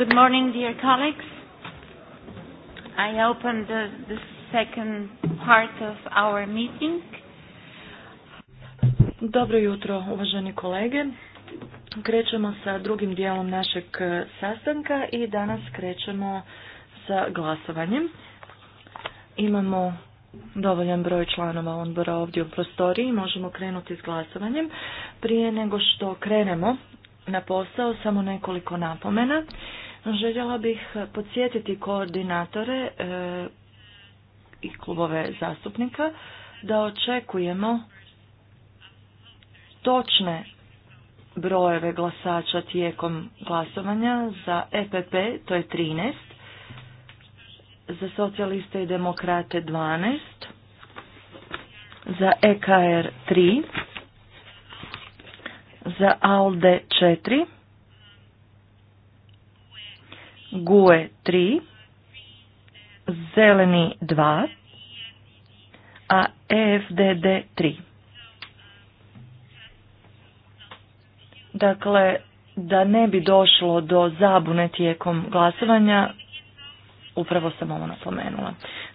Good morning, dear colleagues. I open the, second part of our meeting. Dobro jutro, uvaženi kolege. Krećemo sa drugim dijelom našeg e, sastanka i danas krećemo sa glasovanjem. Imamo dovoljan broj članova odbora ovdje u prostoriji. Možemo krenuti s glasovanjem. Prije nego što krenemo na posao, samo nekoliko napomena. Željela bih podsjetiti koordinatore e, i klubove zastupnika da očekujemo točne brojeve glasača tijekom glasovanja za EPP, to je 13, za socijaliste i demokrate 12, za EKR 3, za ALDE 4, GUE 3, Zeleni 2, a EFDD 3. Dakle, da ne bi došlo do zabune tijekom glasovanja, upravo sam ovo napomenula.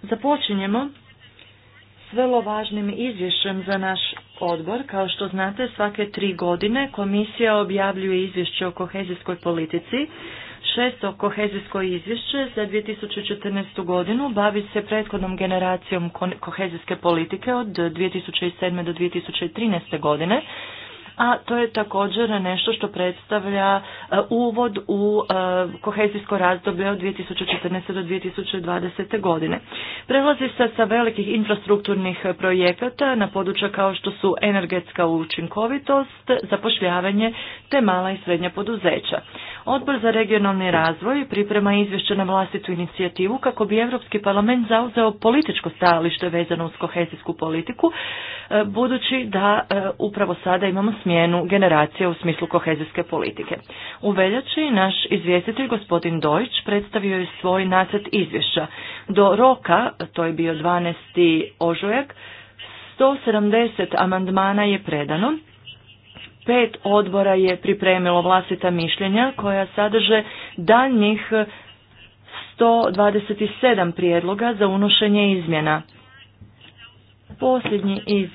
Započinjemo s vrlo važnim izvješćem za naš odbor. Kao što znate, svake tri godine komisija objavljuje izvješće o kohezijskoj politici Šesto kohezijsko izvješće za 2014. godinu bavi se prethodnom generacijom kohezijske politike od 2007. do 2013. godine a to je također nešto što predstavlja e, uvod u e, kohezijsko razdoblje od 2014. do 2020. godine. Prelazi se sa velikih infrastrukturnih projekata na područja kao što su energetska učinkovitost, zapošljavanje te mala i srednja poduzeća. Odbor za regionalni razvoj priprema izvješće na vlastitu inicijativu kako bi Europski parlament zauzeo političko stajalište vezano uz kohezijsku politiku, e, budući da upravo sada imamo smjenu generacije u smislu kohezijske politike. U veljači naš izvjestitelj gospodin Dojč predstavio je svoj nacrt izvješća. Do roka, to je bio 12. ožujak, 170 amandmana je predano, pet odbora je pripremilo vlastita mišljenja koja sadrže daljnjih 127 prijedloga za unošenje izmjena. Posljednji iz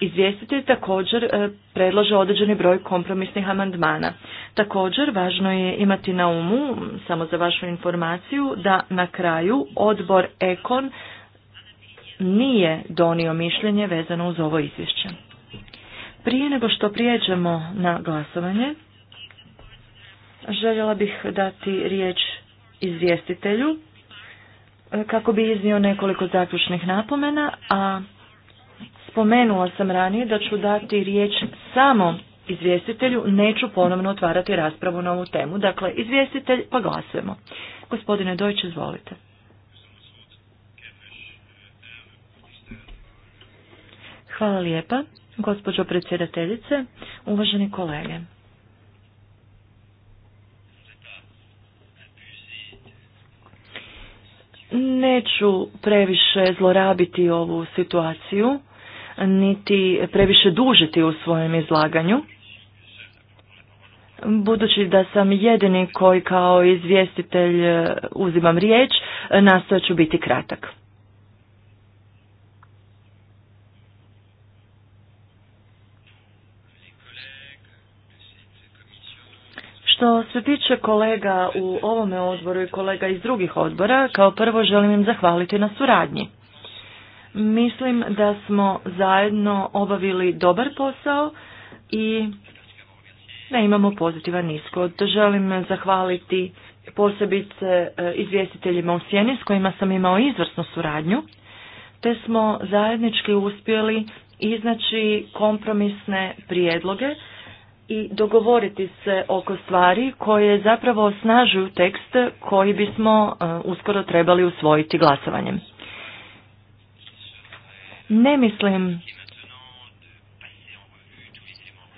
Izvjestitelj također e, predlaže određeni broj kompromisnih amandmana. Također, važno je imati na umu, samo za vašu informaciju, da na kraju odbor Ekon nije donio mišljenje vezano uz ovo izvješće. Prije nego što prijeđemo na glasovanje, željela bih dati riječ izvjestitelju e, kako bi iznio nekoliko zaključnih napomena, a Spomenula sam ranije da ću dati riječ samo izvjestitelju, neću ponovno otvarati raspravu na ovu temu. Dakle, izvjestitelj, pa glasujemo. Gospodine Dojč, izvolite. Hvala lijepa, gospođo predsjedateljice, uvaženi kolege. Neću previše zlorabiti ovu situaciju niti previše dužiti u svojem izlaganju. Budući da sam jedini koji kao izvjestitelj e, uzimam riječ, e, nastojat ću biti kratak. Što se tiče kolega u ovome odboru i kolega iz drugih odbora, kao prvo želim im zahvaliti na suradnji. Mislim da smo zajedno obavili dobar posao i ne imamo pozitivan iskod. Želim zahvaliti posebice e, izvjestiteljima u Sjeni s kojima sam imao izvrsnu suradnju, te smo zajednički uspjeli iznaći kompromisne prijedloge i dogovoriti se oko stvari koje zapravo osnažuju tekst koji bismo e, uskoro trebali usvojiti glasovanjem. Ne mislim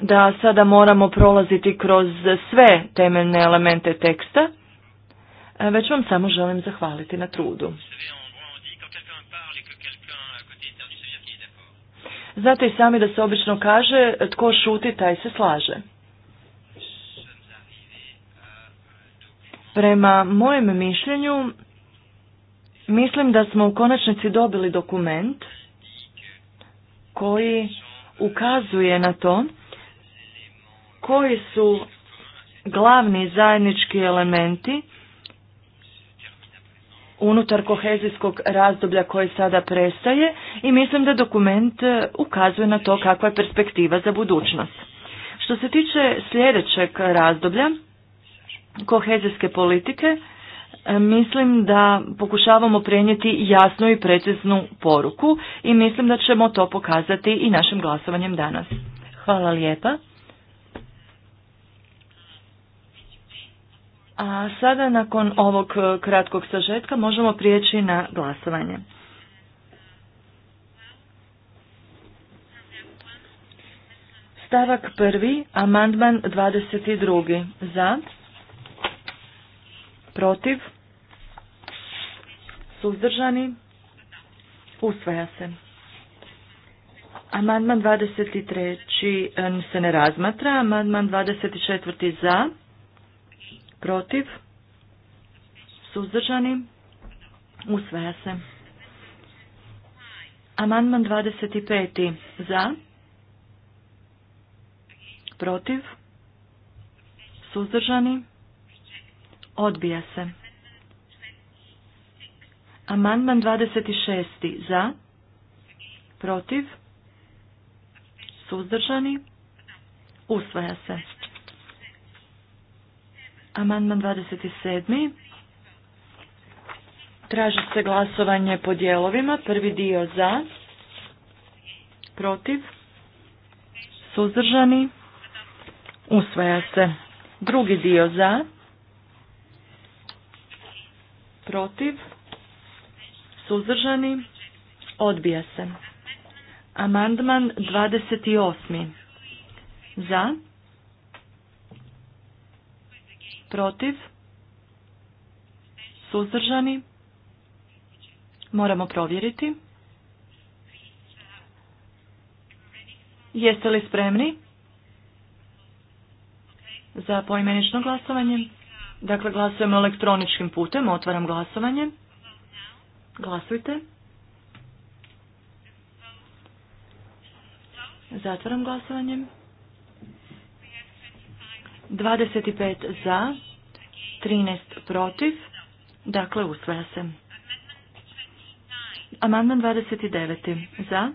da sada moramo prolaziti kroz sve temeljne elemente teksta, e, već vam samo želim zahvaliti na trudu. Znate i sami da se obično kaže tko šuti taj se slaže. Prema mojem mišljenju mislim da smo u konačnici dobili dokument koji ukazuje na to koji su glavni zajednički elementi unutar kohezijskog razdoblja koji sada prestaje i mislim da dokument ukazuje na to kakva je perspektiva za budućnost. Što se tiče sljedećeg razdoblja kohezijske politike, E, mislim da pokušavamo prenijeti jasnu i preciznu poruku i mislim da ćemo to pokazati i našim glasovanjem danas. Hvala lijepa. A sada nakon ovog kratkog sažetka možemo prijeći na glasovanje. Stavak prvi, amandman 22. Za protiv, suzdržani, usvaja se. Amandman 23. se ne razmatra. Amandman 24. za, protiv, suzdržani, usvaja se. Amandman 25. za, protiv, suzdržani, Odbija se. Amandman 26. Za. Protiv. Suzdržani. Usvaja se. Amandman 27. Traži se glasovanje po dijelovima. Prvi dio za. Protiv. Suzdržani. Usvaja se. Drugi dio za protiv, suzdržani, odbija se. Amandman 28. Za, protiv, suzdržani, moramo provjeriti. Jeste li spremni za poimenično glasovanje? Dakle, glasujemo elektroničkim putem. Otvaram glasovanje. Glasujte. Zatvaram glasovanje. 25 za, 13 protiv. Dakle, usvaja se. Amandman 29. Za.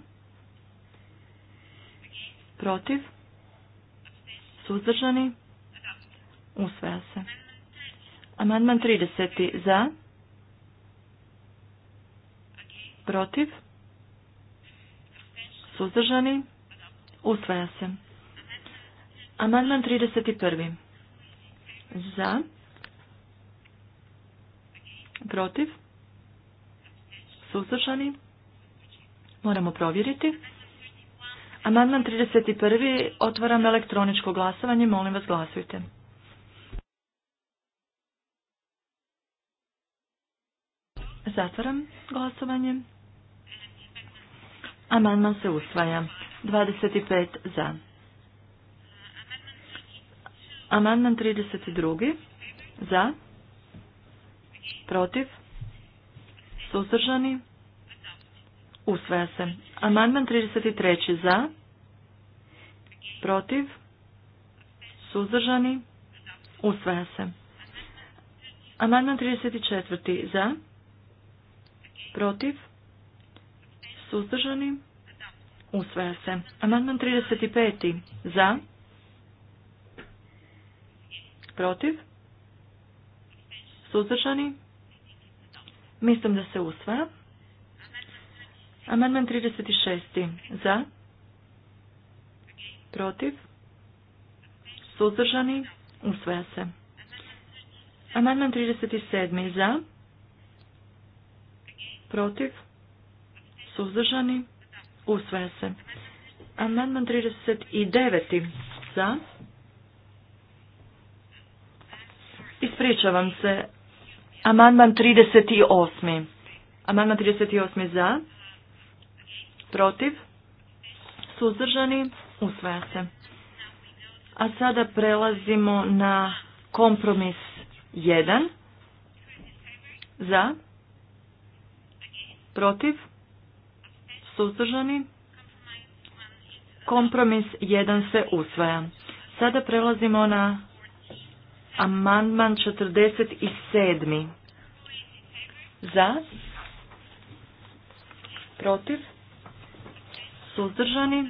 Protiv. Suzdržani. Usvaja se. Amandman 30. Za. Protiv. Suzdržani. Usvaja se. Amandman 31. Za. Protiv. Suzdržani. Moramo provjeriti. Amandman 31. Otvaram elektroničko glasovanje. Molim vas glasujte. Zatvaram glasovanje. Amandman se usvaja. 25 za. Amandman 32. Za. Protiv. Suzdržani. Usvaja se. Amandman 33. Za. Protiv. Suzdržani. Usvaja se. Amandman 34. Za protiv, suzdržani, usvaja se. Amandman 35. za, protiv, suzdržani, mislim da se usvaja. Amandman 36. za, protiv, suzdržani, usvaja se. Amandman 37. za, protiv, suzdržani, usvaja se. Amandman 39. za. Ispričavam se. Amandman 38. Amandman 38. za. Protiv. Suzdržani. Usvaja se. A sada prelazimo na kompromis 1. Za protiv, suzdržani, kompromis jedan se usvaja. Sada prelazimo na amandman 47. Za, protiv, suzdržani,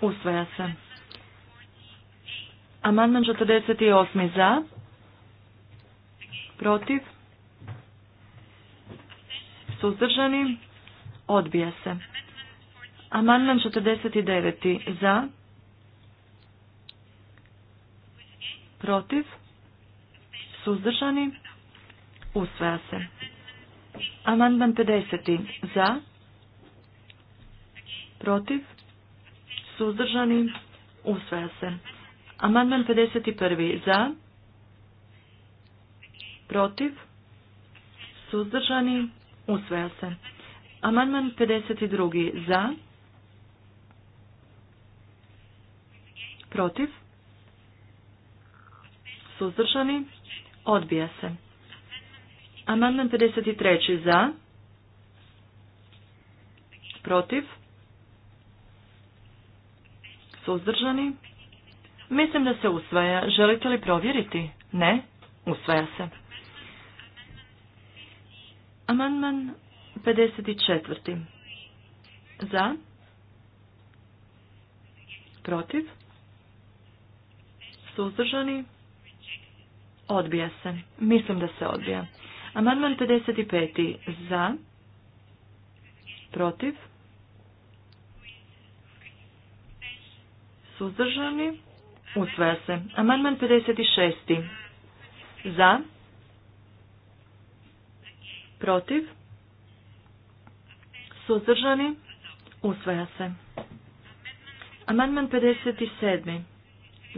usvaja se. Amandman 48. za, protiv, suzdržani, odbija se. Amandman 49. za, protiv, suzdržani, usvaja se. Amandman 50. za, protiv, suzdržani, usvaja se. Amandman 51. za, protiv, suzdržani, Usvaja se. Amandman 52. Za. Protiv. Suzdržani. Odbija se. Amandman 53. Za. Protiv. Suzdržani. Mislim da se usvaja. Želite li provjeriti? Ne. Usvaja se. Amandman 54. Za. Protiv. Suzdržani. Odbija se. Mislim da se odbija. Amandman 55. Za. Protiv. Suzdržani. Usvaja se. Amandman 56. Za protiv, suzdržani, usvaja se. Amandman 57.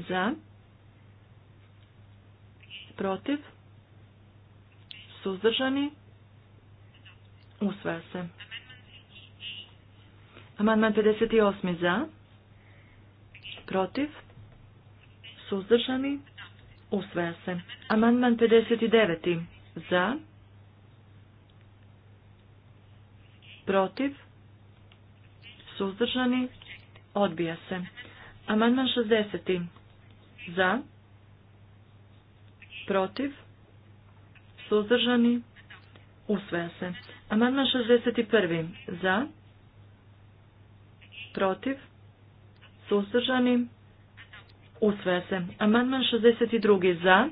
Za, protiv, suzdržani, usvaja se. Amandman 58. Za, protiv, suzdržani, usvaja se. Amandman 59. Za, protiv, suzdržani, odbija se. Amandman 60. Za, protiv, suzdržani, usvaja se. Amandman 61. Za, protiv, suzdržani, usvaja se. Amandman 62. Za,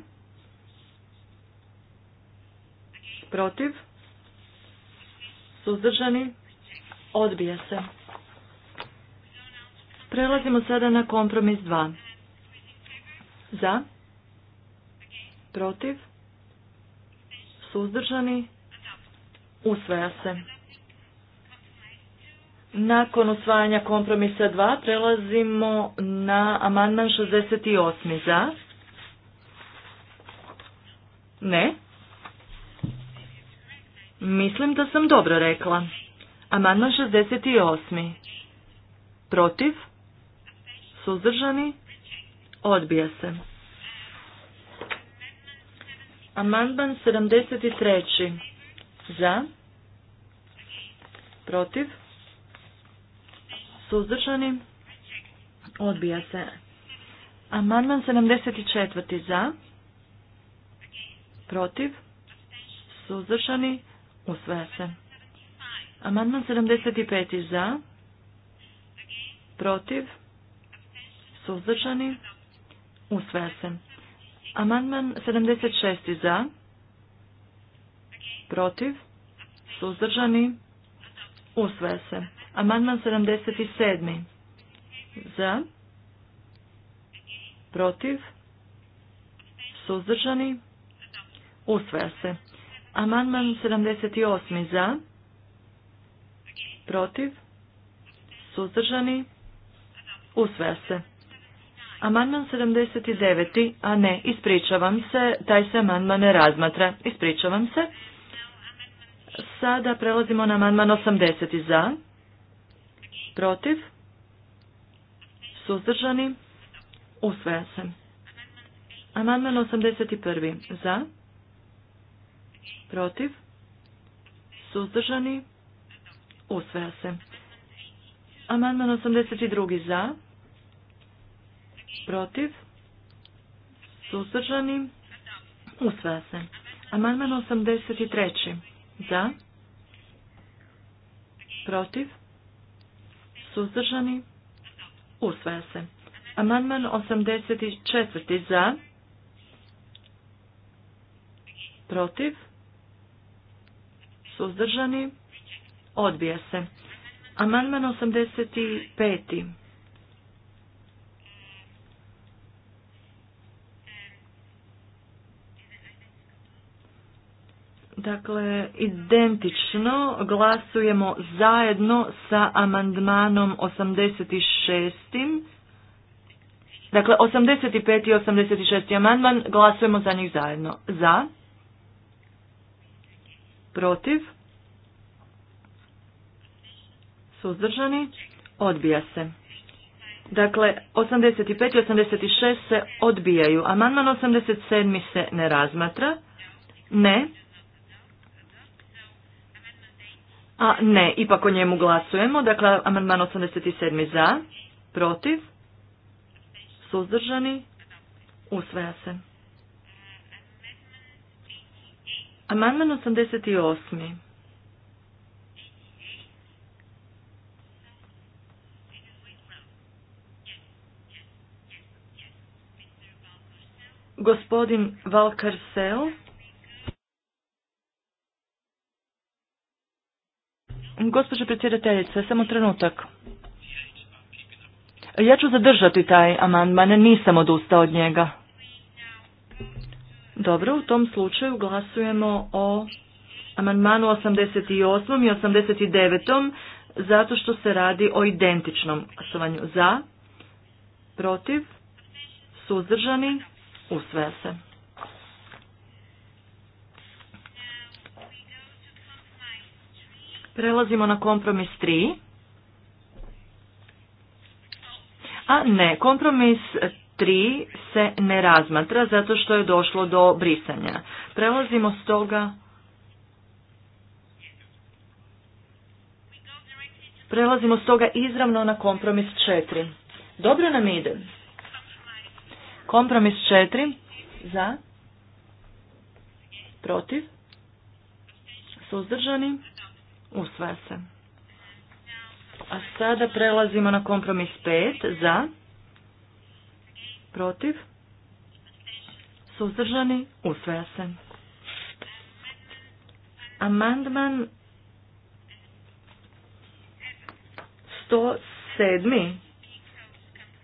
protiv, Suzdržani? Odbija se. Prelazimo sada na kompromis 2. Za? Protiv? Suzdržani? Usvaja se. Nakon usvajanja kompromisa 2 prelazimo na amandman 68. Za? Ne? Mislim da sam dobro rekla. Amandman 68. Protiv? Suzdržani? Odbija se. Amandman 73. Za? Protiv? Suzdržani? Odbija se. Amandman 74. Za? Protiv? Suzdržani? Usvaja se. Amandman 75. za. Protiv. Suzdržani. Usvaja se. Amandman 76. za. Protiv. Suzdržani. Usvaja se. Amandman 77. Za. Protiv. Suzdržani. Usvaja se. Amandman 78. za, protiv, suzdržani, usvaja se. Amandman 79. a ne, ispričavam se, taj se amandman ne razmatra, ispričavam se. Sada prelazimo na amandman 80. za, protiv, suzdržani, usvaja se. Amandman 81. za, protiv, suzdržani, usvaja se. Amandman 82. za, protiv, suzdržani, usvaja se. Amandman 83. za, protiv, suzdržani, usvaja se. Amandman 84. za, protiv, Suzdržani? Odbija se. Amandman 85. Dakle, identično glasujemo zajedno sa amandmanom 86. Dakle, 85. i 86. amandman glasujemo za njih zajedno. Za? protiv, suzdržani, odbija se. Dakle, 85 i 86 se odbijaju. Amandman 87 se ne razmatra. Ne. A ne, ipak o njemu glasujemo. Dakle, amandman 87 za, protiv, suzdržani, usvaja se. Amandman 88. Gospodin seo Gospođo predsjedateljice, samo trenutak. Ja ću zadržati taj amandman, nisam odustao od njega. Dobro, u tom slučaju glasujemo o amandmanu 88. i 89. zato što se radi o identičnom glasovanju. Za, protiv, suzdržani, usvaja se. Prelazimo na kompromis 3. A ne, kompromis 3 se ne razmatra zato što je došlo do brisanja. Prelazimo stoga Prelazimo stoga izravno na kompromis 4. Dobro nam ide. Kompromis 4 za protiv suzdržani usvaja se. A sada prelazimo na kompromis 5 za protiv, suzdržani, usvaja se. Amandman 107.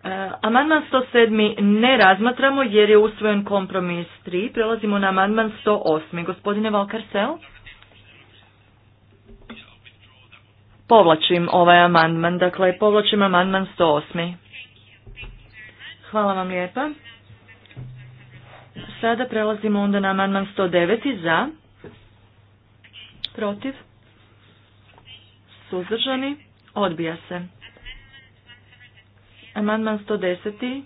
E, amandman 107. ne razmatramo jer je usvojen kompromis 3. Prelazimo na amandman 108. Gospodine Valkarsel? Povlačim ovaj amandman, dakle povlačim Amandman 108. amandman 108. Hvala vam lijepa. Sada prelazimo onda na amandman 109. Za. Protiv. Suzdržani. Odbija se. Amandman 110.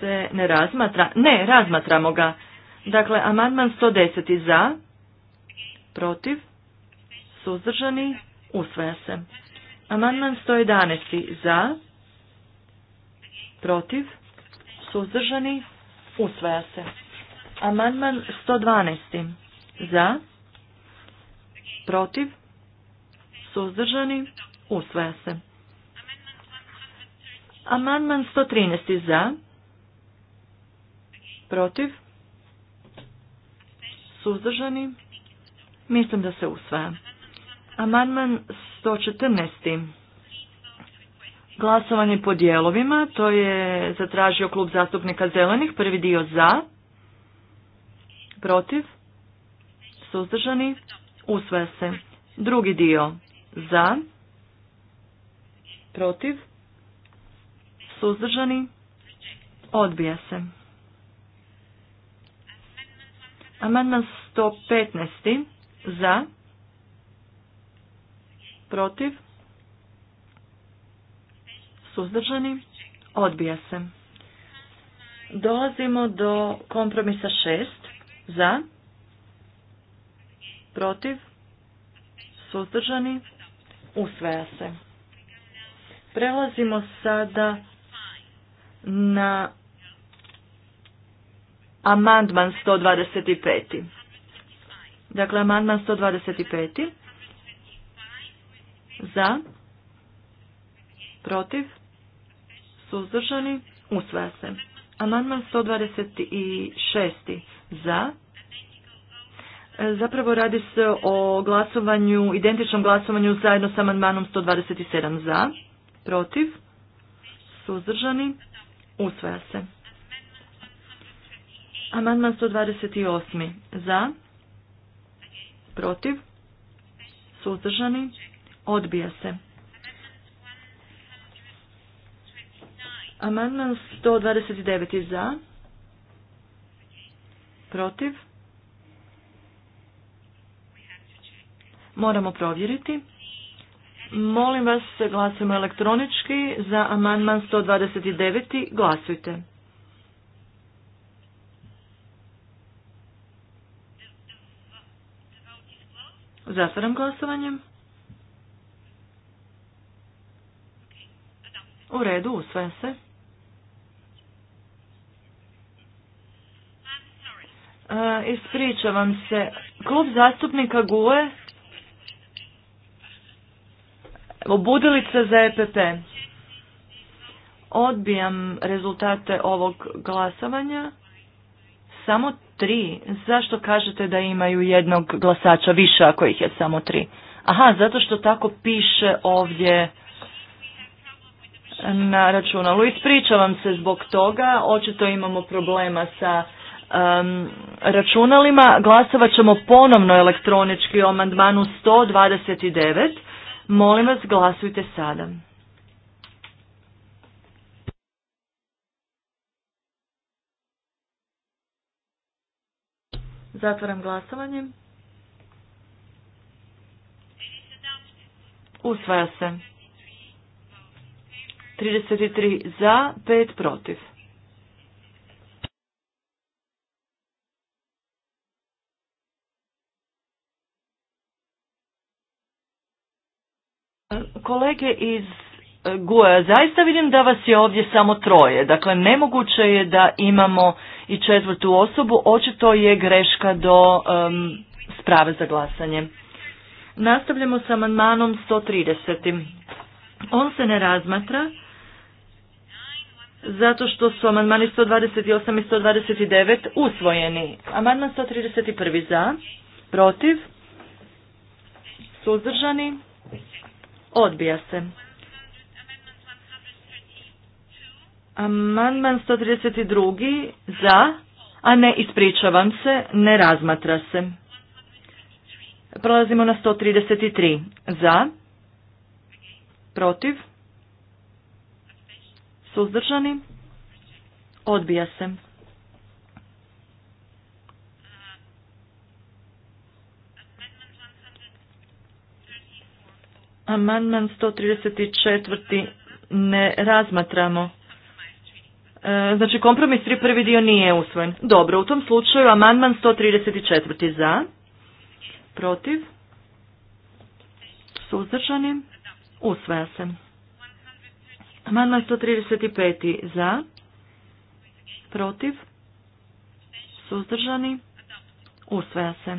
Se ne razmatra. Ne, razmatramo ga. Dakle, amandman 110. Za. Protiv. Suzdržani. Usvaja se. Amandman 111. Za protiv, suzdržani, usvaja se. Amandman 112. Za, protiv, suzdržani, usvaja se. Amandman 113. Za, protiv, suzdržani, mislim da se usvaja. Amandman 114. Glasovanje po dijelovima, to je zatražio klub zastupnika zelenih, prvi dio za, protiv, suzdržani, usvaja se. Drugi dio za, protiv, suzdržani, odbija se. Amandman 115. za, protiv, suzdržani, odbija se. Dolazimo do kompromisa šest. za, protiv, suzdržani, usvaja se. Prelazimo sada na amandman 125. Dakle, amandman 125. Za, protiv, suzdržani, usvaja se. Amandman 126. za. Zapravo radi se o glasovanju, identičnom glasovanju zajedno sa amandmanom 127 za, protiv, suzdržani, usvaja se. Amandman 128 za, protiv, suzdržani, odbija se. Amandman 129. za. Protiv. Moramo provjeriti. Molim vas, glasujemo elektronički za amandman 129. Glasujte. Zatvaram glasovanje. U redu, usvajam se. E, ispričavam se. Klub zastupnika GUE Budilica za EPP. Odbijam rezultate ovog glasovanja. Samo tri. Zašto kažete da imaju jednog glasača više ako ih je samo tri? Aha, zato što tako piše ovdje na računalu. Ispričavam se zbog toga. Očito imamo problema sa um, računalima. Glasovat ćemo ponovno elektronički o amandmanu 129. Molim vas, glasujte sada. Zatvaram glasovanje. Usvaja se. 33 za, 5 protiv. Kolege iz e, Guja, zaista vidim da vas je ovdje samo troje, dakle nemoguće je da imamo i četvrtu osobu, očito je greška do um, sprave za glasanje. Nastavljamo sa amandmanom 130. On se ne razmatra zato što su amandmani 128 i 129 usvojeni. Amandman 131 za, protiv, suzdržani, Odbija se. Amandman 132. Za. A ne, ispričavam se, ne razmatra se. Prolazimo na 133. Za. Protiv. Suzdržani. Odbija se. Amandman 134. ne razmatramo. E, znači kompromis 3 prvi dio nije usvojen. Dobro, u tom slučaju amandman 134. za, protiv, suzdržani, usvaja se. Amandman 135. za, protiv, suzdržani, usvaja se.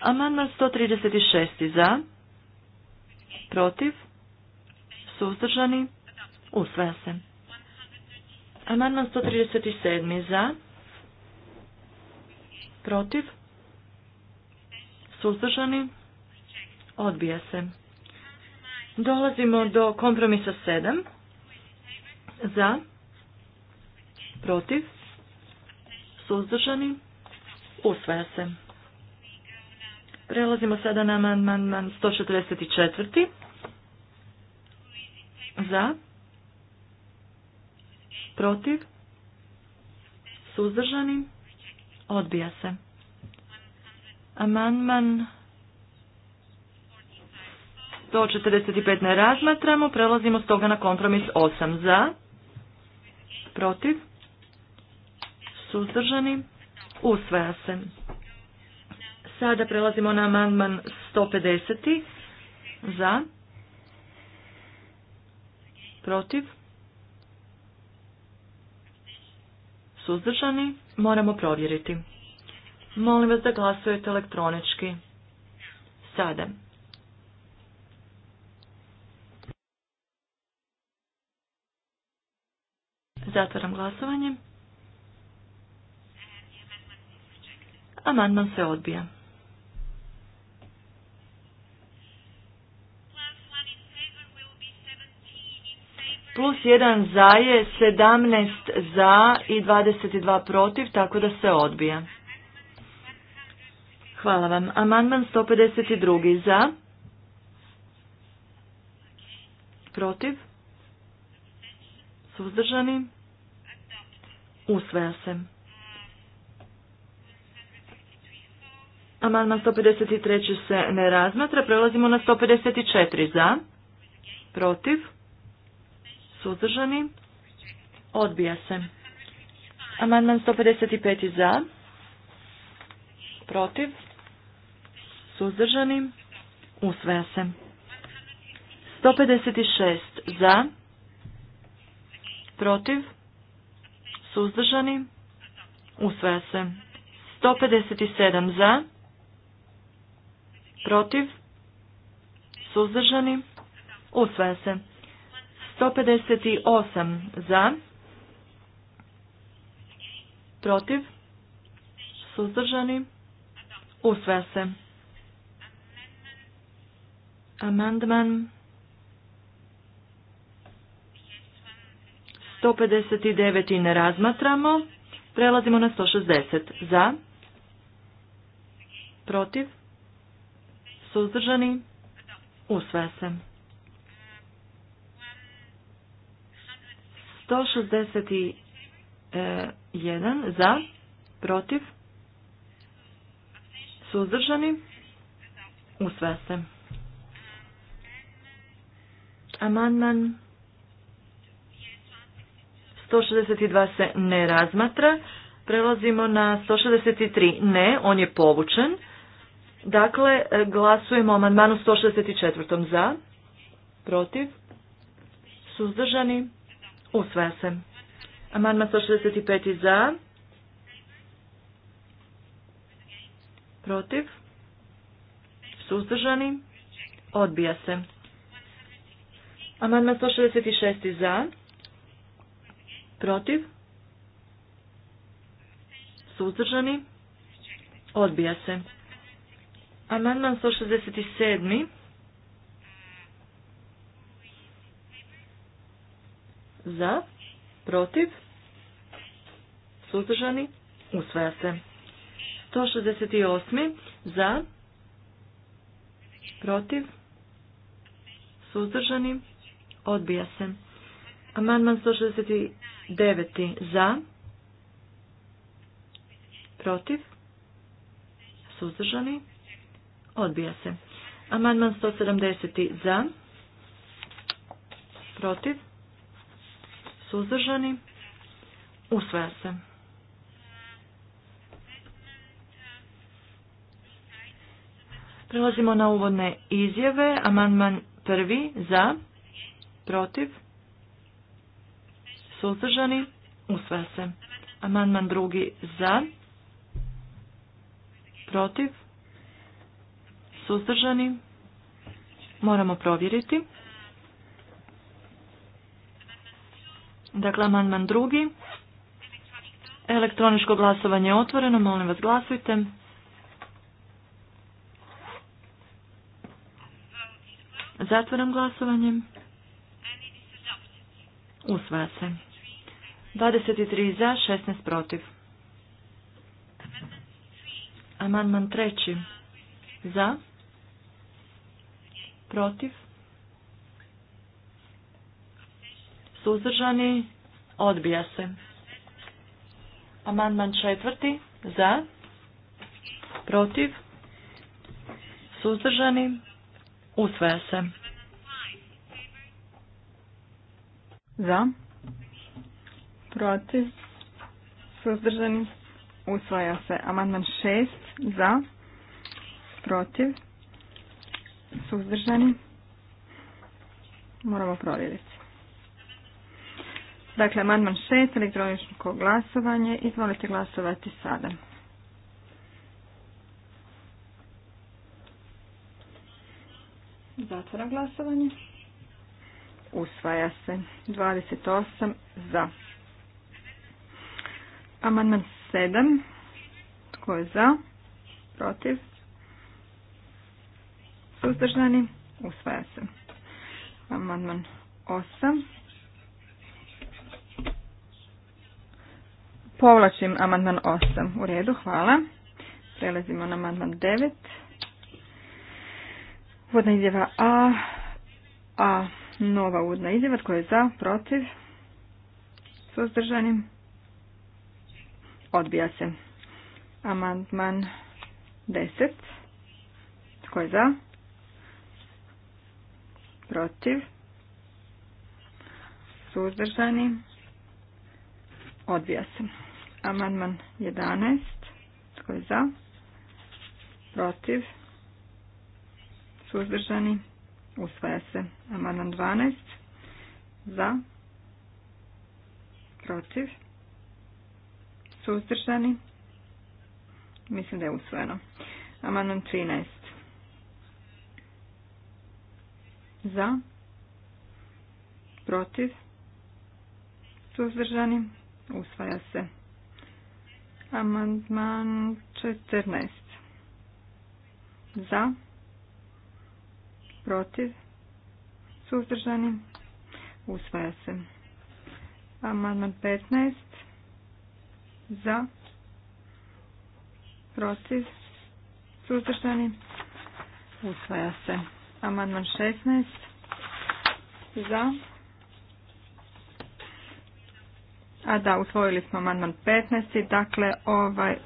Amandman 136. za, protiv, suzdržani, usvaja se. Amandman 137. za, protiv, suzdržani, odbija se. Dolazimo do kompromisa 7. Za, protiv, suzdržani, usvaja se. Prelazimo sada na amandman 144. Za. Protiv. Suzdržani. Odbija se. Amandman 145 ne razmatramo. Prelazimo stoga na kompromis 8. Za. Protiv. Suzdržani. Usvaja se. Sada prelazimo na amandman 150. Za protiv, suzdržani, moramo provjeriti. Molim vas da glasujete elektronički. Sada. Zatvaram glasovanje. Amandman se odbija. plus 1 za je 17 za i 22 protiv, tako da se odbija. Hvala vam. Amandman 152 za. Protiv. Suzdržani. Usvaja se. Amandman 153 se ne razmatra. Prelazimo na 154 za. Protiv. Suzdržani? Odbija se. Amandman 155. Za? Protiv? Suzdržani? Usvaja se. 156. Za? Protiv? Suzdržani? Usvaja se. 157. Za? Protiv? Suzdržani? Usvaja se. 158 za, protiv, suzdržani, usvaja se. Amandman 159 i ne razmatramo. Prelazimo na 160. Za. Protiv. Suzdržani. Usvaja se. 161 za, protiv, suzdržani, usvaja se. Amandman 162 se ne razmatra. Prelazimo na 163. Ne, on je povučen. Dakle, glasujemo o amandmanu 164. za, protiv, suzdržani, Usvaja se. Amandman 165. za. Protiv. Suzdržani. Odbija se. Amandman 166. za. Protiv. Suzdržani. Odbija se. Amandman 167. Za, protiv, suzdržani, usvaja se. 168. Za, protiv, suzdržani, odbija se. Amandman 169. Za, protiv, suzdržani, odbija se. Amandman 170. Za, protiv, suzdržani, usvaja se. Prelazimo na uvodne izjave. Amandman prvi za, protiv, suzdržani, usvaja se. Amandman drugi za, protiv, suzdržani, moramo provjeriti. Dakle, amandman drugi. Elektroničko glasovanje je otvoreno. Molim vas glasujte. Zatvaram glasovanje. Usvaja se. 23 za, 16 protiv. Amandman treći. Za. Protiv. suzdržani, odbija se. Amandman četvrti, za, protiv, suzdržani, usvaja se. Za, protiv, suzdržani, usvaja se. Amandman šest, za, protiv, suzdržani, moramo provjeriti. Dakle, amandman 6, elektroničko glasovanje. Izvolite glasovati sada. Zatvora glasovanje. Usvaja se. 28 za. Amandman 7. Tko je za? Protiv? Suzdržani? Usvaja se. Amandman 8. Povlačim amandman 8. U redu, hvala. Prelazimo na amandman 9. Uvodna izjava A. A. Nova uvodna izjava. Tko je za? Protiv? Suzdržani? Odbija se. Amandman 10. Tko je za? Protiv? Suzdržani? Odbija se. Amandman 11. Tko je za? Protiv? Suzdržani? Usvaja se. Amandman 12. Za? Protiv? Suzdržani? Mislim da je usvojeno. Amandman 13. Za? Protiv? Suzdržani? Usvaja se. Amandman 14. Za. Protiv. Suzdržani. Usvaja se. Amandman 15. Za. Protiv. Suzdržani. Usvaja se. Amandman 16. Za. A da, usvojili smo amandman 15. Dakle, ovaj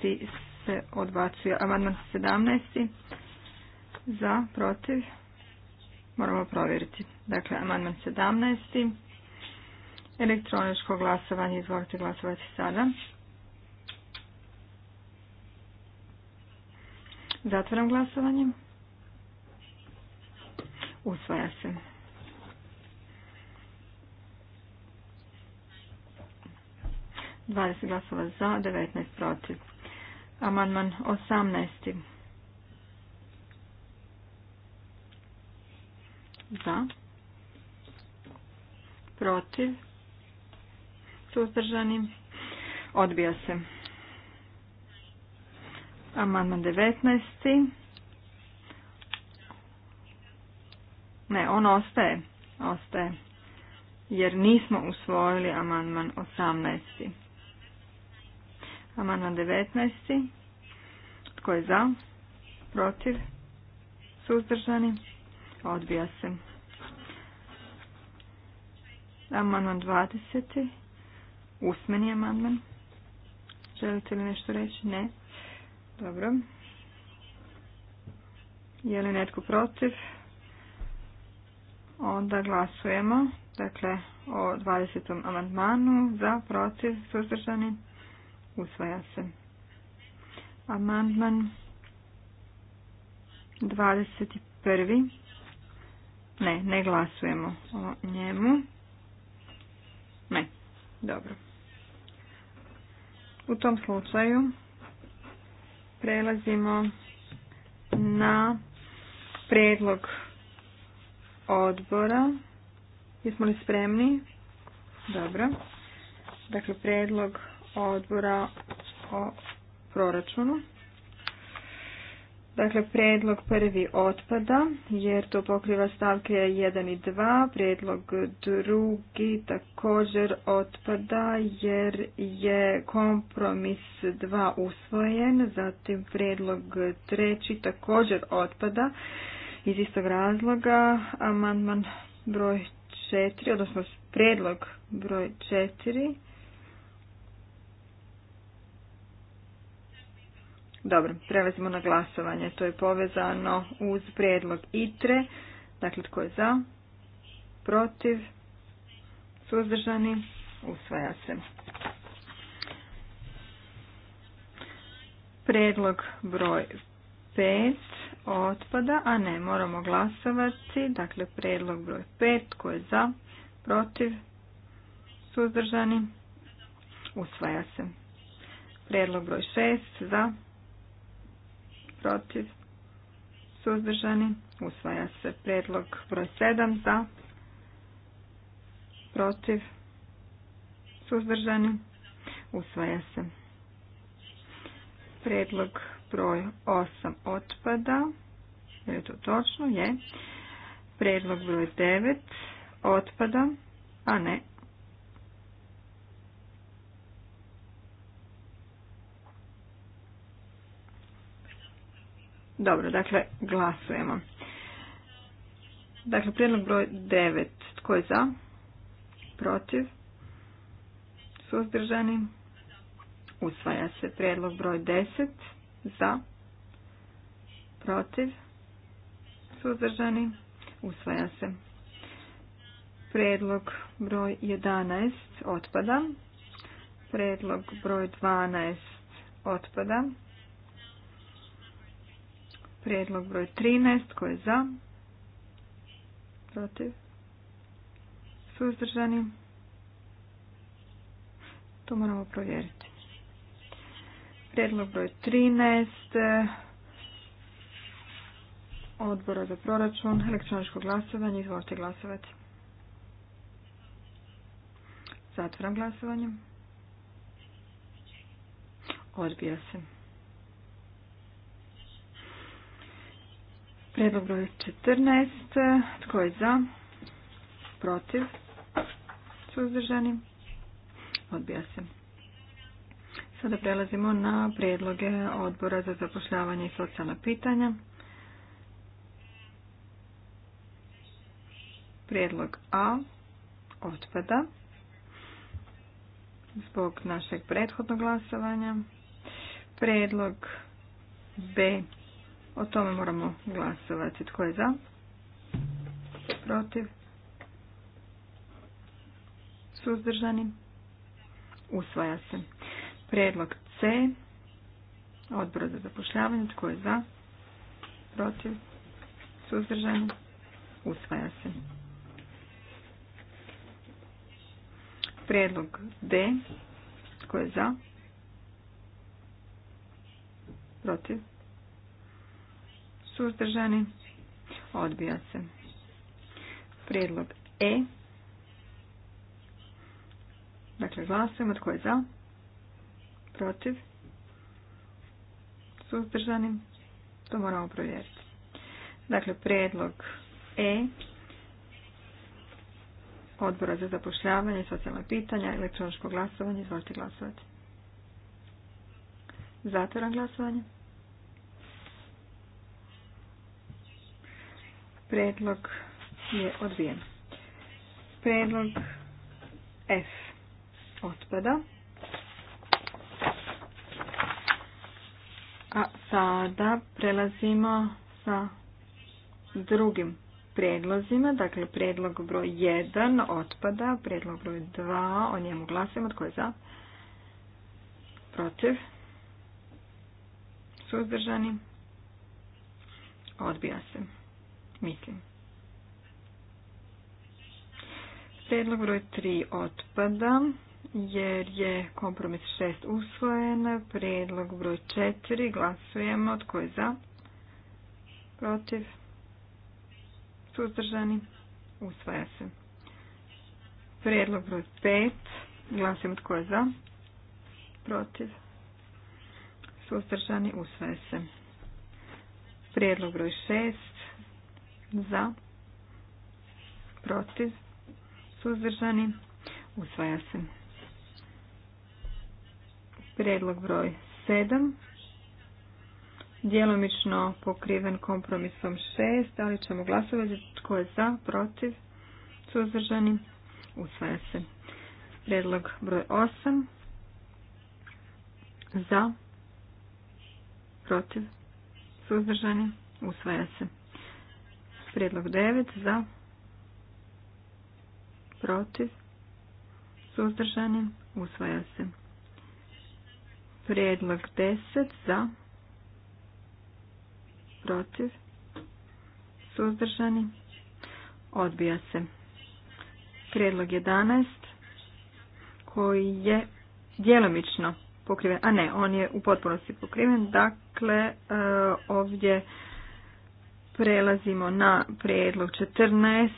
16. se odbacuje. Amandman 17. Za, protiv. Moramo provjeriti. Dakle, amandman 17. Elektroničko glasovanje. Izvolite glasovati sada. Zatvaram glasovanje. Usvaja se. 20 glasova za, 19 protiv. Amandman 18. Za. Protiv. Suzdržani. Odbija se. Amandman 19. Ne, on ostaje. Ostaje. Jer nismo usvojili amandman 18. Amandman 19. Tko je za? Protiv? Suzdržani? Odbija se. Amandman 20. Usmeni amandman. Želite li nešto reći? Ne. Dobro. Je li netko protiv? Onda glasujemo. Dakle, o 20. amandmanu za, protiv, suzdržani. Usvaja se. Amandman 21. Ne, ne glasujemo o njemu. Ne, dobro. U tom slučaju prelazimo na predlog odbora. Jesmo li spremni? Dobro. Dakle, predlog odbora o proračunu. Dakle, predlog prvi otpada jer to pokriva stavke 1 i 2. Predlog drugi također otpada jer je kompromis 2 usvojen. Zatim predlog treći također otpada iz istog razloga. Amandman broj 4, odnosno predlog broj 4 Dobro, prelazimo na glasovanje. To je povezano uz prijedlog ITRE. Dakle, tko je za? Protiv? Suzdržani? Usvaja se. Predlog broj 5 otpada, a ne, moramo glasovati. Dakle, prijedlog broj 5, tko je za? Protiv? Suzdržani? Usvaja se. Prijedlog broj 6, za? protiv, suzdržani, usvaja se predlog broj 7 za, protiv, suzdržani, usvaja se. predlog broj 8 otpada, je to točno? Je. Predlog broj 9 otpada, a ne, Dobro, dakle, glasujemo. Dakle, prijedlog broj 9. Tko je za? Protiv? Suzdržani? Usvaja se prijedlog broj 10. Za? Protiv? Suzdržani? Usvaja se. Prijedlog broj 11 otpada. Prijedlog broj 12 otpada. Prijedlog broj 13. Tko je za? Protiv? Suzdržani? To moramo provjeriti. Prijedlog broj 13. Odbora za proračun. Elektroničko glasovanje. Izvolite glasovati. Zatvoram glasovanje. Odbija se. Predlog broj 14. Tko je za? Protiv? Suzdržani? Odbija se. Sada prelazimo na predloge odbora za zapošljavanje i socijalna pitanja. Prijedlog A otpada zbog našeg prethodnog glasovanja. Prijedlog B o tome moramo glasovati. Tko je za? Protiv? Suzdržani? Usvaja se. Prijedlog C. Odbor za zapošljavanje. Tko je za? Protiv? Suzdržani? Usvaja se. Prijedlog D. Tko je za? Protiv? suzdržani, odbija se. Prijedlog E. Dakle, glasujemo tko je za, protiv, suzdržani, to moramo provjeriti. Dakle, prijedlog E odbora za zapošljavanje, socijalna pitanja, elektroničko glasovanje, izvolite glasovati. Zatvoram glasovanje. Predlog je odbijen. Predlog F otpada. A sada prelazimo sa drugim predlozima. Dakle, predlog broj 1 otpada, predlog broj 2, o njemu glasujemo, tko je za? Protiv? Suzdržani? Odbija se mislim. Prijedlog broj 3 otpada jer je kompromis 6 usvojen. Prijedlog broj 4 glasujemo. Tko je za? Protiv? Suzdržani? Usvaja se. Prijedlog broj 5. Glasujemo tko je za? Protiv? Suzdržani? Usvaja se. Prijedlog broj 6 za, protiv, suzdržani, usvaja se. predlog broj 7, djelomično pokriven kompromisom 6, ali ćemo glasovati tko je za, protiv, suzdržani, usvaja se. predlog broj 8, za, protiv, suzdržani, usvaja se. Prijedlog 9 za protiv suzdržani usvaja se. Prijedlog 10 za protiv suzdržani odbija se. Prijedlog 11 koji je djelomično pokriven, a ne, on je u potpunosti pokriven, dakle e, ovdje Prelazimo na prijedlog 14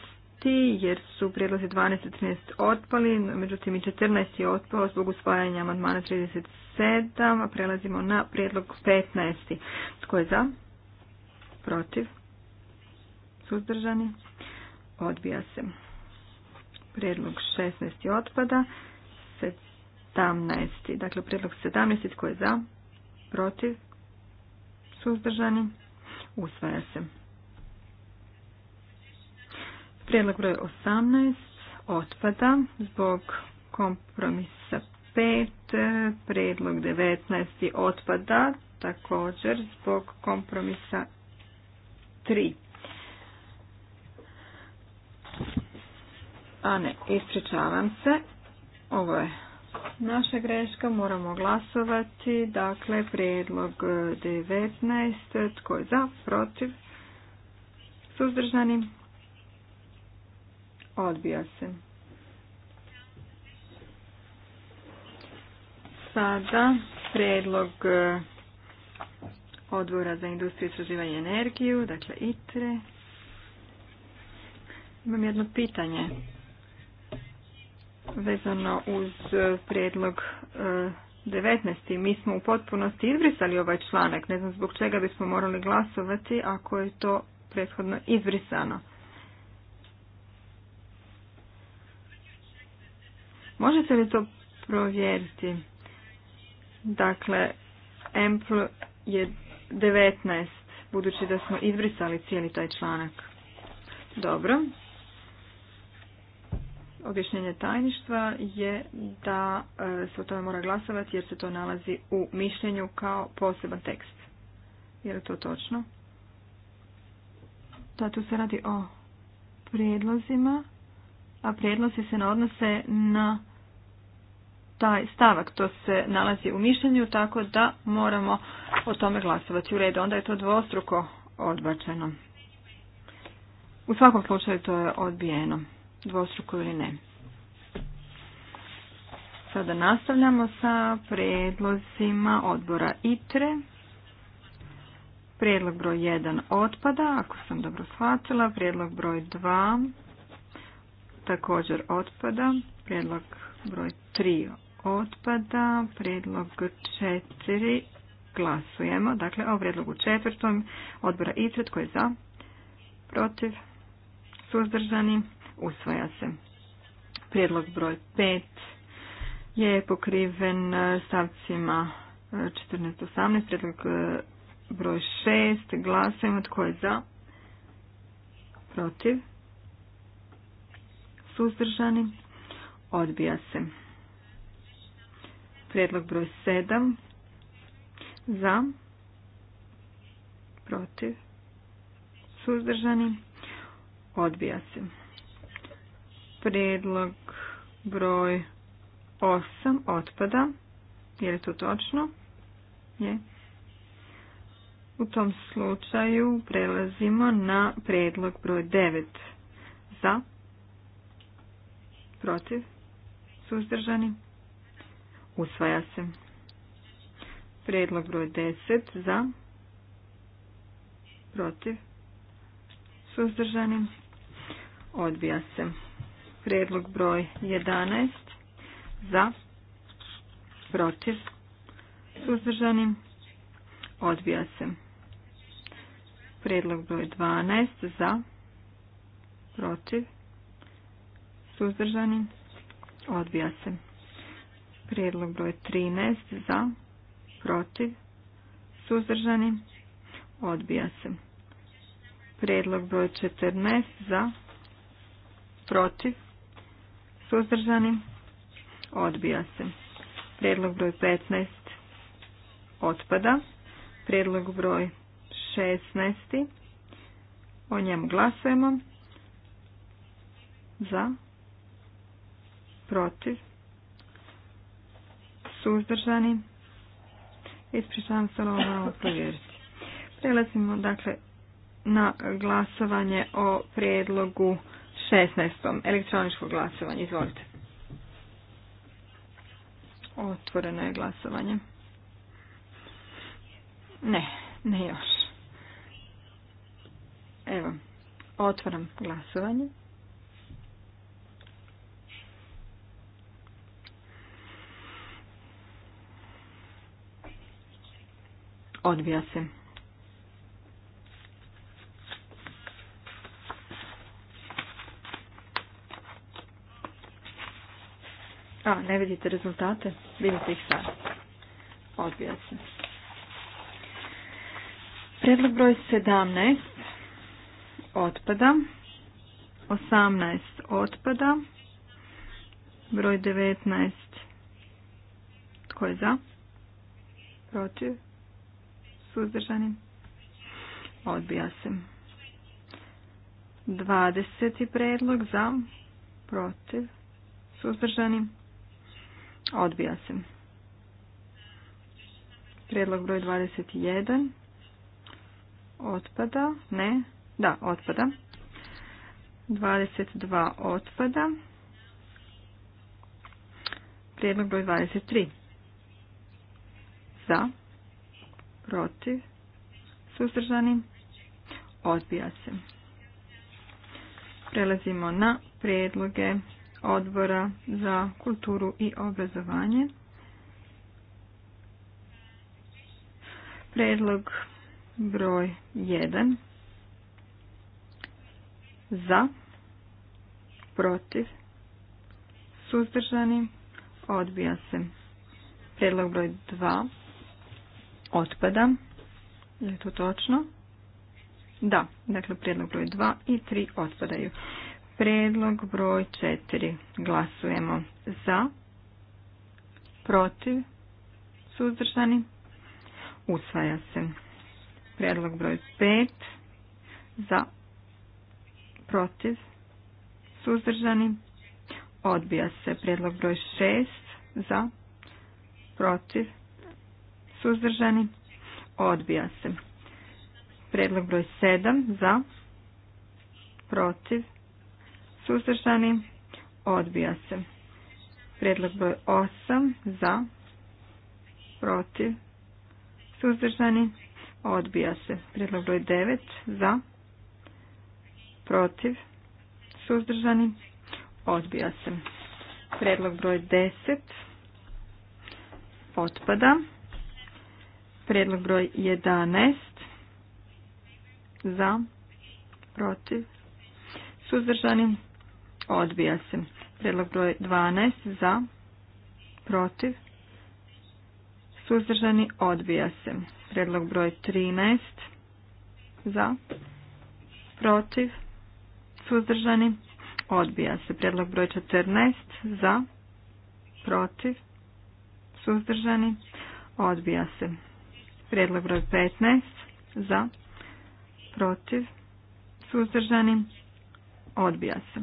jer su prijedlozi 12 i 13 otpali, međutim i 14 je otpalo zbog usvajanja amandmana 37, a prelazimo na prijedlog 15. Tko je za? Protiv? Suzdržani? Odbija se. Prijedlog 16. otpada. 17. Dakle, prijedlog 17. Tko je za? Protiv? Suzdržani? Usvaja se. Prijedlog broj 18 otpada zbog kompromisa 5, prijedlog 19 otpada također zbog kompromisa 3. A ne, ispričavam se. Ovo je naša greška, moramo glasovati. Dakle, prijedlog 19. Tko je za, protiv, suzdržani, Odbija se. Sada predlog e, odvora za industriju istraživanja energiju, dakle ITRE. Imam jedno pitanje vezano uz predlog 19. E, Mi smo u potpunosti izbrisali ovaj članak. Ne znam zbog čega bismo morali glasovati ako je to prethodno izbrisano. Možete li to provjeriti? Dakle, Ample je 19, budući da smo izbrisali cijeli taj članak. Dobro. Objašnjenje tajništva je da e, se o tome mora glasovati jer se to nalazi u mišljenju kao poseban tekst. Je li to točno? Da, tu se radi o prijedlozima, a prijedlozi se ne odnose na taj stavak. To se nalazi u mišljenju tako da moramo o tome glasovati u redu. Onda je to dvostruko odbačeno. U svakom slučaju to je odbijeno. Dvostruko ili ne. Sada nastavljamo sa predlozima odbora ITRE. Prijedlog broj 1 otpada, ako sam dobro shvatila. Prijedlog broj 2 također otpada. Prijedlog broj 3 otpada. Prijedlog četiri glasujemo. Dakle, o prijedlogu četvrtom odbora ICRED, koji je za, protiv, suzdržani, usvaja se. Prijedlog broj 5 je pokriven stavcima 14-18. Prijedlog e, broj 6 glasujemo tko je za, protiv, suzdržani, odbija se. Predlog broj 7. Za. Protiv. Suzdržani. Odbija se. Prijedlog broj 8 otpada. Je li to točno? Je. U tom slučaju prelazimo na prijedlog broj 9. Za. Protiv. Suzdržani. Usvaja se. Prijedlog broj 10 za. Protiv. suzdržanim, Odbija se. Prijedlog broj 11 za. Protiv. suzdržanim, Odbija se. Prijedlog broj 12 za. Protiv. suzdržanim, Odbija se. Prijedlog broj 13 za, protiv, suzdržani, odbija se. Prijedlog broj 14 za, protiv, suzdržani, odbija se. Prijedlog broj 15 otpada. Prijedlog broj 16. O njemu glasujemo. Za. Protiv suzdržani. Ispričavam se, ovo malo provjeriti. Prelazimo dakle na glasovanje o prijedlogu 16. elektroničko glasovanje. Izvolite. Otvoreno je glasovanje. Ne, ne još. Evo, otvaram glasovanje. Odbija se. A, ne vidite rezultate? Vidite ih sad. Odbija se. Predlog broj 17 otpada. 18 otpada. Broj 19 tko je za? Protiv? suzdržani, odbija se. 20. predlog za, protiv, suzdržani, odbija se. Prijedlog broj 21. Otpada. Ne. Da, otpada. 22 otpada. Predlog broj 23. Za protiv, suzdržani, odbija se. Prelazimo na predloge odbora za kulturu i obrazovanje. Predlog broj 1 za, protiv, suzdržani, odbija se. Predlog broj 2 otpada. Je to točno? Da, dakle prijedlog broj 2 i 3 otpadaju. Prijedlog broj 4. Glasujemo za, protiv, suzdržani, usvaja se. Prijedlog broj 5. Za, protiv, suzdržani, odbija se. Prijedlog broj 6. Za, protiv, Suzdržani? Odbija se. Predlog broj 7 za. Protiv. Suzdržani? Odbija se. Predlog broj 8 za. Protiv. Suzdržani? Odbija se. Predlog broj 9 za. Protiv. Suzdržani? Odbija se. Predlog broj 10 otpada. Prijedlog broj 11. Za. Protiv. Suzdržani. Odbija se. Prijedlog broj 12. Za. Protiv. Suzdržani. Odbija se. Prijedlog broj 13. Za. Protiv. Suzdržani. Odbija se. Prijedlog broj 14. Za. Protiv. Suzdržani. Odbija se. Prijedlog broj 15 za, protiv, suzdržani, odbija se.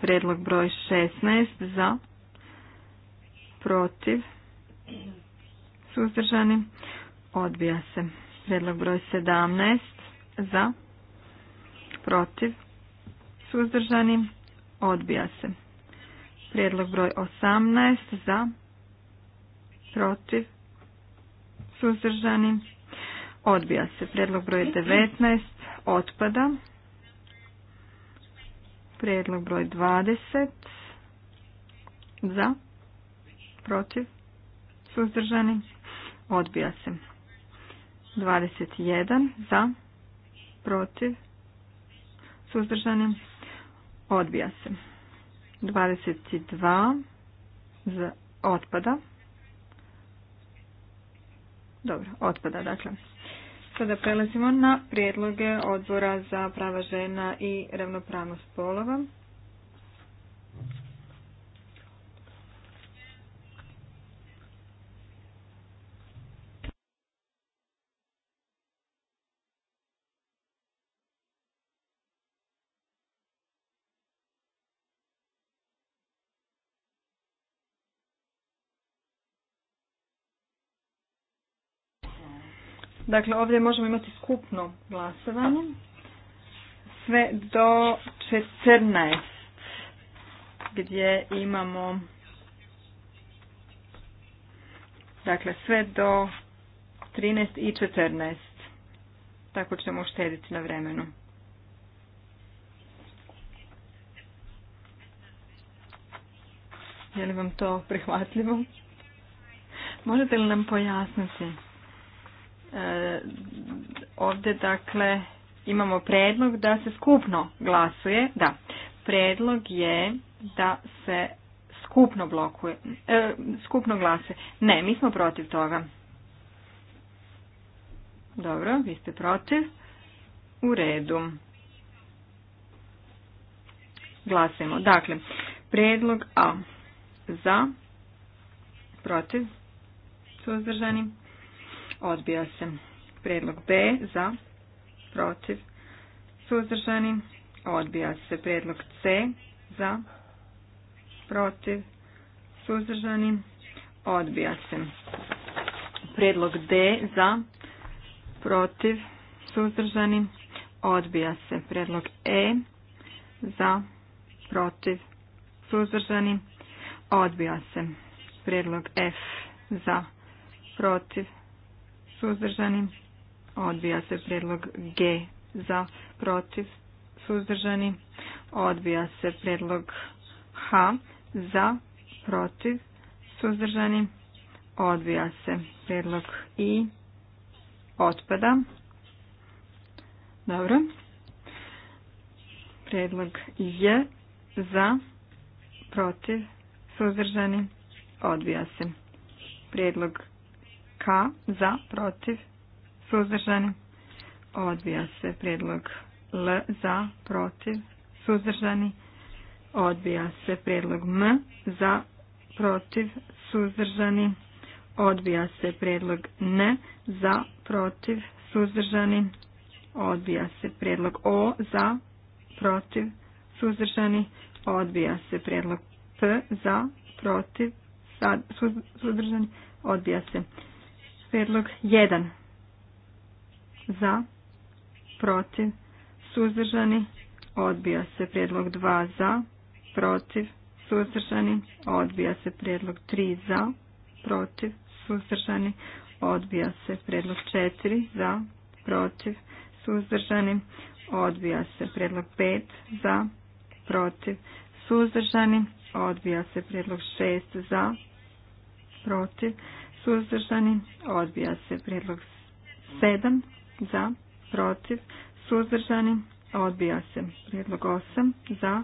Prijedlog broj 16 za, protiv, suzdržani, odbija se. Prijedlog broj 17 za, protiv, suzdržani, odbija se. Prijedlog broj 18 za, protiv, suzdržani, odbija se. Prijedlog broj 19 otpada. Prijedlog broj 20 za, protiv, suzdržani, odbija se. 21 za, protiv, suzdržani, odbija se. 22 za, otpada. Dobro, otpada dakle. Sada prelazimo na prijedloge odbora za prava žena i ravnopravnost polova. Dakle, ovdje možemo imati skupno glasovanje sve do 14 gdje imamo dakle sve do 13 i 14. Tako ćemo uštediti na vremenu. Je li vam to prihvatljivo? Možete li nam pojasniti? E, ovdje dakle imamo predlog da se skupno glasuje. Da, predlog je da se skupno blokuje, e, skupno Ne, mi smo protiv toga. Dobro, vi ste protiv. U redu. Glasujemo. Dakle, predlog A. Za. Protiv. Suzdržani odbija se. Prijedlog B za, protiv, suzdržani, odbija se. Prijedlog C za, protiv, suzdržani, odbija se. Prijedlog D za, protiv, suzdržani, odbija se. Prijedlog E za, protiv, suzdržani, odbija se. Prijedlog F za, protiv, suzdržani, odbija se prijedlog G za protiv, suzdržani, odbija se prijedlog H za protiv, suzdržani, odbija se prijedlog I otpada. Dobro. Prijedlog J za, protiv, suzdržani, odbija se. Prijedlog K za protiv suzdržani odbija se prijedlog L za protiv suzdržani odbija se prijedlog M za protiv suzdržani odbija se prijedlog N za protiv suzdržani odbija se prijedlog O za protiv suzdržani odbija se prijedlog P za protiv suzdržani odbija se Prijedlog 1. Za. Protiv. Suzdržani. Odbija se. Prijedlog 2. Za. Protiv. Suzdržani. Odbija se. Prijedlog 3. Za. Protiv. Suzdržani. Odbija se. Prijedlog 4. Za. Protiv. Suzdržani. Odbija se. Prijedlog 5. Za. Protiv. Suzdržani. Odbija se. Prijedlog 6. Za. Protiv suzdržani, odbija se. Prijedlog 7 za, protiv, suzdržani, odbija se. Prijedlog 8 za,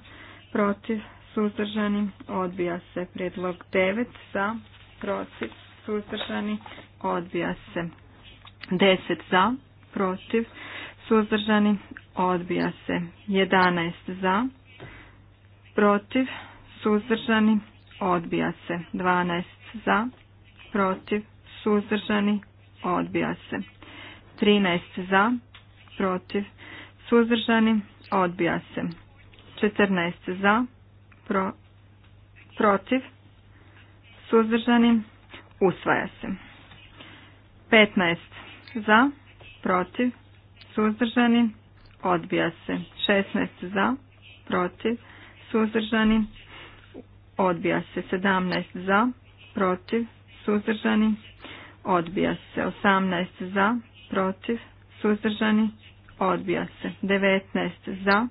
protiv, suzdržani, odbija se. Prijedlog 9 za, protiv, suzdržani, odbija se. 10 za, protiv, suzdržani, odbija se. 11 za, protiv, suzdržani, odbija se. 12 za, protiv, suzdržani, odbija se. 13 za, protiv, suzdržani, odbija se. 14 za, pro, protiv, suzdržani, usvaja se. 15 za, protiv, suzdržani, odbija se. 16 za, protiv, suzdržani, odbija se. 17 za, protiv, suzdržani, odbija se. 18 za, protiv, suzdržani, odbija se. 19 za,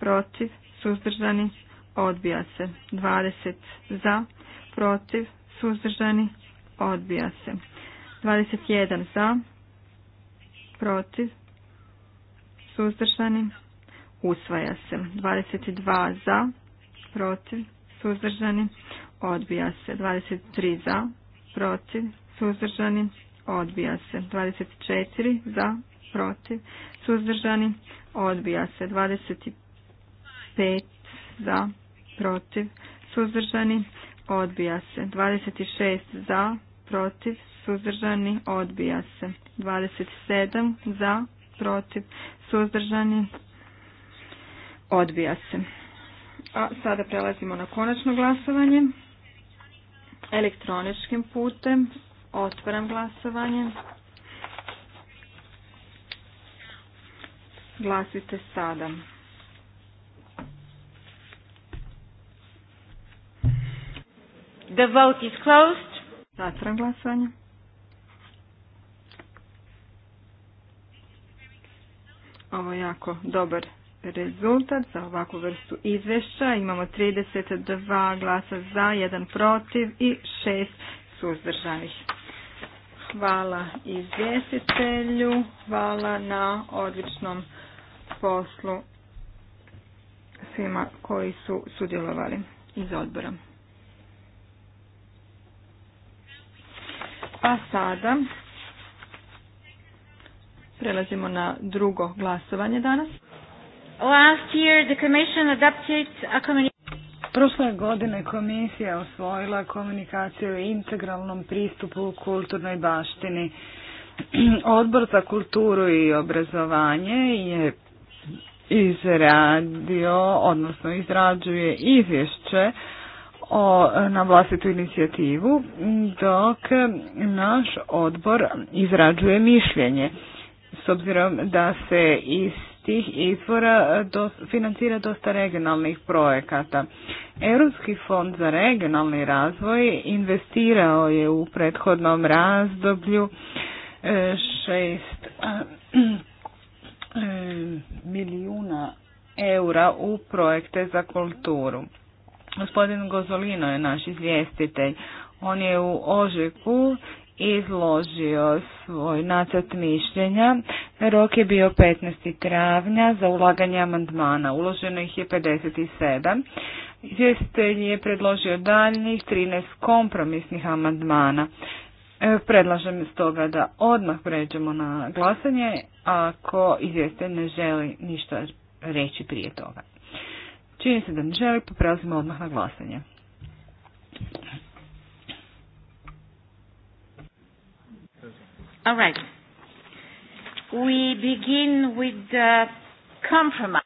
protiv, suzdržani, odbija se. 20 za, protiv, suzdržani, odbija se. 21 za, protiv, suzdržani, usvaja se. 22 za, protiv, suzdržani, odbija se. 23 za, protiv, suzdržani, odbija se. 24 za, protiv, suzdržani, odbija se. 25 za, protiv, suzdržani, odbija se. 26 za, protiv, suzdržani, odbija se. 27 za, protiv, suzdržani, odbija se. A sada prelazimo na konačno glasovanje elektroničkim putem. Otvaram glasovanje. Glasite sada. The vote is closed. Zatvaram glasovanje. Ovo je jako dobar rezultat za ovakvu vrstu izvješća. Imamo 32 glasa za, 1 protiv i 6 suzdržanih. Hvala izvjestitelju, hvala na odličnom poslu svima koji su sudjelovali iz odbora. A pa sada prelazimo na drugo glasovanje danas. Last year the commission adopted a Prošle godine komisija osvojila komunikaciju o integralnom pristupu kulturnoj baštini. Odbor za kulturu i obrazovanje je izradio, odnosno izrađuje izvješće o, na vlastitu inicijativu, dok naš odbor izrađuje mišljenje. S obzirom da se iz tih izvora e, financira dosta regionalnih projekata. Europski fond za regionalni razvoj investirao je u prethodnom razdoblju e, šest e, milijuna eura u projekte za kulturu. Gospodin Gozolino je naš izvjestitelj. On je u Ožeku izložio svoj nacrt mišljenja. Rok je bio 15. travnja za ulaganje amandmana. Uloženo ih je 57. Izvjestelj je predložio daljnjih 13 kompromisnih amandmana. E, predlažem stoga da odmah pređemo na glasanje ako izvjestitelj ne želi ništa reći prije toga. Čini se da ne želi, pa prelazimo odmah na glasanje. All We begin with the compromise.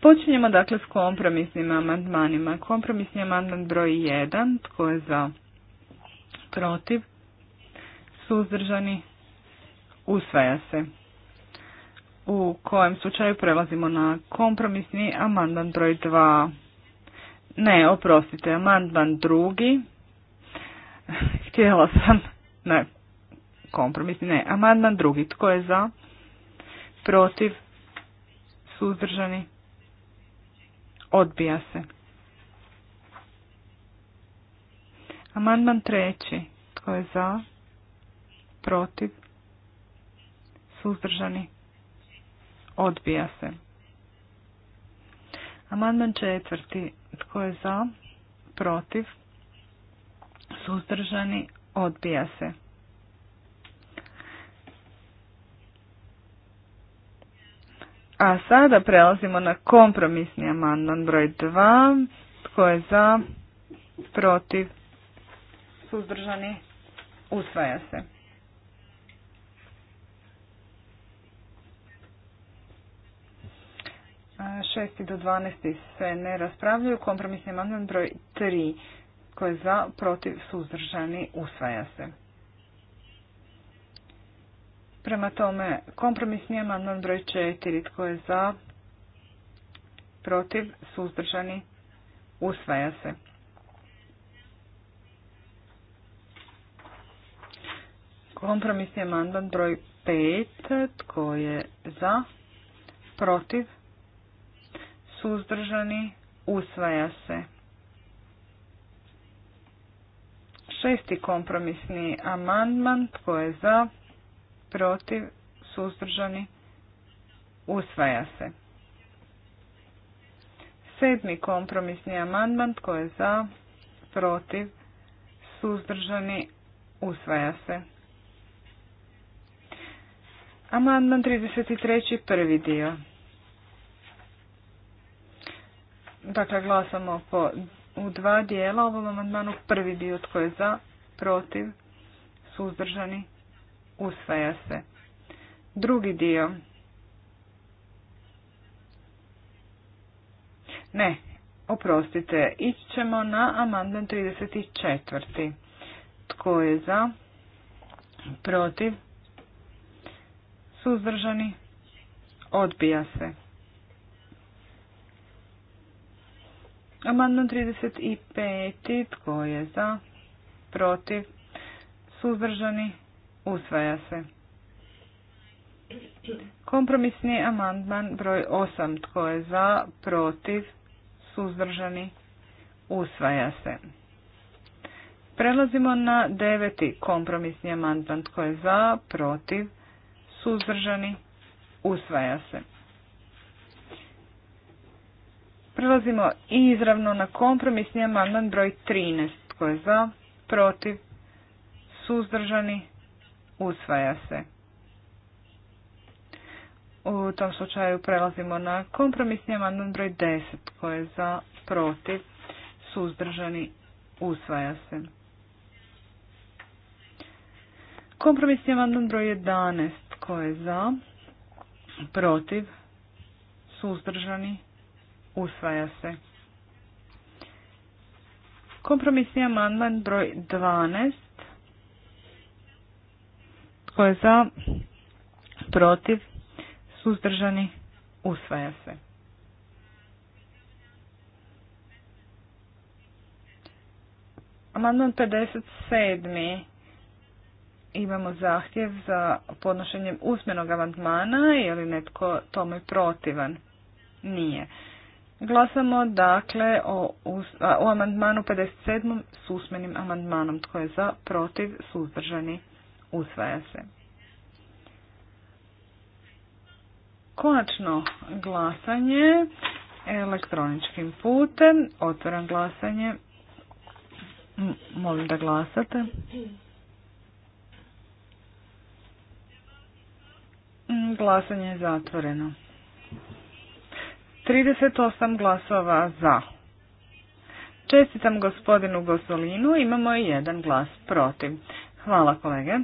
Počinjemo dakle s kompromisnim amandmanima. Kompromisni amandman broj 1, tko je za, protiv, suzdržani, usvaja se. U kojem slučaju prelazimo na kompromisni amandman broj 2. Ne, oprostite, amandman drugi. Htjela sam, ne, Kompromis. Ne, amandman drugi. Tko je za? Protiv? Suzdržani? Odbija se. Amandman treći. Tko je za? Protiv? Suzdržani? Odbija se. Amandman četvrti. Tko je za? Protiv? Suzdržani? Odbija se. A sada prelazimo na kompromisni amandman broj 2. Tko je za? Protiv? Suzdržani? Usvaja se. Šesti do dvanesti se ne raspravljaju. Kompromisni amandman broj 3. Tko je za? Protiv? Suzdržani? Usvaja se. Prema tome, kompromisni amandman broj četiri, Tko je za? Protiv? Suzdržani? Usvaja se. Kompromisni amandman broj pet, Tko je za? Protiv? Suzdržani? Usvaja se. Šesti kompromisni amandman. Tko je za? protiv, suzdržani, usvaja se. Sedmi kompromisni amandman tko je za, protiv, suzdržani, usvaja se. Amandman 33. prvi dio. Dakle, glasamo po, u dva dijela ovom amandmanu. Prvi dio tko je za, protiv, suzdržani, usvaja se. Drugi dio. Ne, oprostite, ići ćemo na amandman 34. Tko je za? Protiv? Suzdržani? Odbija se. Amandman 35. Tko je za? Protiv? Suzdržani? Usvaja se. Kompromisni amandman broj 8. Tko je za, protiv, suzdržani? Usvaja se. Prelazimo na deveti kompromisni amandman. Tko je za, protiv, suzdržani? Usvaja se. Prelazimo izravno na kompromisni amandman broj 13. Tko je za, protiv, suzdržani? usvaja se. U tom slučaju prelazimo na kompromisni amandman broj 10 koji je za protiv suzdržani usvaja se. Kompromisni amandman broj 11 koji je za protiv suzdržani usvaja se. Kompromisni amandman broj 12 tko je za? Protiv? Suzdržani? Usvaja se. Amandman 57. Imamo zahtjev za podnošenjem usmenog amandmana. Je li netko tome protivan? Nije. Glasamo dakle o, o amandmanu 57. s usmenim amandmanom. Tko je za, protiv, suzdržani? Usvaja se. Konačno glasanje elektroničkim putem. Otvaram glasanje. Molim da glasate. Glasanje je zatvoreno. 38 glasova za. Čestitam gospodinu Gosolinu, imamo i jedan glas protiv. Hvala kolege.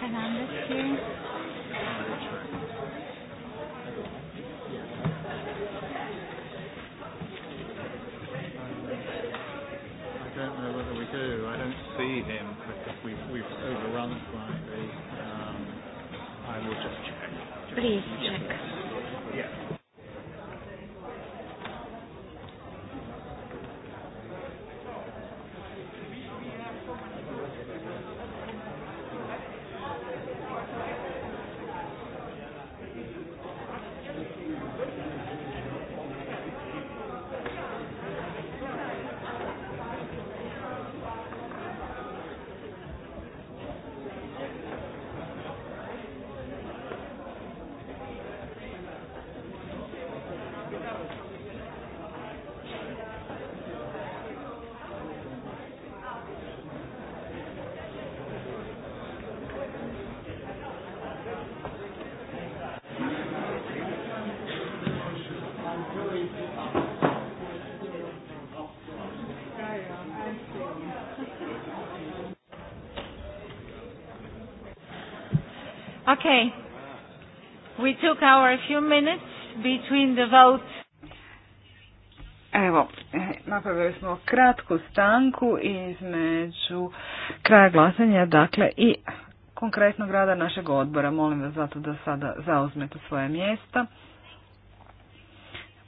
Fernandes here. I don't know whether we do. I don't see him because we've, we've overrun slightly. Um, I will just check. Please check. Okay. We took our few minutes between the Evo, napravili smo kratku stanku između kraja glasanja, dakle, i konkretnog rada našeg odbora. Molim vas zato da sada zauzmete svoje mjesta.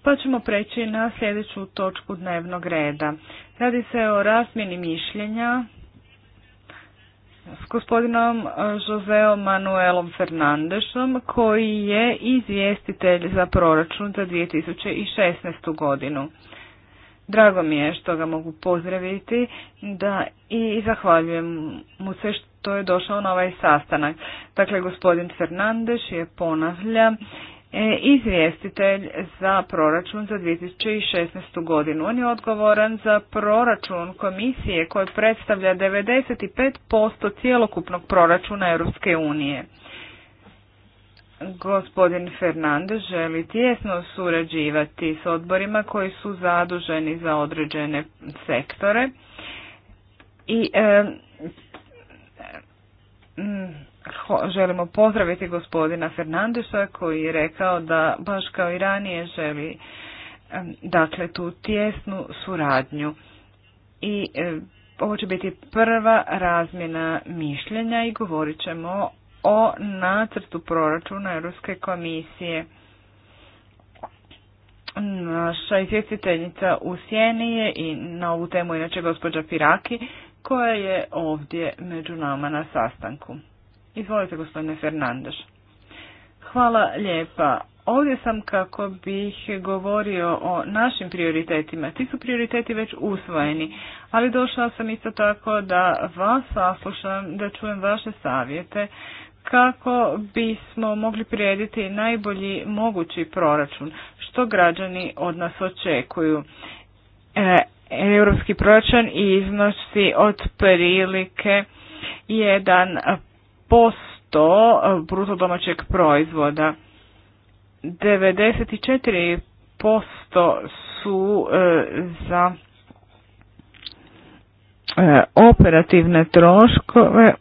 Pa ćemo preći na sljedeću točku dnevnog reda. Radi se o razmjeni mišljenja s gospodinom e, Joseom Manuelom Fernandešom koji je izvjestitelj za proračun za 2016. godinu. Drago mi je što ga mogu pozdraviti da i zahvaljujem mu se što je došao na ovaj sastanak. Dakle, gospodin Fernandeš je ponavlja E, izvjestitelj za proračun za 2016. godinu. On je odgovoran za proračun komisije koji predstavlja 95% cijelokupnog proračuna Europske unije. Gospodin Fernandez želi tjesno surađivati s odborima koji su zaduženi za određene sektore i e, želimo pozdraviti gospodina Fernandesa koji je rekao da baš kao i ranije želi dakle tu tjesnu suradnju i e, ovo će biti prva razmjena mišljenja i govorit ćemo o nacrtu proračuna Europske komisije. Naša izvjestiteljica u Sjeni je i na ovu temu inače gospođa Piraki koja je ovdje među nama na sastanku. Izvolite gospodine Fernandeš. Hvala lijepa. Ovdje sam kako bih govorio o našim prioritetima. Ti su prioriteti već usvojeni, ali došla sam isto tako da vas saslušam, da čujem vaše savjete kako bismo mogli prijediti najbolji mogući proračun, što građani od nas očekuju. E, europski proračun iznosi otprilike jedan posto e, bruto domaćeg proizvoda. 94 posto su e, za e, operativne troškove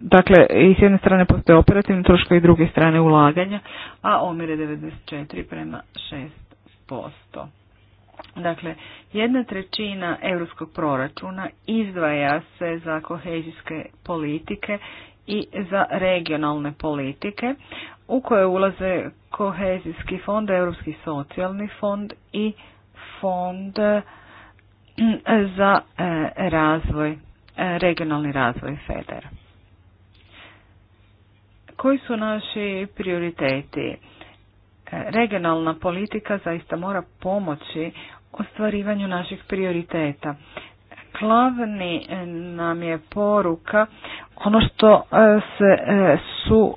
Dakle, i s jedne strane postoje operativne troškove i s druge strane ulaganja, a omjer je 94 prema 6%. Dakle, jedna trećina europskog proračuna izdvaja se za kohezijske politike i za regionalne politike u koje ulaze kohezijski fond, Europski socijalni fond i fond eh, za eh, razvoj, eh, regionalni razvoj FEDER. Koji su naši prioriteti? regionalna politika zaista mora pomoći ostvarivanju naših prioriteta. Glavni e, nam je poruka ono što e, se e, su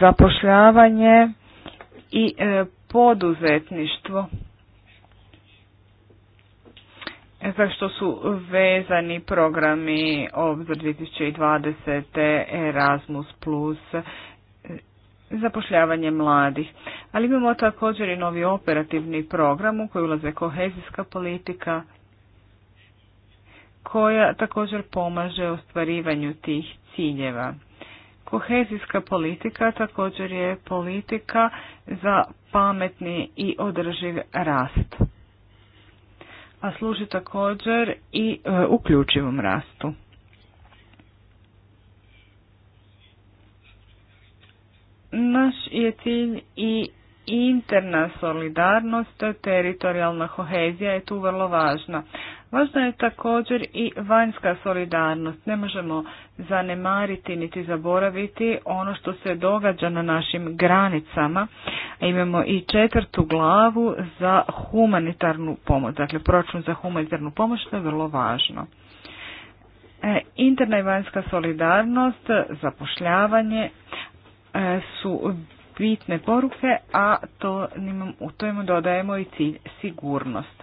zapošljavanje i poduzetništvo za što su vezani programi obzor 2020. Erasmus plus zapošljavanje mladih. Ali imamo također i novi operativni program u koji ulaze kohezijska politika koja također pomaže ostvarivanju tih ciljeva. Kohezijska politika također je politika za pametni i održiv rast, a služi također i e, uključivom rastu. Naš je cilj i interna solidarnost, teritorijalna kohezija je tu vrlo važna. Važna je također i vanjska solidarnost. Ne možemo zanemariti niti zaboraviti ono što se događa na našim granicama. Imamo i četvrtu glavu za humanitarnu pomoć, dakle proračun za humanitarnu pomoć što je vrlo važno. E, interna i vanjska solidarnost, zapošljavanje, E, su bitne poruke, a to u dodajemo i cilj sigurnost.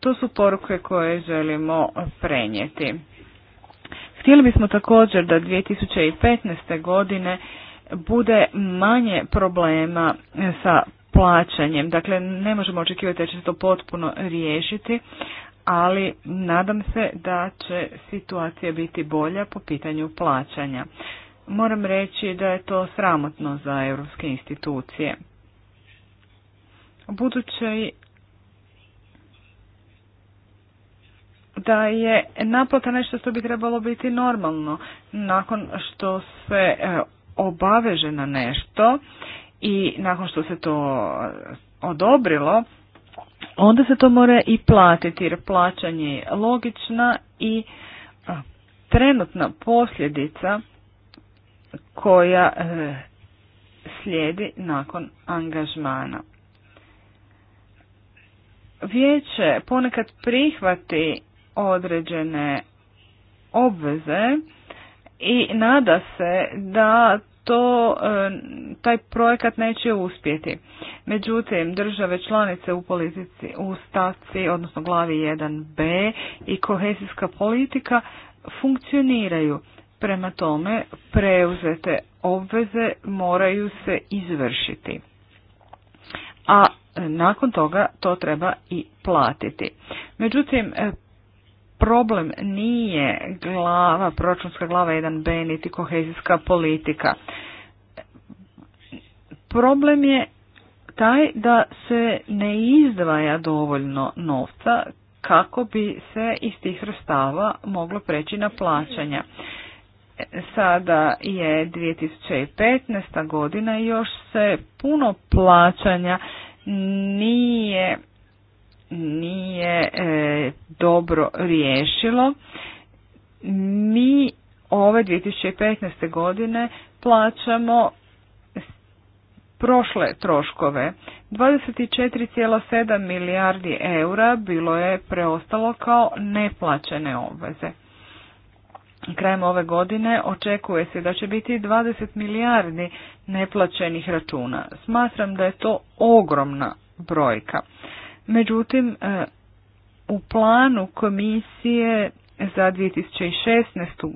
To su poruke koje želimo prenijeti. Htjeli bismo također da 2015. godine bude manje problema sa plaćanjem. Dakle, ne možemo očekivati da će se to potpuno riješiti, ali nadam se da će situacija biti bolja po pitanju plaćanja. Moram reći da je to sramotno za europske institucije. Budući da je naplata nešto što bi trebalo biti normalno nakon što se e, obaveže na nešto i nakon što se to odobrilo, onda se to mora i platiti jer plaćanje je logična i e, trenutna posljedica koja e, slijedi nakon angažmana. Vijeće ponekad prihvati određene obveze i nada se da to e, taj projekat neće uspjeti. Međutim, države članice u politici u stavci, odnosno glavi 1b i kohezijska politika funkcioniraju Prema tome, preuzete obveze moraju se izvršiti. A e, nakon toga to treba i platiti. Međutim, e, problem nije glava, proračunska glava 1b niti kohezijska politika. Problem je taj da se ne izdvaja dovoljno novca kako bi se iz tih sredstava moglo preći na plaćanja sada je 2015. godina i još se puno plaćanja nije nije e, dobro riješilo. Mi ove 2015. godine plaćamo prošle troškove. 24,7 milijardi eura bilo je preostalo kao neplaćene obveze krajem ove godine očekuje se da će biti 20 milijardi neplaćenih računa. Smatram da je to ogromna brojka. Međutim, e, u planu komisije za 2016.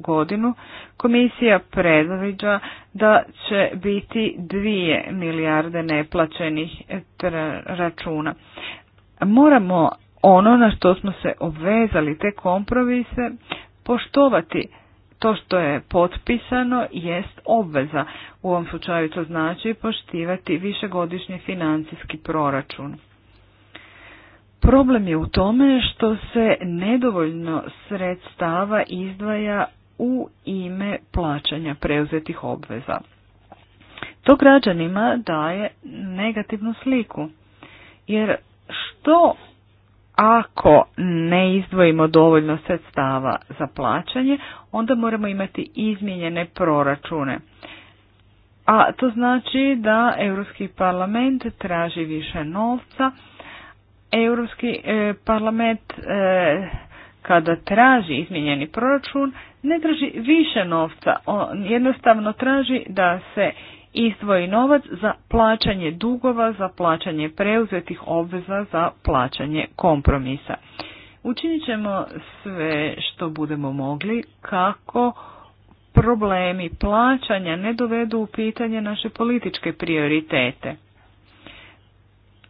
godinu komisija predviđa da će biti 2 milijarde neplaćenih računa. Moramo ono na što smo se obvezali, te kompromise, poštovati to što je potpisano jest obveza. U ovom slučaju to znači poštivati višegodišnji financijski proračun. Problem je u tome što se nedovoljno sredstava izdvaja u ime plaćanja preuzetih obveza. To građanima daje negativnu sliku. Jer što ako ne izdvojimo dovoljno sredstava za plaćanje, onda moramo imati izmijenjene proračune. A to znači da Europski parlament traži više novca. Europski e, parlament e, kada traži izmijenjeni proračun ne traži više novca, on jednostavno traži da se izdvoji novac za plaćanje dugova, za plaćanje preuzetih obveza, za plaćanje kompromisa. Učinit ćemo sve što budemo mogli kako problemi plaćanja ne dovedu u pitanje naše političke prioritete.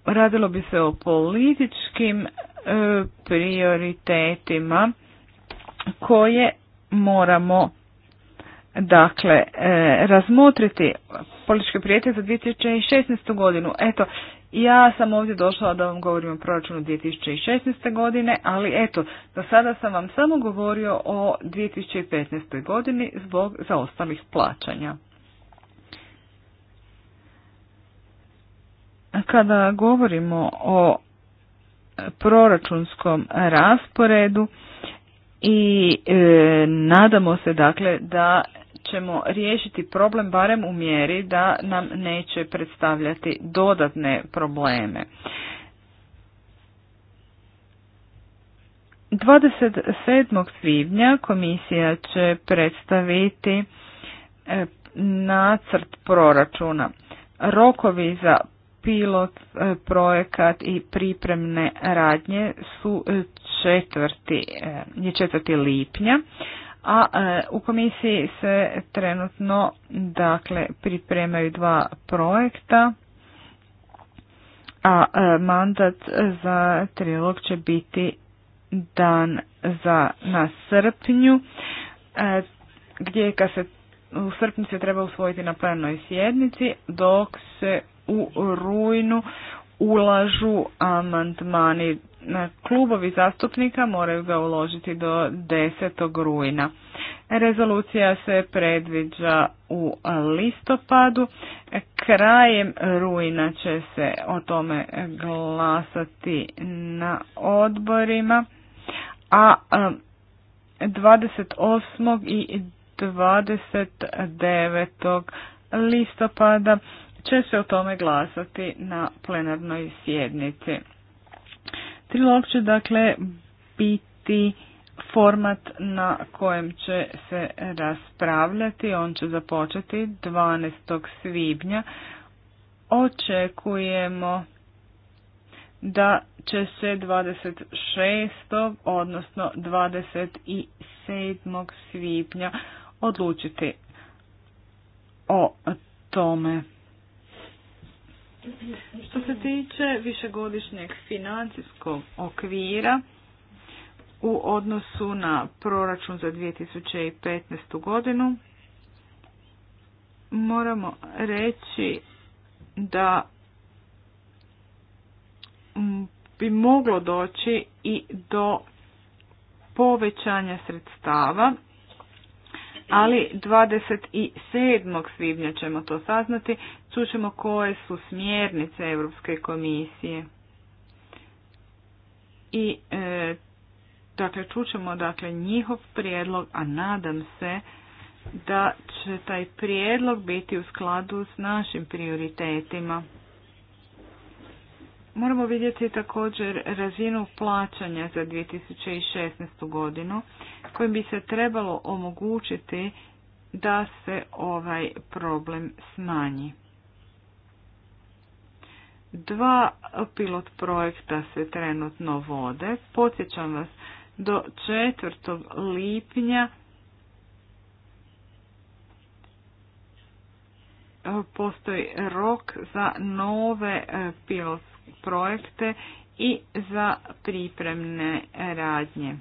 Radilo bi se o političkim e, prioritetima koje moramo dakle, e, razmotriti političke prijatelje za 2016. godinu. Eto, ja sam ovdje došla da vam govorim o proračunu 2016. godine, ali eto, do sada sam vam samo govorio o 2015. godini zbog zaostalih plaćanja. Kada govorimo o proračunskom rasporedu i e, nadamo se dakle da ćemo riješiti problem barem u mjeri da nam neće predstavljati dodatne probleme. 27. svibnja komisija će predstaviti e, nacrt proračuna. Rokovi za pilot e, projekat i pripremne radnje su e, četvrti, je 4. lipnja, a e, u komisiji se trenutno dakle pripremaju dva projekta a e, mandat za trilog će biti dan za na srpnju e, gdje ka se u srpnju se treba usvojiti na plenoj sjednici dok se u rujnu ulažu amandmani klubovi zastupnika moraju ga uložiti do 10. rujna. Rezolucija se predviđa u listopadu. Krajem rujna će se o tome glasati na odborima, a 28. i 29. listopada će se o tome glasati na plenarnoj sjednici. Trilog će dakle biti format na kojem će se raspravljati. On će započeti 12. svibnja. Očekujemo da će se 26. odnosno 27. svibnja odlučiti o tome. Što se tiče višegodišnjeg financijskog okvira u odnosu na proračun za 2015. godinu, moramo reći da bi moglo doći i do povećanja sredstava ali 27. svibnja ćemo to saznati, čućemo koje su smjernice Europske komisije. I e, dakle čućemo dakle njihov prijedlog, a nadam se da će taj prijedlog biti u skladu s našim prioritetima. Moramo vidjeti također razinu plaćanja za 2016. godinu kojim bi se trebalo omogućiti da se ovaj problem smanji. Dva pilot projekta se trenutno vode. Podsjećam vas, do 4. lipnja postoji rok za nove eh, pilot projekte i za pripremne radnje.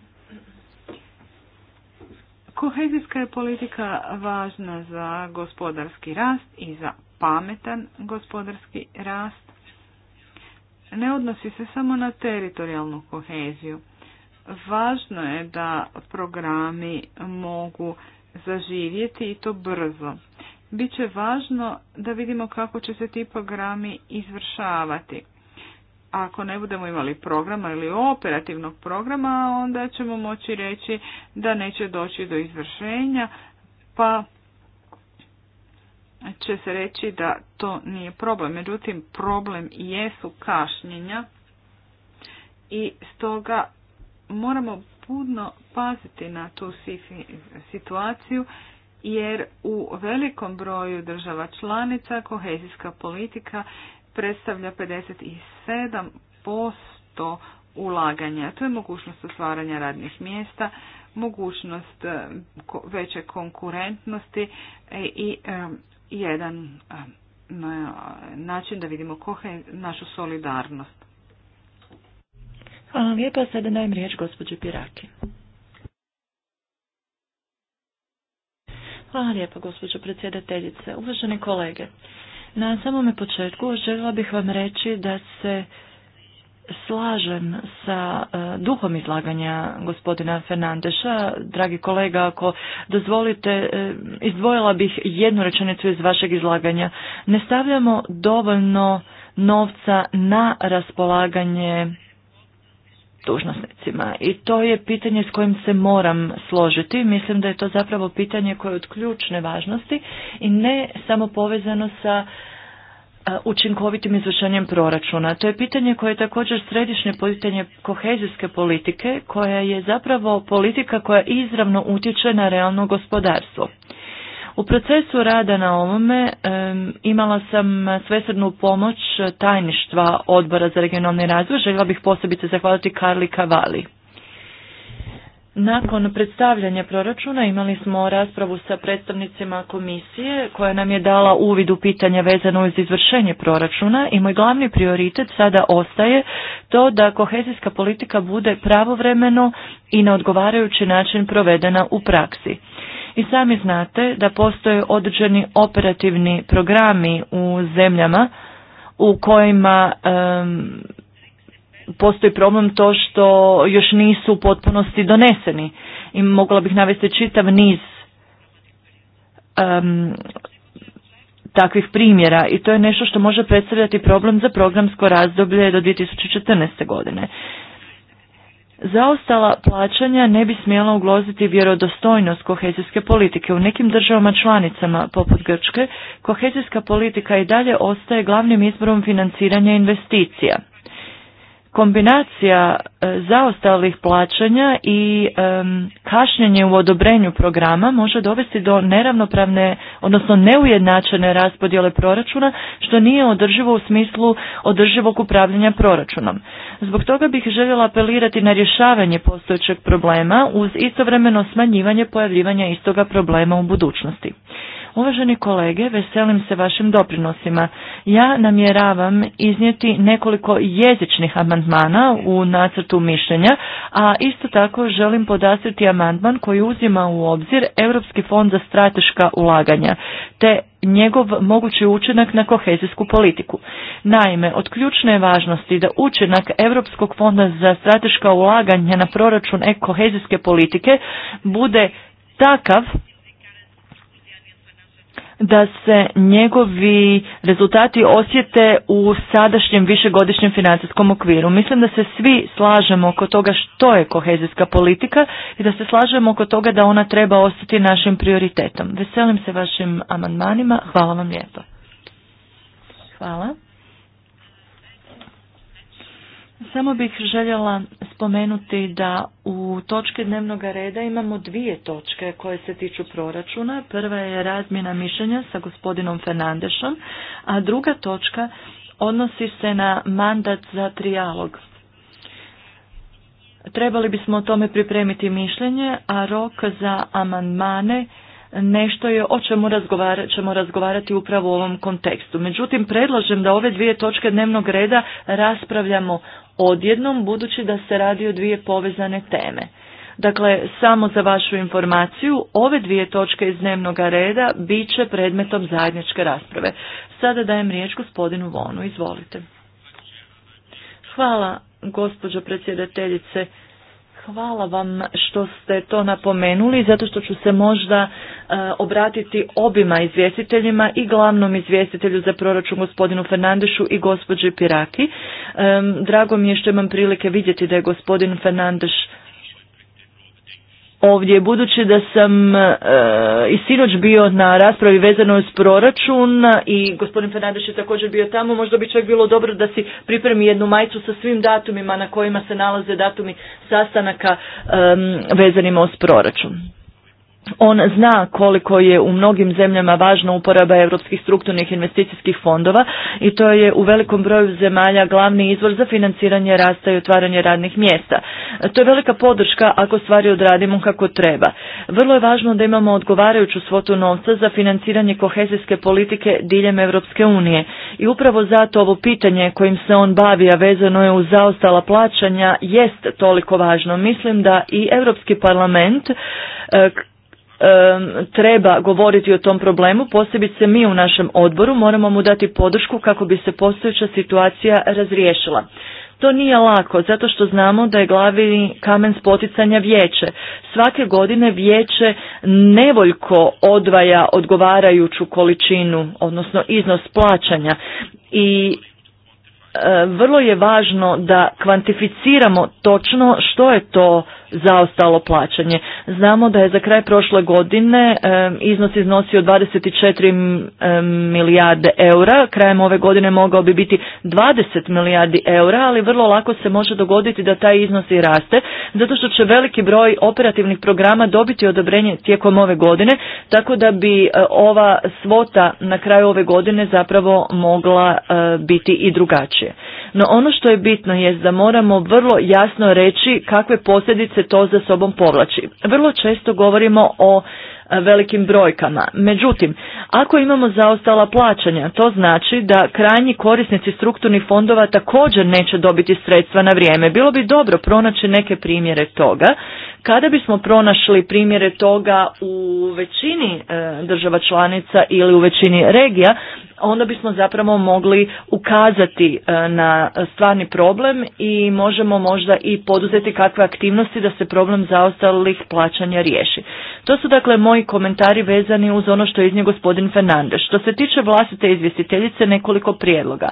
Kohezijska je politika važna za gospodarski rast i za pametan gospodarski rast. Ne odnosi se samo na teritorijalnu koheziju. Važno je da programi mogu zaživjeti i to brzo. Biće važno da vidimo kako će se ti programi izvršavati ako ne budemo imali programa ili operativnog programa, onda ćemo moći reći da neće doći do izvršenja, pa će se reći da to nije problem. Međutim, problem jesu kašnjenja i stoga moramo budno paziti na tu situaciju jer u velikom broju država članica kohezijska politika predstavlja 57% ulaganja. To je mogućnost otvaranja radnih mjesta, mogućnost eh, veće konkurentnosti eh, i jedan način da vidimo je našu solidarnost. Hvala vam lijepa, sada dajem riječ gospođe Piraki. Hvala lijepa, gospođo predsjedateljice. Uvažene kolege, na samome početku željela bih vam reći da se slažem sa e, duhom izlaganja gospodina Fernandeša. Dragi kolega, ako dozvolite, e, izdvojila bih jednu rečenicu iz vašeg izlaganja. Ne stavljamo dovoljno novca na raspolaganje dužnosnicima. I to je pitanje s kojim se moram složiti. Mislim da je to zapravo pitanje koje je od ključne važnosti i ne samo povezano sa e, učinkovitim izvršenjem proračuna. To je pitanje koje je također središnje pitanje kohezijske politike, koja je zapravo politika koja izravno utječe na realno gospodarstvo. U procesu rada na ovome imala sam svesrednu pomoć tajništva odbora za regionalni razvoj. Željela bih posebice zahvaliti Karli Kavali. Nakon predstavljanja proračuna imali smo raspravu sa predstavnicima komisije koja nam je dala uvid u pitanja vezano uz izvršenje proračuna i moj glavni prioritet sada ostaje to da kohezijska politika bude pravovremeno i na odgovarajući način provedena u praksi. I sami znate da postoje određeni operativni programi u zemljama u kojima postoji problem to što još nisu u potpunosti doneseni. I mogla bih navesti čitav niz um, takvih primjera i to je nešto što može predstavljati problem za programsko razdoblje do 2014. godine. Zaostala plaćanja ne bi smjela ugloziti vjerodostojnost kohezijske politike. U nekim državama članicama, poput Grčke, kohezijska politika i dalje ostaje glavnim izborom financiranja investicija. Kombinacija e, zaostalih plaćanja i e, kašnjenje u odobrenju programa može dovesti do neravnopravne, odnosno neujednačene raspodjele proračuna, što nije održivo u smislu održivog upravljanja proračunom. Zbog toga bih željela apelirati na rješavanje postojećeg problema uz istovremeno smanjivanje pojavljivanja istoga problema u budućnosti. Uvaženi kolege, veselim se vašim doprinosima. Ja namjeravam iznijeti nekoliko jezičnih amandmana u nacrtu mišljenja, a isto tako želim podastriti amandman koji uzima u obzir Europski fond za strateška ulaganja, te njegov mogući učinak na kohezijsku politiku. Naime, od ključne važnosti da učinak Europskog fonda za strateška ulaganja na proračun kohezijske politike bude takav da se njegovi rezultati osjete u sadašnjem višegodišnjem financijskom okviru. Mislim da se svi slažemo oko toga što je kohezijska politika i da se slažemo oko toga da ona treba ostati našim prioritetom. Veselim se vašim amandmanima. Hvala vam lijepo. Hvala. Samo bih željela spomenuti da u točke dnevnog reda imamo dvije točke koje se tiču proračuna. Prva je razmjena mišljenja sa gospodinom Fernandešom, a druga točka odnosi se na mandat za trijalog. Trebali bismo o tome pripremiti mišljenje, a rok za amandmane nešto je o čemu ćemo razgovarati upravo u ovom kontekstu. Međutim, predlažem da ove dvije točke dnevnog reda raspravljamo odjednom budući da se radi o dvije povezane teme. Dakle, samo za vašu informaciju, ove dvije točke iz dnevnog reda bit će predmetom zajedničke rasprave. Sada dajem riječ gospodinu Vonu, izvolite. Hvala, gospođo predsjedateljice. Hvala vam što ste to napomenuli, zato što ću se možda e, obratiti obima izvjestiteljima i glavnom izvjestitelju za proračun gospodinu Fernandešu i gospođi Piraki. drago mi je što imam prilike vidjeti da je gospodin Fernandeš ovdje, budući da sam e, i sinoć bio na raspravi vezanoj uz proračun i gospodin Fernandeš je također bio tamo, možda bi čak bilo dobro da si pripremi jednu majcu sa svim datumima na kojima se nalaze datumi sastanaka e, vezanima uz proračun on zna koliko je u mnogim zemljama važna uporaba europskih strukturnih investicijskih fondova i to je u velikom broju zemalja glavni izvor za financiranje rasta i otvaranje radnih mjesta. To je velika podrška ako stvari odradimo kako treba. Vrlo je važno da imamo odgovarajuću svotu novca za financiranje kohezijske politike diljem Europske unije i upravo zato ovo pitanje kojim se on bavi, a vezano je u zaostala plaćanja, jest toliko važno. Mislim da i Europski parlament e, treba govoriti o tom problemu, posebice mi u našem odboru moramo mu dati podršku kako bi se postojeća situacija razriješila. To nije lako, zato što znamo da je glavi kamen spoticanja vijeće. Svake godine vijeće nevoljko odvaja odgovarajuću količinu, odnosno iznos plaćanja i E, vrlo je važno da kvantificiramo točno što je to zaostalo plaćanje. Znamo da je za kraj prošle godine e, iznos iznosio 24 e, milijarde eura, krajem ove godine mogao bi biti 20 milijardi eura, ali vrlo lako se može dogoditi da taj iznos i raste, zato što će veliki broj operativnih programa dobiti odobrenje tijekom ove godine, tako da bi ova svota na kraju ove godine zapravo mogla biti i drugačija. No ono što je bitno je da moramo vrlo jasno reći kakve posljedice to za sobom povlači. Vrlo često govorimo o e, velikim brojkama. Međutim, ako imamo zaostala plaćanja, to znači da krajnji korisnici strukturnih fondova također neće dobiti sredstva na vrijeme. Bilo bi dobro pronaći neke primjere toga. Kada bismo pronašli primjere toga u većini e, država članica ili u većini regija, onda bismo zapravo mogli ukazati e, na stvarni problem i možemo možda i poduzeti kakve aktivnosti da se problem zaostalih plaćanja riješi. To su dakle moji komentari vezani uz ono što je iznio gospodin Fernandez. Što se tiče vlastite izvjestiteljice, nekoliko prijedloga.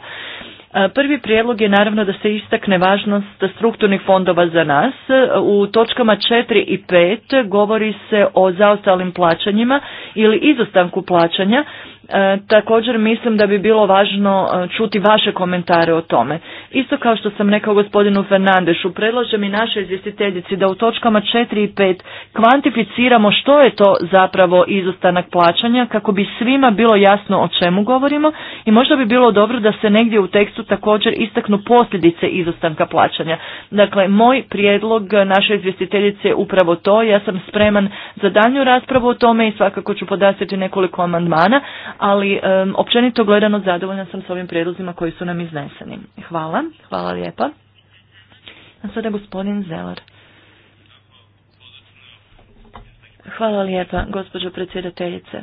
E, prvi prijedlog je naravno da se istakne važnost strukturnih fondova za nas. E, u točkama 4 i 5 govori se o zaostalim plaćanjima ili izostanku plaćanja E, također mislim da bi bilo važno e, čuti vaše komentare o tome. Isto kao što sam rekao gospodinu Fernandešu, predlažem i našoj izvjestiteljici da u točkama 4 i 5 kvantificiramo što je to zapravo izostanak plaćanja kako bi svima bilo jasno o čemu govorimo i možda bi bilo dobro da se negdje u tekstu također istaknu posljedice izostanka plaćanja. Dakle, moj prijedlog naše izvjestiteljice je upravo to. Ja sam spreman za daljnju raspravu o tome i svakako ću podastiti nekoliko amandmana, ali um, općenito gledano zadovoljna sam s ovim prijedlozima koji su nam izneseni. Hvala, hvala lijepa. A sada gospodin Zelar. Hvala lijepa, gospođo predsjedateljice.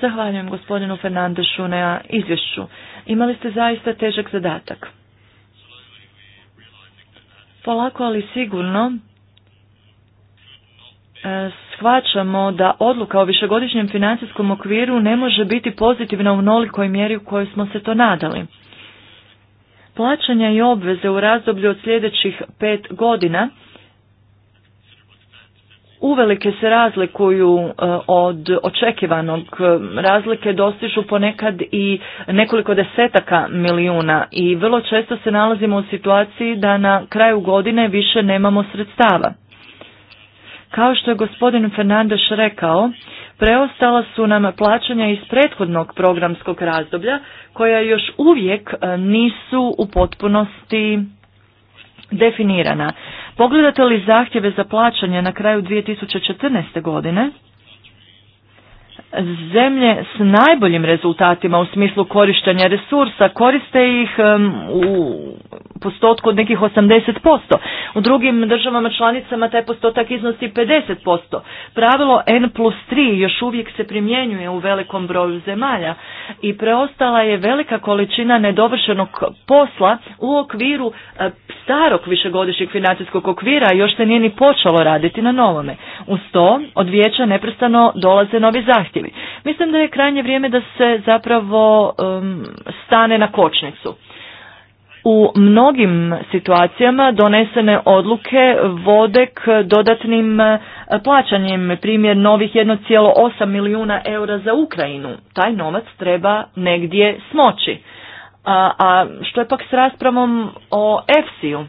Zahvaljujem gospodinu Fernandešu na izvješću. Imali ste zaista težak zadatak. Polako ali sigurno E, shvaćamo da odluka o višegodišnjem financijskom okviru ne može biti pozitivna u nolikoj mjeri u kojoj smo se to nadali. Plaćanja i obveze u razdoblju od sljedećih pet godina uvelike se razlikuju e, od očekivanog. Razlike dostižu ponekad i nekoliko desetaka milijuna i vrlo često se nalazimo u situaciji da na kraju godine više nemamo sredstava. Kao što je gospodin Fernandeš rekao, preostala su nam plaćanja iz prethodnog programskog razdoblja koja još uvijek e, nisu u potpunosti definirana. Pogledate li zahtjeve za plaćanje na kraju 2014. godine? zemlje s najboljim rezultatima u smislu korištenja resursa koriste ih u postotku od nekih 80%. U drugim državama članicama taj postotak iznosi 50%. Pravilo N plus 3 još uvijek se primjenjuje u velikom broju zemalja i preostala je velika količina nedovršenog posla u okviru e, starog višegodišnjeg financijskog okvira još se nije ni počelo raditi na novome. Uz to od vijeća neprestano dolaze novi zahtjevi Mislim da je krajnje vrijeme da se zapravo um, stane na kočnicu. U mnogim situacijama donesene odluke vode k dodatnim uh, plaćanjem, primjer novih 1,8 milijuna eura za Ukrajinu. Taj novac treba negdje smoći. A, a što je pak s raspravom o EFSI-u?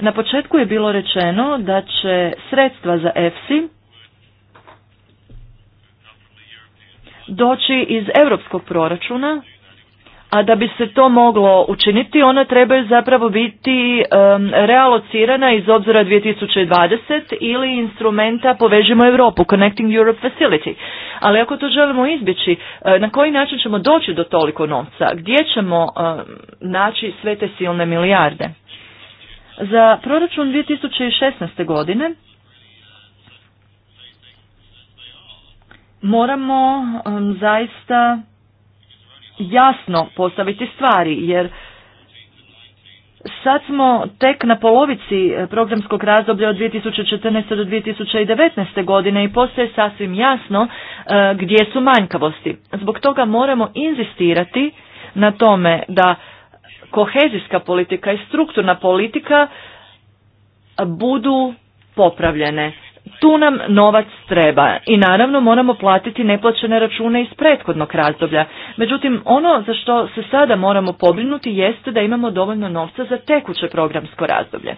Na početku je bilo rečeno da će sredstva za EFSI doći iz europskog proračuna, a da bi se to moglo učiniti, ona treba zapravo biti realocirana iz obzora 2020 ili instrumenta Povežimo Europu, Connecting Europe Facility. Ali ako to želimo izbjeći, e, na koji način ćemo doći do toliko novca? Gdje ćemo e, naći sve te silne milijarde? Za proračun 2016. godine moramo zaista jasno postaviti stvari, jer sad smo tek na polovici e, programskog razdoblja od 2014. do 2019. godine i postoje sasvim jasno e, gdje su manjkavosti. Zbog toga moramo inzistirati na tome da kohezijska politika i strukturna politika budu popravljene tu nam novac treba i naravno moramo platiti neplaćene račune iz prethodnog razdoblja. Međutim, ono za što se sada moramo pobrinuti jeste da imamo dovoljno novca za tekuće programsko razdoblje.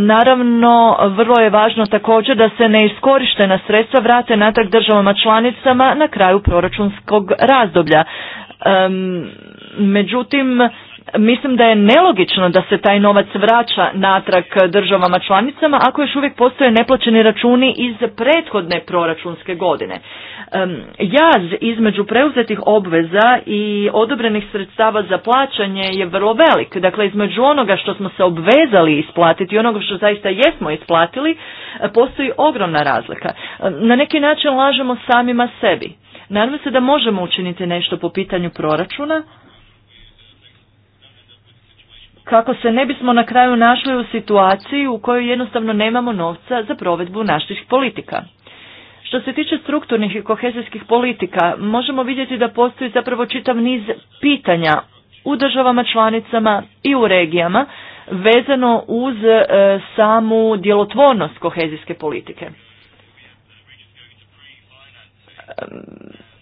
Naravno, vrlo je važno također da se neiskorištena sredstva vrate natrag državama članicama na kraju proračunskog razdoblja. međutim, Mislim da je nelogično da se taj novac vraća natrag državama članicama ako još uvijek postoje neplaćeni računi iz prethodne proračunske godine. jaz između preuzetih obveza i odobrenih sredstava za plaćanje je vrlo velik. Dakle, između onoga što smo se obvezali isplatiti i onoga što zaista jesmo isplatili, e, postoji ogromna razlika. Na neki način lažemo samima sebi. Nadam se da možemo učiniti nešto po pitanju proračuna, kako se ne bismo na kraju našli u situaciji u kojoj jednostavno nemamo novca za provedbu naših politika. Što se tiče strukturnih i kohezijskih politika, možemo vidjeti da postoji zapravo čitav niz pitanja u državama članicama i u regijama vezano uz e, samu djelotvornost kohezijske politike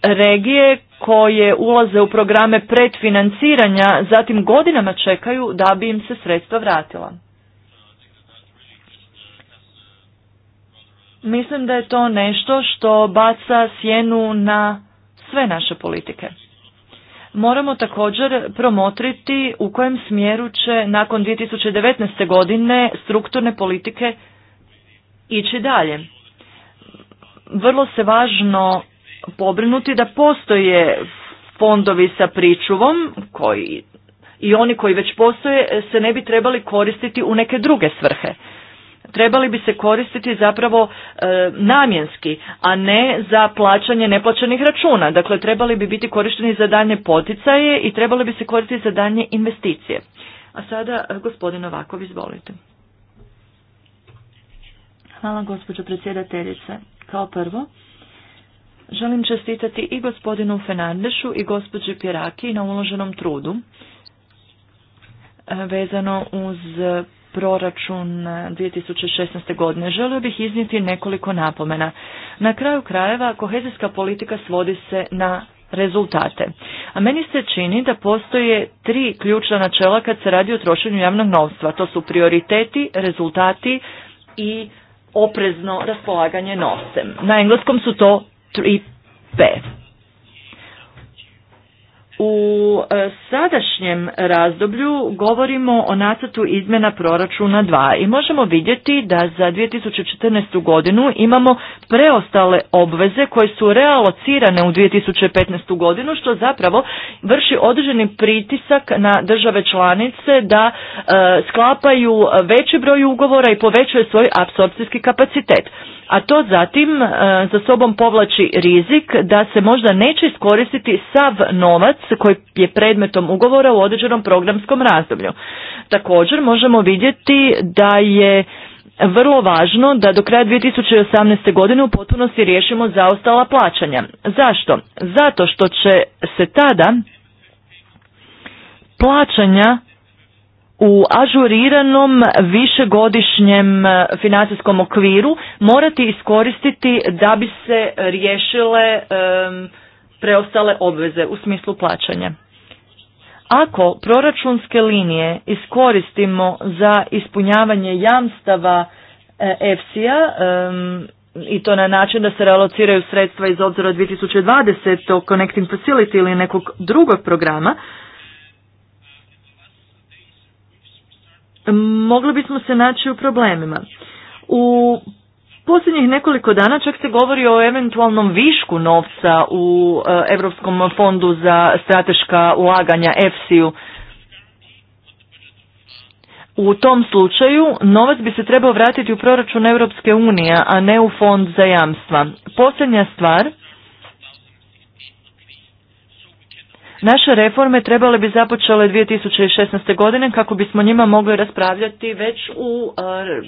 regije koje ulaze u programe predfinanciranja, zatim godinama čekaju da bi im se sredstva vratila. Mislim da je to nešto što baca sjenu na sve naše politike. Moramo također promotriti u kojem smjeru će nakon 2019. godine strukturne politike ići dalje. Vrlo se važno pobrinuti da postoje fondovi sa pričuvom koji i oni koji već postoje se ne bi trebali koristiti u neke druge svrhe. Trebali bi se koristiti zapravo e, namjenski, a ne za plaćanje neplaćenih računa. Dakle, trebali bi biti korišteni za danje poticaje i trebali bi se koristiti za danje investicije. A sada e, gospodin Ovakov, izvolite. Hvala gospođo predsjedateljice. Kao prvo, Želim čestitati i gospodinu Fernandešu i gospođi Pjeraki na uloženom trudu e, vezano uz proračun 2016. godine. Želio bih iznijeti nekoliko napomena. Na kraju krajeva kohezijska politika svodi se na rezultate. A meni se čini da postoje tri ključna načela kad se radi o trošenju javnog novstva. To su prioriteti, rezultati i oprezno raspolaganje novcem. Na engleskom su to 3 U e, sadašnjem razdoblju govorimo o nacrtu izmjena proračuna 2 i možemo vidjeti da za 2014. godinu imamo preostale obveze koje su realocirane u 2015. godinu što zapravo vrši određeni pritisak na države članice da e, sklapaju veći broj ugovora i povećaju svoj apsorpcijski kapacitet a to zatim e, za sobom povlači rizik da se možda neće iskoristiti sav novac koji je predmetom ugovora u određenom programskom razdoblju. Također možemo vidjeti da je vrlo važno da do kraja 2018. godine u potpunosti riješimo zaostala plaćanja. Zašto? Zato što će se tada plaćanja u ažuriranom višegodišnjem e, financijskom okviru morati iskoristiti da bi se riješile preostale obveze u smislu plaćanja. Ako proračunske linije iskoristimo za ispunjavanje jamstava e, EFSI-a i to na način da se realociraju sredstva iz obzora 2020 o Connecting Facility ili nekog drugog programa, mogli bismo se naći u problemima. U posljednjih nekoliko dana čak se govori o eventualnom višku novca u Europskom fondu za strateška ulaganja EFSI-u. U tom slučaju novac bi se trebao vratiti u proračun Europske unije, a ne u fond za jamstva. Posljednja stvar Naše reforme trebale bi započele 2016. godine kako bismo njima mogli raspravljati već u e,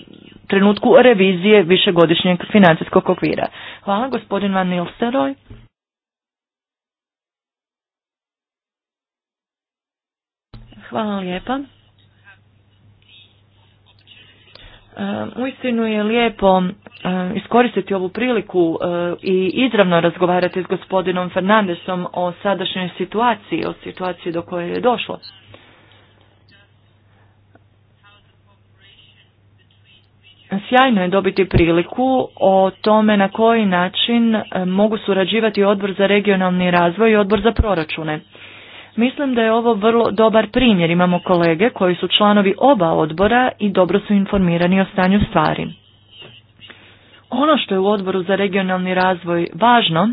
trenutku revizije višegodišnjeg financijskog okvira. Hvala gospodin Van Nilsteroj. Hvala lijepa. Um, uistinu je lijepo um, iskoristiti ovu priliku uh, i izravno razgovarati s gospodinom Fernandesom o sadašnjoj situaciji, o situaciji do koje je došlo. Sjajno je dobiti priliku o tome na koji način um, mogu surađivati odbor za regionalni razvoj i odbor za proračune. Mislim da je ovo vrlo dobar primjer. Imamo kolege koji su članovi oba odbora i dobro su informirani o stanju stvari. Ono što je u odboru za regionalni razvoj važno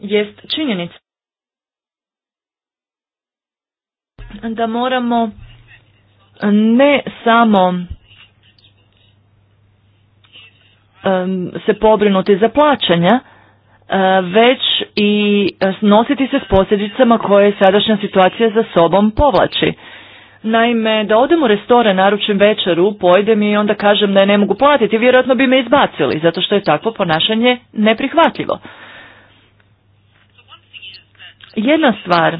jest činjenica da moramo ne samo se pobrinuti za plaćanja, već i nositi se s posljedicama koje sadašnja situacija za sobom povlači. Naime, da odem u restoran, naručim večeru, pojdem i onda kažem da je ne mogu platiti, vjerojatno bi me izbacili, zato što je takvo ponašanje neprihvatljivo. Jedna stvar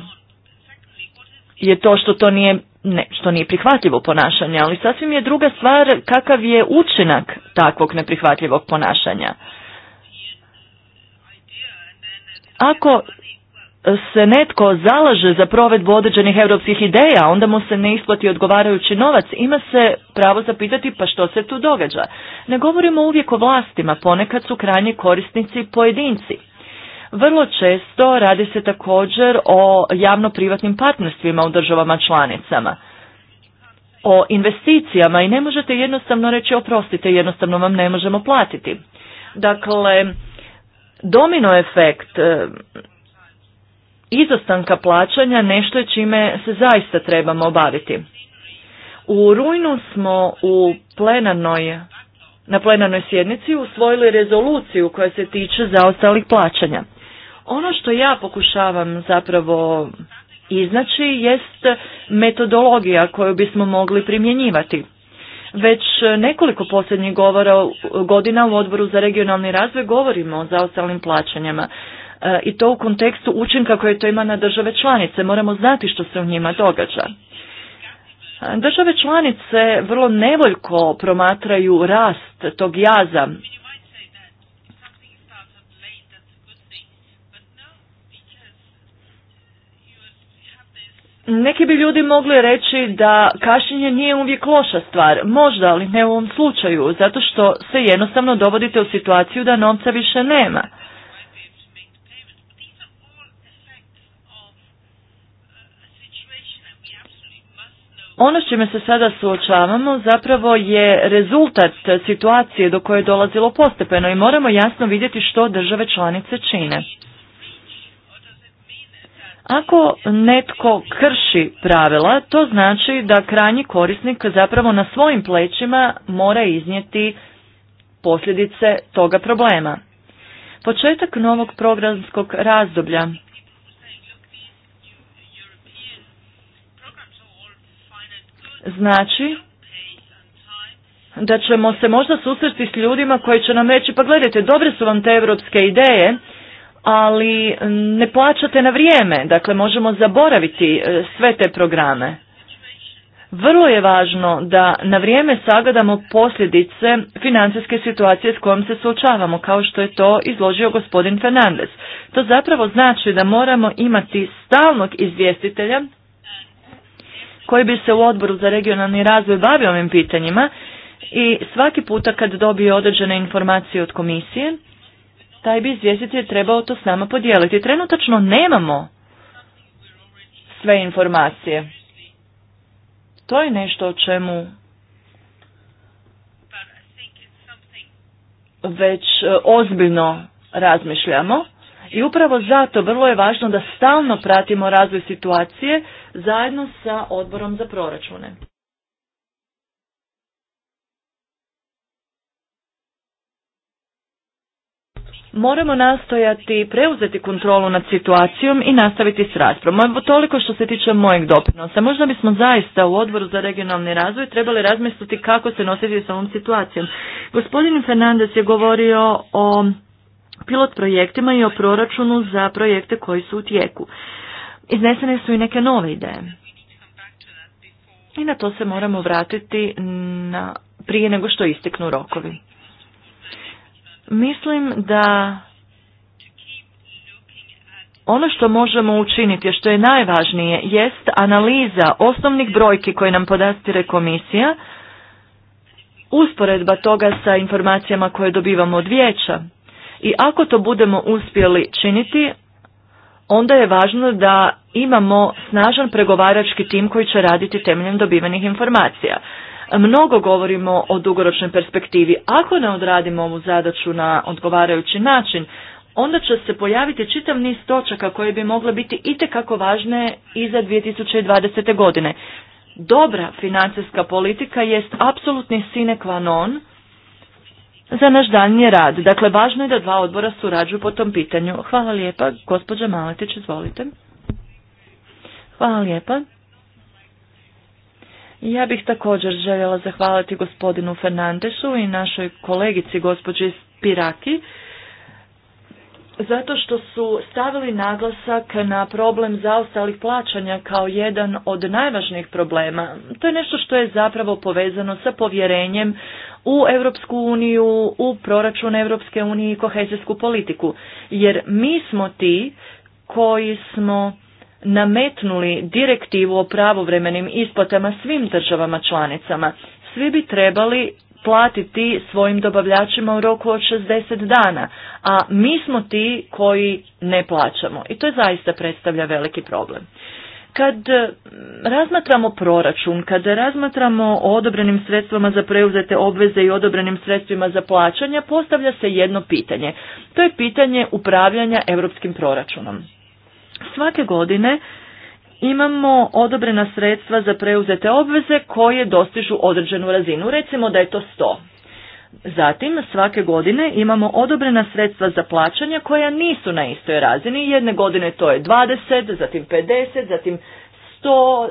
je to što to nije, ne, što nije prihvatljivo ponašanje, ali sasvim je druga stvar kakav je učinak takvog neprihvatljivog ponašanja. Ako se netko zalaže za provedbu određenih europskih ideja, onda mu se ne isplati odgovarajući novac, ima se pravo zapitati pa što se tu događa. Ne govorimo uvijek o vlastima, ponekad su krajnji korisnici pojedinci. Vrlo često radi se također o javno-privatnim partnerstvima u državama članicama, o investicijama i ne možete jednostavno reći oprostite, jednostavno vam ne možemo platiti. Dakle, Domino efekt e, izostanka plaćanja nešto je čime se zaista trebamo baviti. U rujnu smo u plenarnoj, na plenarnoj sjednici usvojili rezoluciju koja se tiče zaostalih plaćanja. Ono što ja pokušavam zapravo iznaći jest metodologija koju bismo mogli primjenjivati. Već nekoliko posljednjih govora, godina u odboru za regionalni razvoj govorimo o zaostalim plaćanjama e, i to u kontekstu učinka koje to ima na države članice. Moramo znati što se u njima događa. Države članice vrlo nevoljko promatraju rast tog jaza Neki bi ljudi mogli reći da kašnjenje nije uvijek loša stvar, možda, ali ne u ovom slučaju, zato što se jednostavno dovodite u situaciju da novca više nema. Ono s čime se sada suočavamo zapravo je rezultat situacije do koje je dolazilo postepeno i moramo jasno vidjeti što države članice čine. Ako netko krši pravila, to znači da krajnji korisnik zapravo na svojim plećima mora iznijeti posljedice toga problema. Početak novog programskog razdoblja znači da ćemo se možda susreti s ljudima koji će nam reći pa gledajte dobre su vam te europske ideje, ali ne plaćate na vrijeme, dakle možemo zaboraviti e, sve te programe. Vrlo je važno da na vrijeme sagledamo posljedice financijske situacije s kojom se suočavamo, kao što je to izložio gospodin Fernandez. To zapravo znači da moramo imati stalnog izvjestitelja koji bi se u odboru za regionalni razvoj bavio ovim pitanjima i svaki puta kad dobije određene informacije od komisije, taj bi izvjestitelj trebao to s nama podijeliti. Trenutačno nemamo sve informacije. To je nešto o čemu već e, ozbiljno razmišljamo i upravo zato vrlo je važno da stalno pratimo razvoj situacije zajedno sa odborom za proračune. moramo nastojati preuzeti kontrolu nad situacijom i nastaviti s raspravom. Evo toliko što se tiče mojeg doprinosa. Možda bismo zaista u odboru za regionalni razvoj trebali razmisliti kako se nositi s ovom situacijom. Gospodin Fernandez je govorio o pilot projektima i o proračunu za projekte koji su u tijeku. Iznesene su i neke nove ideje. I na to se moramo vratiti na, prije nego što isteknu rokovi. Mislim da ono što možemo učiniti, što je najvažnije, jest analiza osnovnih brojki koje nam podastire komisija, usporedba toga sa informacijama koje dobivamo od vijeća. I ako to budemo uspjeli činiti, onda je važno da imamo snažan pregovarački tim koji će raditi temeljem dobivenih informacija. Mnogo govorimo o dugoročnoj perspektivi. Ako ne odradimo ovu zadaću na odgovarajući način, onda će se pojaviti čitav niz točaka koje bi mogle biti itekako važne i za 2020. godine. Dobra financijska politika jest apsolutni sine non za naš daljnji rad. Dakle, važno je da dva odbora surađuju po tom pitanju. Hvala lijepa. Gospođa Maletić, izvolite. Hvala lijepa. Ja bih također željela zahvaliti gospodinu Fernandešu i našoj kolegici gospođi Piraki zato što su stavili naglasak na problem zaostalih plaćanja kao jedan od najvažnijih problema. To je nešto što je zapravo povezano sa povjerenjem u Europsku uniju, u proračun Europske unije i kohezijsku politiku. Jer mi smo ti koji smo nametnuli direktivu o pravovremenim isplatama svim državama članicama, svi bi trebali platiti svojim dobavljačima u roku od 60 dana, a mi smo ti koji ne plaćamo i to zaista predstavlja veliki problem. Kad eh, razmatramo proračun, kad razmatramo o odobrenim sredstvima za preuzete obveze i odobrenim sredstvima za plaćanja, postavlja se jedno pitanje. To je pitanje upravljanja europskim proračunom. Svake godine imamo odobrena sredstva za preuzete obveze koje dostižu određenu razinu, recimo da je to 100. Zatim svake godine imamo odobrena sredstva za plaćanja koja nisu na istoj razini, jedne godine to je 20, zatim 50, zatim 100,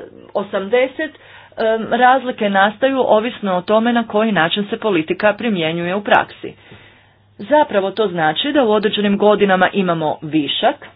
80, razlike nastaju ovisno o tome na koji način se politika primjenjuje u praksi. Zapravo to znači da u određenim godinama imamo višak,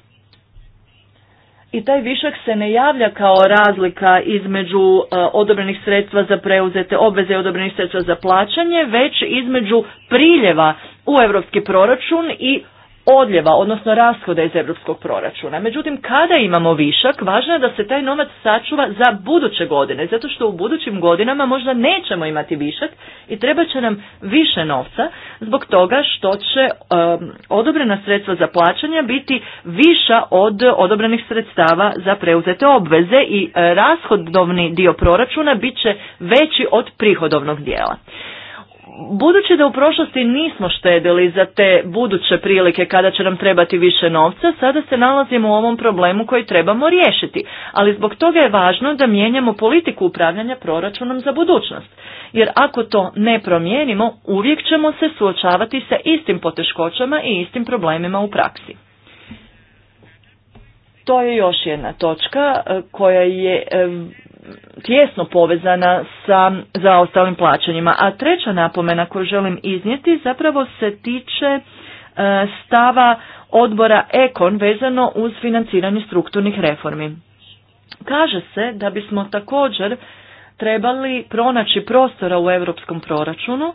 i taj višak se ne javlja kao razlika između e, odobrenih sredstva za preuzete obveze i odobrenih sredstva za plaćanje, već između priljeva u europski proračun i odljeva, odnosno rashoda iz europskog proračuna. Međutim, kada imamo višak, važno je da se taj novac sačuva za buduće godine, zato što u budućim godinama možda nećemo imati višak i treba će nam više novca zbog toga što će odobrena sredstva za plaćanja biti viša od odobrenih sredstava za preuzete obveze i e, rashodovni dio proračuna bit će veći od prihodovnog dijela. Budući da u prošlosti nismo štedili za te buduće prilike kada će nam trebati više novca, sada se nalazimo u ovom problemu koji trebamo riješiti, ali zbog toga je važno da mijenjamo politiku upravljanja proračunom za budućnost. Jer ako to ne promijenimo, uvijek ćemo se suočavati sa istim poteškoćama i istim problemima u praksi. To je još jedna točka e, koja je e, tjesno povezana sa zaostalim plaćanjima. A treća napomena koju želim iznijeti zapravo se tiče e, stava odbora Ekon vezano uz financiranje strukturnih reformi. Kaže se da bismo također trebali pronaći prostora u europskom proračunu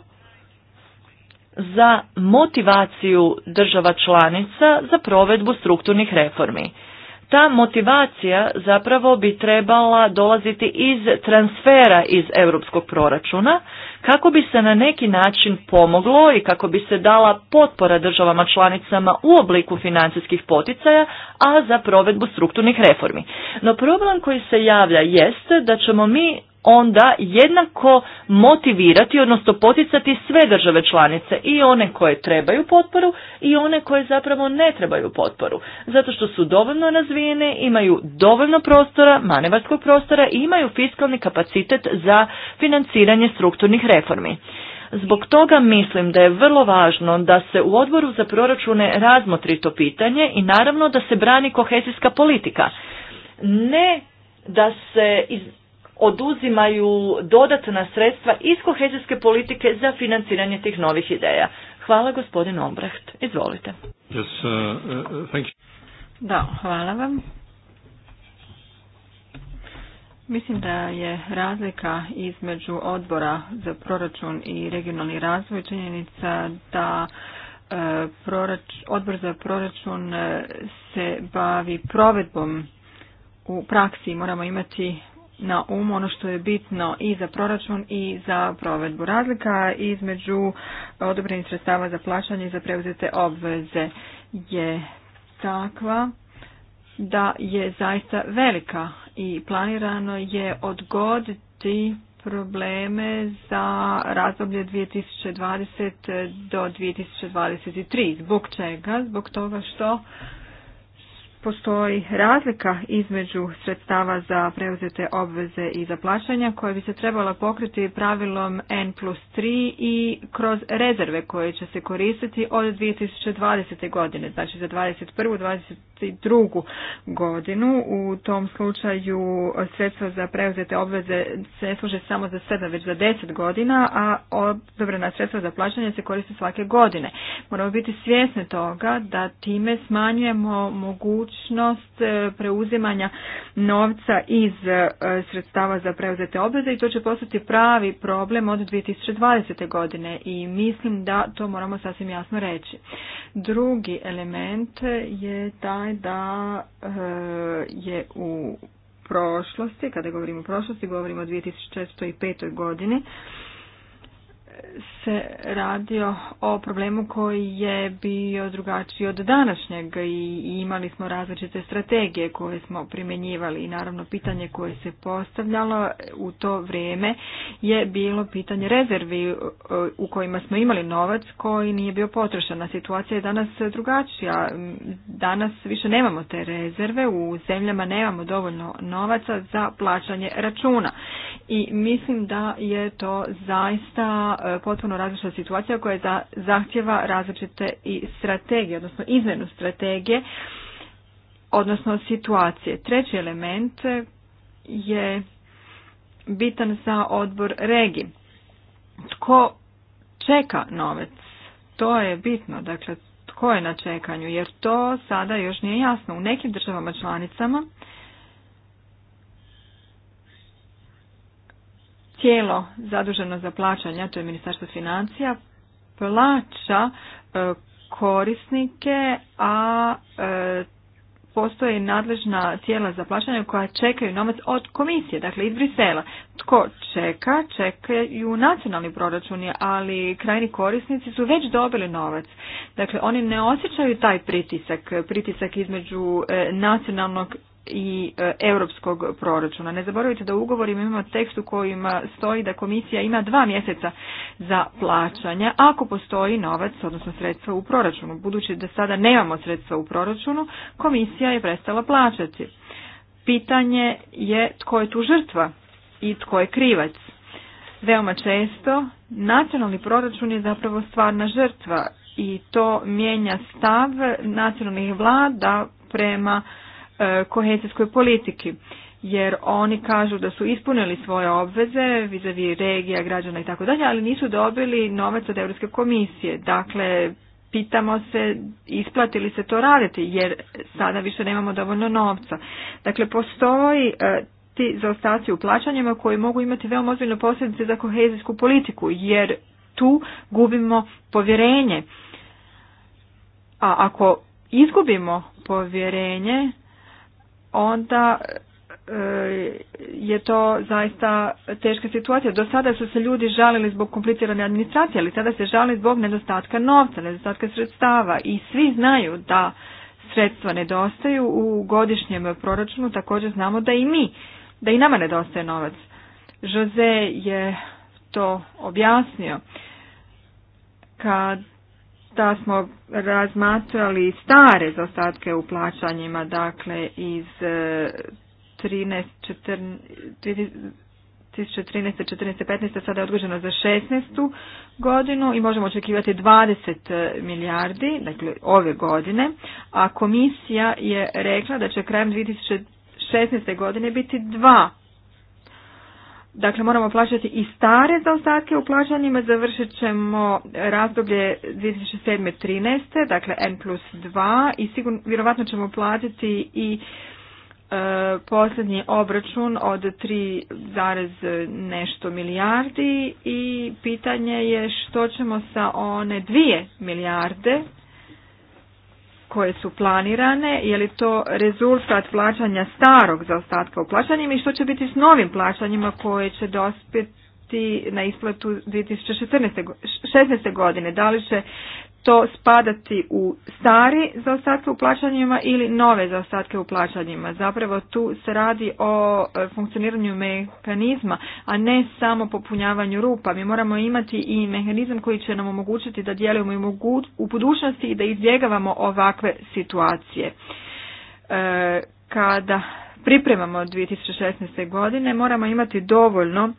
za motivaciju država članica za provedbu strukturnih reformi ta motivacija zapravo bi trebala dolaziti iz transfera iz europskog proračuna kako bi se na neki način pomoglo i kako bi se dala potpora državama članicama u obliku financijskih poticaja, a za provedbu strukturnih reformi. No problem koji se javlja jest da ćemo mi onda jednako motivirati, odnosno poticati sve države članice, i one koje trebaju potporu i one koje zapravo ne trebaju potporu, zato što su dovoljno razvijene, imaju dovoljno prostora, manevarskog prostora i imaju fiskalni kapacitet za financiranje strukturnih reformi. Zbog toga mislim da je vrlo važno da se u odboru za proračune razmotri to pitanje i naravno da se brani kohezijska politika. Ne da se iz oduzimaju dodatna sredstva iz kohezijske politike za financiranje tih novih ideja. Hvala gospodin Ombrecht. Izvolite. Yes, uh, uh, Da, hvala vam. Mislim da je razlika između odbora za proračun i regionalni razvoj činjenica da e, odbor za proračun e, se bavi provedbom u praksi. Moramo imati na umu ono što je bitno i za proračun i za provedbu razlika između odobrenih sredstava za plaćanje i za preuzete obveze je takva da je zaista velika i planirano je odgoditi probleme za razdoblje 2020 do 2023. Zbog čega? Zbog toga što postoji razlika između sredstava za preuzete obveze i za plaćanja koja bi se trebala pokriti pravilom N plus 3 i kroz rezerve koje će se koristiti od 2020. godine, znači za 2021. 2022. godinu. U tom slučaju sredstva za preuzete obveze se služe samo za 7, već za 10 godina, a odobrena sredstva za plaćanje se koriste svake godine. Moramo biti svjesni toga da time smanjujemo mogućnost mogućnost e, preuzimanja novca iz e, sredstava za preuzete obveze i to će postati pravi problem od 2020. godine i mislim da to moramo sasvim jasno reći. Drugi element je taj da e, je u prošlosti, kada govorimo o prošlosti, govorimo o 2005. godini, se radio o problemu koji je bio drugačiji od današnjeg i imali smo različite strategije koje smo primjenjivali i naravno pitanje koje se postavljalo u to vrijeme je bilo pitanje rezervi e, u kojima smo imali novac koji nije bio potrošen. Situacija je danas drugačija. Danas više nemamo te rezerve, u zemljama nemamo dovoljno novaca za plaćanje računa i mislim da je to zaista E, potpuno različita situacija koja zahtjeva različite i strategije, odnosno izmenu strategije, odnosno situacije. Treći element je bitan za odbor regi. Tko čeka novac? To je bitno, dakle tko je na čekanju, jer to sada još nije jasno. U nekim državama članicama tijelo zaduženo za plaćanja, to je Ministarstvo financija, plaća e, korisnike, a e, postoje nadležna tijela za plaćanje koja čekaju novac od komisije, dakle iz Brisela. Tko čeka? Čekaju nacionalni proračuni, ali krajni korisnici su već dobili novac. Dakle, oni ne osjećaju taj pritisak, pritisak između e, nacionalnog i e, europskog proračuna. Ne zaboravite da u ugovorima imamo tekst u kojima e, stoji da komisija ima dva mjeseca za plaćanja ako postoji novac, odnosno sredstva u proračunu. Budući da sada nemamo sredstva u proračunu, komisija je prestala plaćati. Pitanje je tko je tu žrtva i tko je krivac. Veoma često nacionalni proračun je zapravo stvarna žrtva i to mijenja stav nacionalnih vlada prema E, kohezijskoj politiki jer oni kažu da su ispunili svoje obveze vizavi regija, građana i tako dalje, ali nisu dobili novac od Europske komisije. Dakle, pitamo se isplati li se to raditi jer sada više nemamo dovoljno novca. Dakle, postoji e, ti zaostaci u plaćanjima koji mogu imati veoma ozbiljne posljedice za kohezijsku politiku jer tu gubimo povjerenje. A ako izgubimo povjerenje, onda e, je to zaista teška situacija. Do sada su se ljudi žalili zbog komplicirane administracije, ali sada se žali zbog nedostatka novca, nedostatka sredstava i svi znaju da sredstva nedostaju u godišnjem proračunu, također znamo da i mi, da i nama nedostaje novac. Jose je to objasnio kad da smo razmatrali stare zaostatke u plaćanjima, dakle iz 13, 2013. 14. 15. sada je odgođeno za 16. godinu i možemo očekivati 20 e, milijardi, dakle ove godine, a komisija je rekla da će krajem 2016. godine biti 2 Dakle, moramo plaćati i stare zaostatke u plaćanjima. Završit ćemo razdoblje 2007 dakle N plus 2 i sigurno, vjerovatno ćemo platiti i e, posljednji obračun od 3, nešto milijardi i pitanje je što ćemo sa one dvije milijarde koje su planirane, je li to rezultat plaćanja starog zaostatka u plaćanjima i što će biti s novim plaćanjima koje će dospjeti na isplatu 2016. godine. Da li će to spadati u stari zaostatke u plaćanjima ili nove zaostatke u plaćanjima. Zapravo tu se radi o e, funkcioniranju mehanizma, a ne samo popunjavanju rupa. Mi moramo imati i mehanizam koji će nam omogućiti da djelujemo u budućnosti i da izbjegavamo ovakve situacije. E, kada pripremamo 2016. godine moramo imati dovoljno e,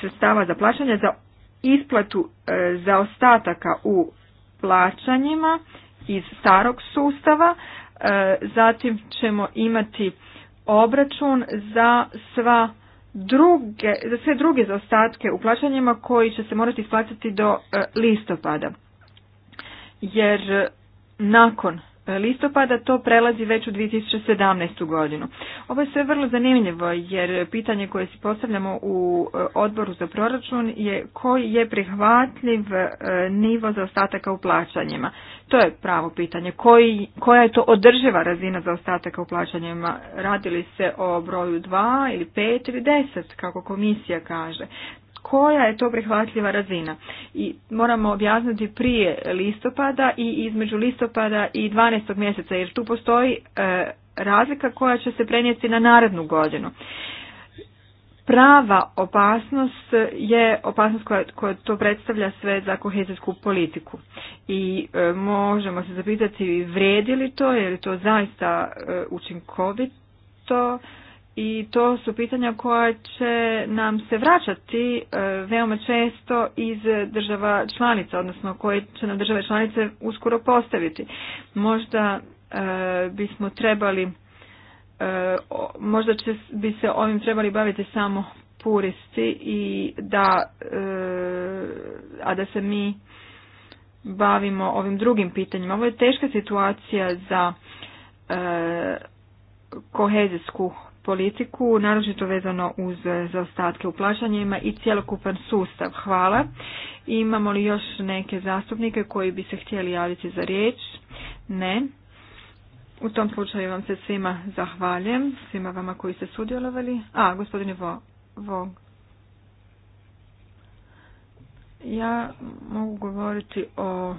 sredstava za plaćanje za isplatu e, zaostataka u plaćanjima iz starog sustava, e, zatim ćemo imati obračun za sva druge, za sve druge zaostatke u plaćanjima koji će se morati isplatiti do e, listopada. Jer nakon listopada to prelazi već u 2017. godinu. Ovo je sve vrlo zanimljivo jer pitanje koje si postavljamo u e, odboru za proračun je koji je prihvatljiv e, nivo za ostataka u plaćanjima. To je pravo pitanje. Koji, koja je to održiva razina za ostataka u plaćanjima? Radili se o broju 2 ili 5 ili 10 kako komisija kaže? koja je to prihvatljiva razina. I moramo objasniti prije listopada i između listopada i 12. mjeseca jer tu postoji e, razlika koja će se prenijeti na narednu godinu. Prava opasnost je opasnost koja, to predstavlja sve za kohezijsku politiku. I e, možemo se zapitati vrijedi li to, je li to zaista e, učinkovito, i to su pitanja koja će nam se vraćati e, veoma često iz država članica, odnosno koje će nam države članice uskoro postaviti. Možda e, bismo trebali, e, možda će, bi se ovim trebali baviti samo puristi i da, a da se mi bavimo ovim drugim pitanjima. Ovo je teška situacija za kohezijsku politiku, naročito vezano uz zaostatke u plaćanjima i cjelokupan sustav. Hvala. Imamo li još neke zastupnike koji bi se htjeli javiti za riječ? Ne. U tom slučaju vam se svima zahvaljujem, svima vama koji ste sudjelovali. A, gospodine Vog. Ja mogu govoriti o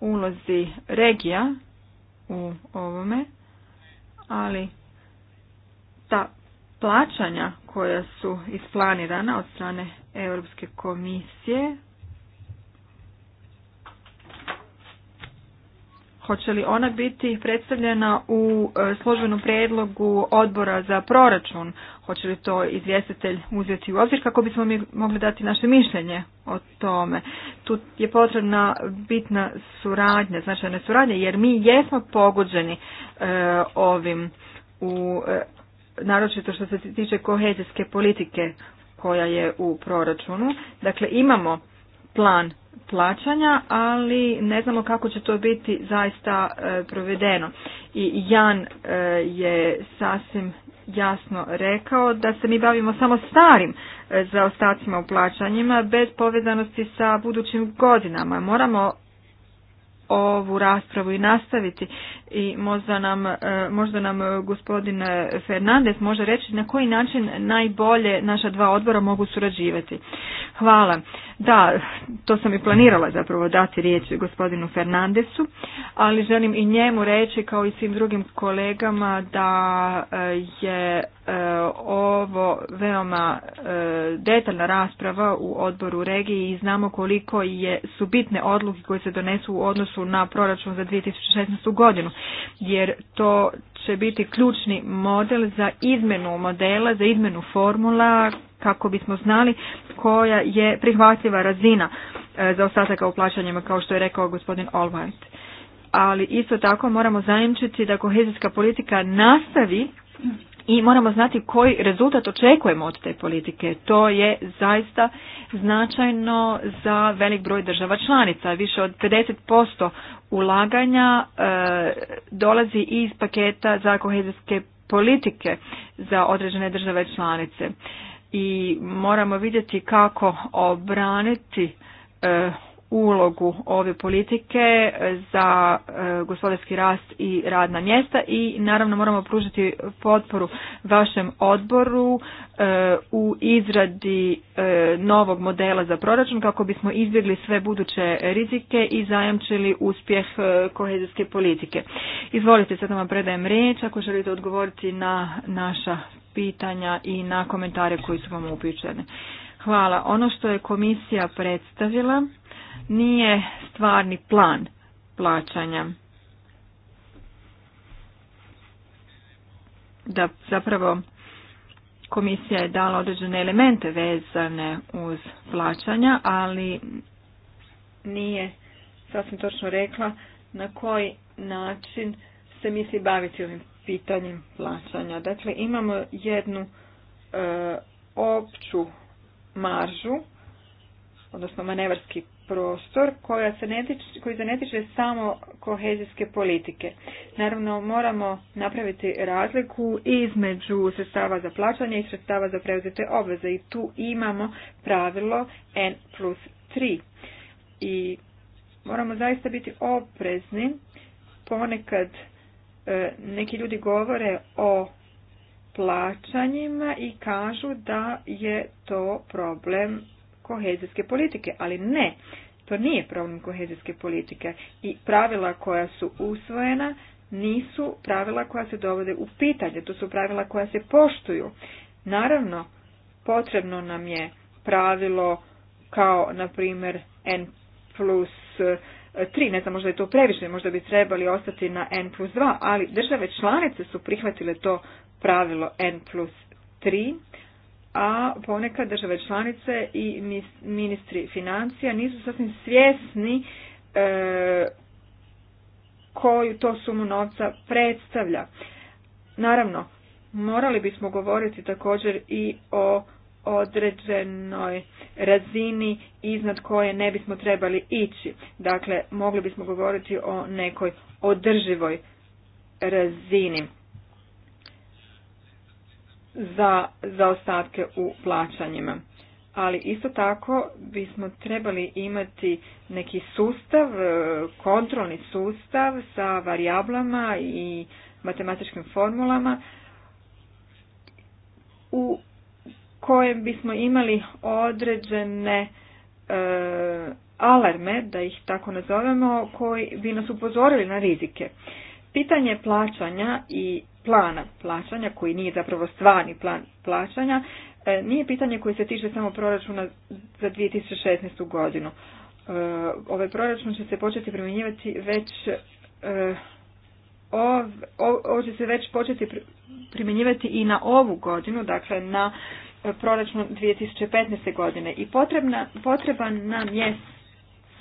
ulozi regija u ovome, ali ta plaćanja koja su isplanirana od strane Europske komisije hoće li ona biti predstavljena u e, službenom predlogu odbora za proračun? Hoće li to izvjestitelj uzeti u obzir kako bismo mi mogli dati naše mišljenje o tome? Tu je potrebna bitna suradnja, značajna suradnja jer mi jesmo pogođeni e, ovim u e, naročito što se tiče kohezijske politike koja je u proračunu. Dakle, imamo plan plaćanja, ali ne znamo kako će to biti zaista e, provedeno. I Jan e, je sasvim jasno rekao da se mi bavimo samo starim e, zaostacima u plaćanjima bez povezanosti sa budućim godinama. Moramo ovu raspravu i nastaviti i možda nam, e, možda nam e, gospodin e, Fernandez može reći na koji način najbolje naša dva odbora mogu surađivati. Hvala. Da, to sam i planirala zapravo dati riječ gospodinu Fernandesu, ali želim i njemu reći kao i svim drugim kolegama da je ovo veoma detaljna rasprava u odboru regiji i znamo koliko je, su bitne odluke koje se donesu u odnosu na proračun za 2016. godinu jer to će biti ključni model za izmenu modela, za izmenu formula kako bismo znali koja je prihvatljiva razina e, za ostataka u plaćanjima kao što je rekao gospodin Olvart. Ali isto tako moramo zajemčiti da kohezijska politika nastavi i moramo znati koji rezultat očekujemo od te politike. To je zaista značajno za velik broj država članica. Više od 50% ulaganja e, dolazi iz paketa za kohezijske politike za određene države članice. I moramo vidjeti kako obraniti e, ulogu ove politike za e, gospodarski rast i radna mjesta i naravno moramo pružiti potporu vašem odboru e, u izradi e, novog modela za proračun kako bismo izbjegli sve buduće rizike i zajamčili uspjeh kohezijske politike. Izvolite, sad vam predajem riječ ako želite odgovoriti na naša pitanja i na komentare koji su vam upućeni. Hvala. Ono što je komisija predstavila nije stvarni plan plaćanja. Da zapravo komisija je dala određene elemente vezane uz plaćanja, ali nije sasvim točno rekla na koji način se misli baviti ovim pitanjem plaćanja. Dakle, imamo jednu e, opću maržu, odnosno manevarski prostor koja se ne tiče, koji se ne tiče samo kohezijske politike. Naravno, moramo napraviti razliku između sredstava za plaćanje i sredstava za preuzete obveze i tu imamo pravilo N plus 3. I moramo zaista biti oprezni. Ponekad e, neki ljudi govore o plaćanjima i kažu da je to problem kohezijske politike, ali ne, to nije problem kohezijske politike i pravila koja su usvojena nisu pravila koja se dovode u pitanje, to su pravila koja se poštuju. Naravno, potrebno nam je pravilo kao, na primjer, N plus 3, ne znam, možda je to previše, možda bi trebali ostati na N plus 2, ali države članice su prihvatile to pravilo N plus 3 a ponekad države članice i ministri financija nisu sasvim svjesni e, koju to sumu novca predstavlja. Naravno, morali bismo govoriti također i o određenoj razini iznad koje ne bismo trebali ići. Dakle, mogli bismo govoriti o nekoj održivoj razini za zaostatke u plaćanjima. Ali isto tako bismo trebali imati neki sustav, e, kontrolni sustav sa varijablama i matematičkim formulama u kojem bismo imali određene e, alarme, da ih tako nazovemo, koji bi nas upozorili na rizike. Pitanje plaćanja i plana plaćanja, koji nije zapravo stvarni plan plaćanja, e, nije pitanje koje se tiče samo proračuna za 2016. godinu. E, ovaj proračun će se početi primjenjivati već e, ovo će se već početi primjenjivati i na ovu godinu, dakle na proračun 2015. godine i potrebna, potreban nam je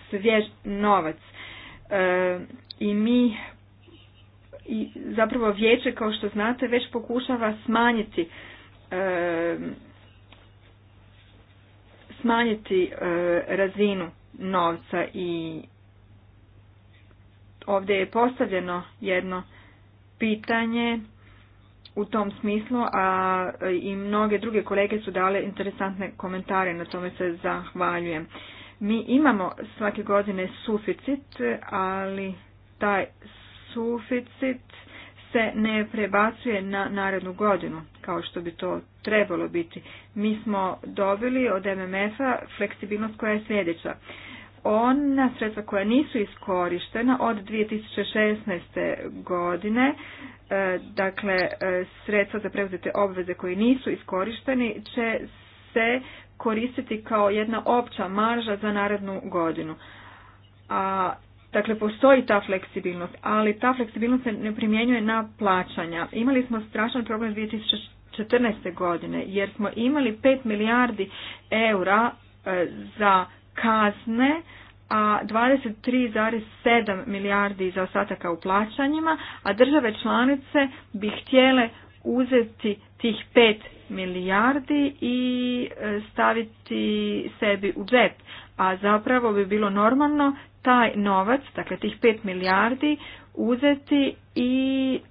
svjež novac. I mi i zapravo vijeće kao što znate već pokušava smanjiti smanjiti eh, razinu novca i ovdje je postavljeno jedno pitanje u tom smislu, a eh, i mnoge druge kolege su dale interesantne komentare, na tome se zahvaljujem. Mi imamo svake godine suficit, ali taj suficit se ne prebacuje na narednu godinu, kao što bi to trebalo biti. Mi smo dobili od MMF-a fleksibilnost koja je sljedeća. Ona sredstva koja nisu iskorištena od 2016. godine, e, dakle e, sredstva za preuzete obveze koji nisu iskorišteni, će se koristiti kao jedna opća marža za narednu godinu. A Dakle, postoji ta fleksibilnost, ali ta fleksibilnost se ne primjenjuje na plaćanja. Imali smo strašan problem 2014. godine, jer smo imali 5 milijardi eura e, za kazne, a 23,7 milijardi za ostataka u plaćanjima, a države članice bi htjele uzeti tih 5 milijardi i e, staviti sebi u džep a zapravo bi bilo normalno taj novac, dakle tih 5 milijardi, uzeti i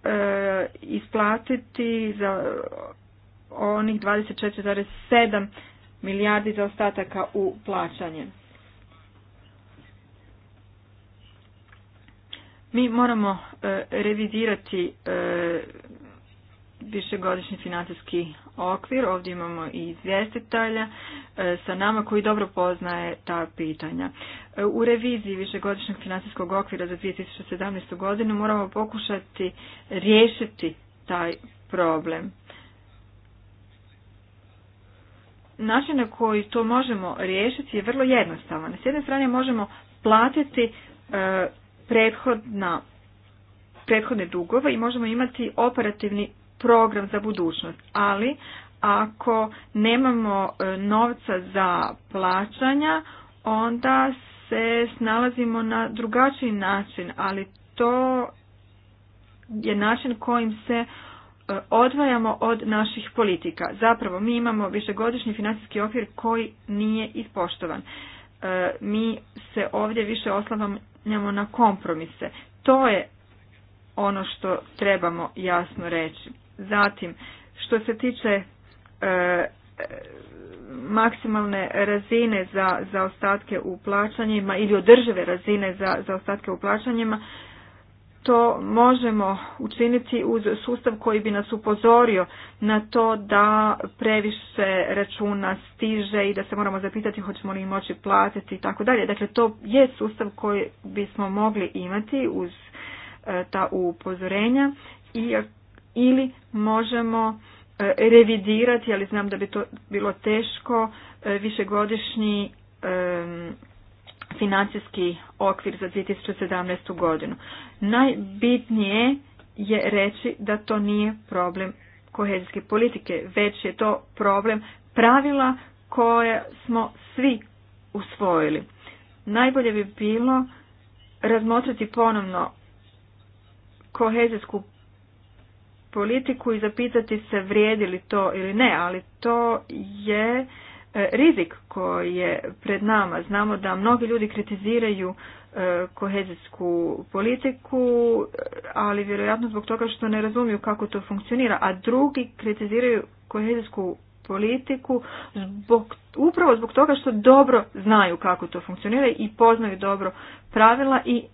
e, isplatiti za onih 24,7 milijardi za ostataka u plaćanje. Mi moramo e, revidirati e, višegodišnji financijski okvir. Ovdje imamo i izvjestitelja e, sa nama koji dobro poznaje ta pitanja. E, u reviziji višegodišnjeg financijskog okvira za 2017. godinu moramo pokušati riješiti taj problem. Način na koji to možemo riješiti je vrlo jednostavan. S jedne strane možemo platiti e, prethodne dugove i možemo imati operativni program za budućnost. Ali ako nemamo e, novca za plaćanja, onda se snalazimo na drugačiji način, ali to je način kojim se e, odvajamo od naših politika. Zapravo mi imamo višegodišnji financijski okvir koji nije ispoštovan. E, mi se ovdje više oslavljamo na kompromise. To je ono što trebamo jasno reći. Zatim, što se tiče e, maksimalne razine za, za ostatke u plaćanjima ili održive razine za, za ostatke u plaćanjima, to možemo učiniti uz sustav koji bi nas upozorio na to da previše računa stiže i da se moramo zapitati hoćemo li moći platiti i tako dalje. Dakle, to je sustav koji bismo mogli imati uz e, ta upozorenja i ili možemo e, revidirati, ali znam da bi to bilo teško, e, višegodišnji e, financijski okvir za 2017. godinu. Najbitnije je reći da to nije problem kohezijske politike, već je to problem pravila koje smo svi usvojili. Najbolje bi bilo razmotriti ponovno kohezijsku politiku i zapitati se vrijedi li to ili ne, ali to je e, rizik koji je pred nama. Znamo da mnogi ljudi kritiziraju e, kohezijsku politiku, e, ali vjerojatno zbog toga što ne razumiju kako to funkcionira, a drugi kritiziraju kohezijsku politiku zbog, upravo zbog toga što dobro znaju kako to funkcionira i poznaju dobro pravila i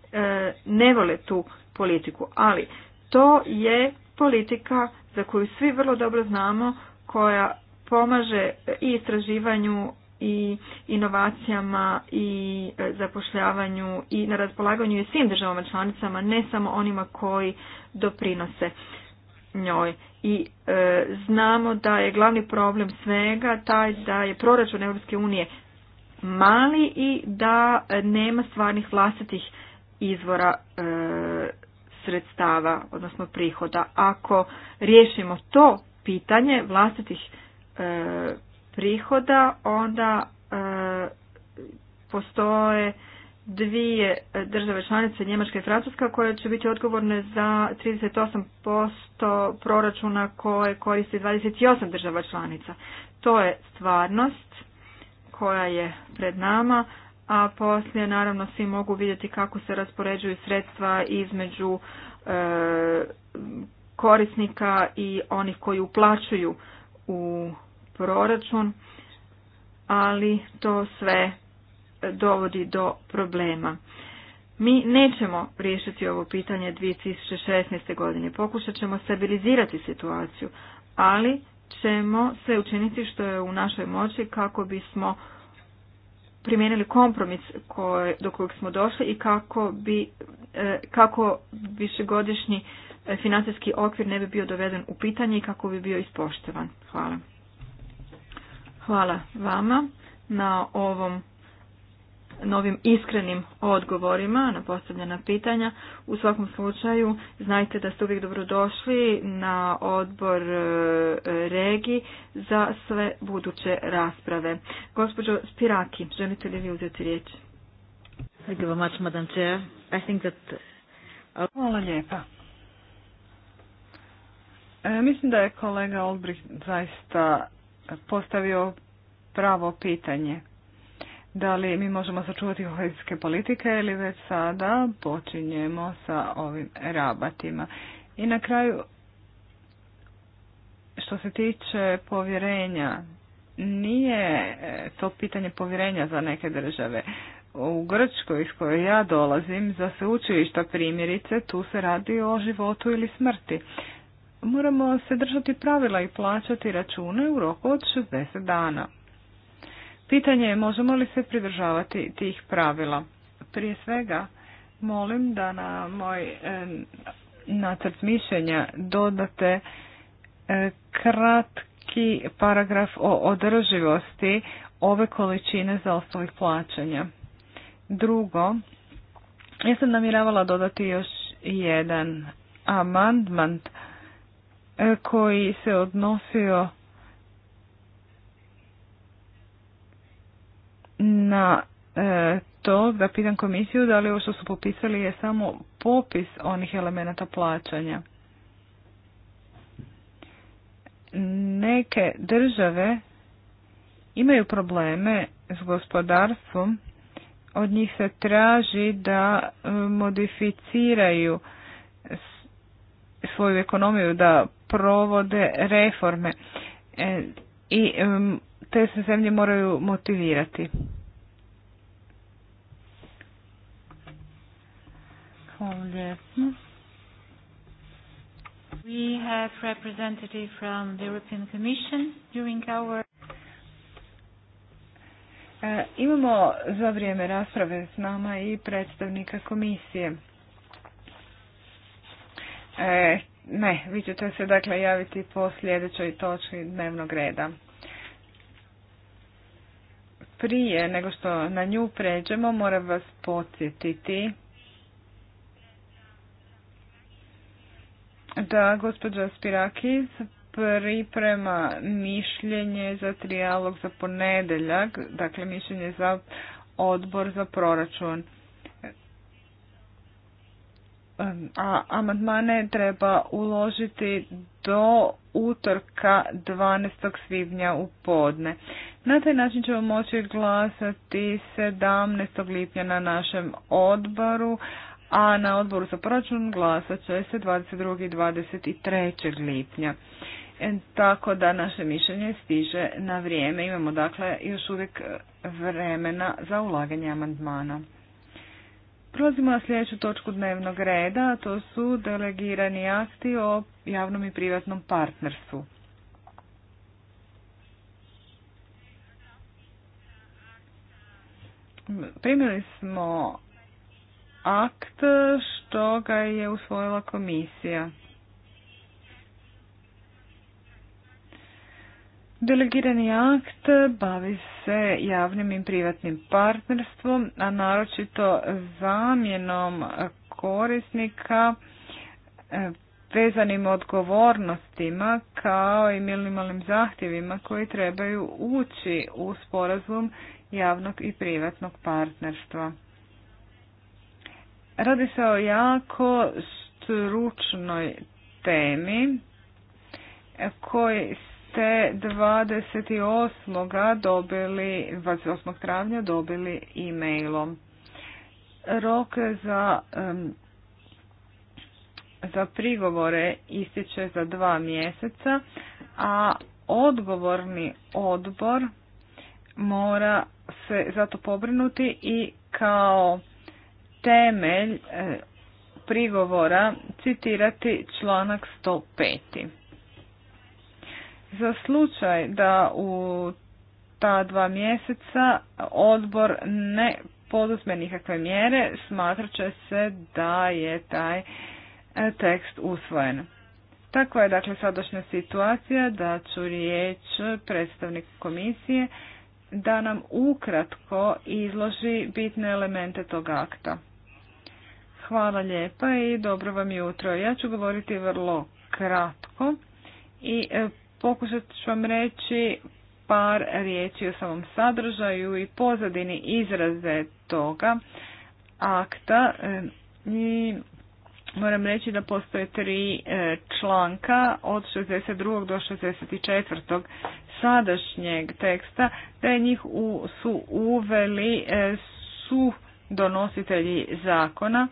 ne vole tu politiku. Ali to je politika za koju svi vrlo dobro znamo koja pomaže i istraživanju i inovacijama i e, zapošljavanju i na raspolaganju i svim državama članicama, ne samo onima koji doprinose njoj. I e, znamo da je glavni problem svega taj da je proračun Europske unije mali i da e, nema stvarnih vlastitih izvora e, sredstava, odnosno prihoda. Ako riješimo to pitanje vlastitih e, prihoda, onda e, postoje dvije države članice, Njemačka i Francuska, koje će biti odgovorne za 38% proračuna koje koristi 28 država članica. To je stvarnost koja je pred nama a poslije naravno svi mogu vidjeti kako se raspoređuju sredstva između e, korisnika i onih koji uplaćuju u proračun, ali to sve dovodi do problema. Mi nećemo riješiti ovo pitanje 2016. godine. Pokušat ćemo stabilizirati situaciju, ali ćemo sve učiniti što je u našoj moći kako bismo primijenili kompromis koje, do kojeg smo došli i kako bi e, kako višegodišnji e, financijski okvir ne bi bio doveden u pitanje i kako bi bio ispoštovan. Hvala. Hvala vama na ovom novim iskrenim odgovorima na postavljena pitanja. U svakom slučaju znajte da ste uvijek dobrodošli na odbor e, regi za sve buduće rasprave. Gospođo Spiraki, želite li vi uzeti riječ? Hvala lijepa. E, mislim da je kolega Olbrich zaista postavio pravo pitanje da li mi možemo sačuvati kohezijske politike ili već sada počinjemo sa ovim rabatima. I na kraju, što se tiče povjerenja, nije e, to pitanje povjerenja za neke države. U Grčkoj iz koje ja dolazim za sveučilišta primjerice tu se radi o životu ili smrti. Moramo se držati pravila i plaćati račune u roku od 60 dana. Pitanje je možemo li se pridržavati tih pravila. Prije svega molim da na moj e, nacrt mišljenja dodate e, kratki paragraf o održivosti ove količine zaostalih plaćanja. Drugo, ja sam namjeravala dodati još jedan amandman e, koji se odnosio na e, to da pitam komisiju da li ovo što su popisali je samo popis onih elemenata plaćanja. Neke države imaju probleme s gospodarstvom, od njih se traži da e, modificiraju svoju ekonomiju, da provode reforme. E, I te se zemlje moraju motivirati. Hvala We have representative from the European Commission during our e, Imamo za vrijeme rasprave s nama i predstavnika komisije. E, ne, vi ćete se dakle javiti po sljedećoj točki dnevnog reda prije nego što na nju pređemo, moram vas podsjetiti da gospođa Spirakis priprema mišljenje za trijalog za ponedeljak, dakle mišljenje za odbor za proračun. A amandmane treba uložiti do utorka 12. svibnja u podne. Na taj način ćemo moći glasati 17. lipnja na našem odboru, a na odboru za proračun glasat će se 22. i 23. lipnja. E, tako da naše mišljenje stiže na vrijeme. Imamo dakle još uvijek vremena za ulaganje amandmana. Prolazimo na sljedeću točku dnevnog reda, a to su delegirani akti o javnom i privatnom partnerstvu. primili smo akt što ga je usvojila komisija. Delegirani akt bavi se javnim i privatnim partnerstvom, a naročito zamjenom korisnika e, vezanim odgovornostima kao i minimalnim zahtjevima koji trebaju ući u sporazum javnog i privatnog partnerstva. Radi se o jako stručnoj temi koji ste 28. dobili 28. travnja dobili e-mailom. Rok za za prigovore ističe za dva mjeseca, a odgovorni odbor mora se zato pobrinuti i kao temelj e, prigovora citirati članak 105. Za slučaj da u ta dva mjeseca odbor ne poduzme nikakve mjere, smatrat će se da je taj e, tekst usvojen. Takva je dakle sadašnja situacija da ću riječ predstavnik komisije da nam ukratko izloži bitne elemente tog akta. Hvala lijepa i dobro vam jutro. Ja ću govoriti vrlo kratko i e, pokušat ću vam reći par riječi o samom sadržaju i pozadini izraze toga akta. E, I moram reći da postoje tri e, članka od 62. do 64 sadašnjeg teksta, te njih u, su uveli e, su donositelji zakona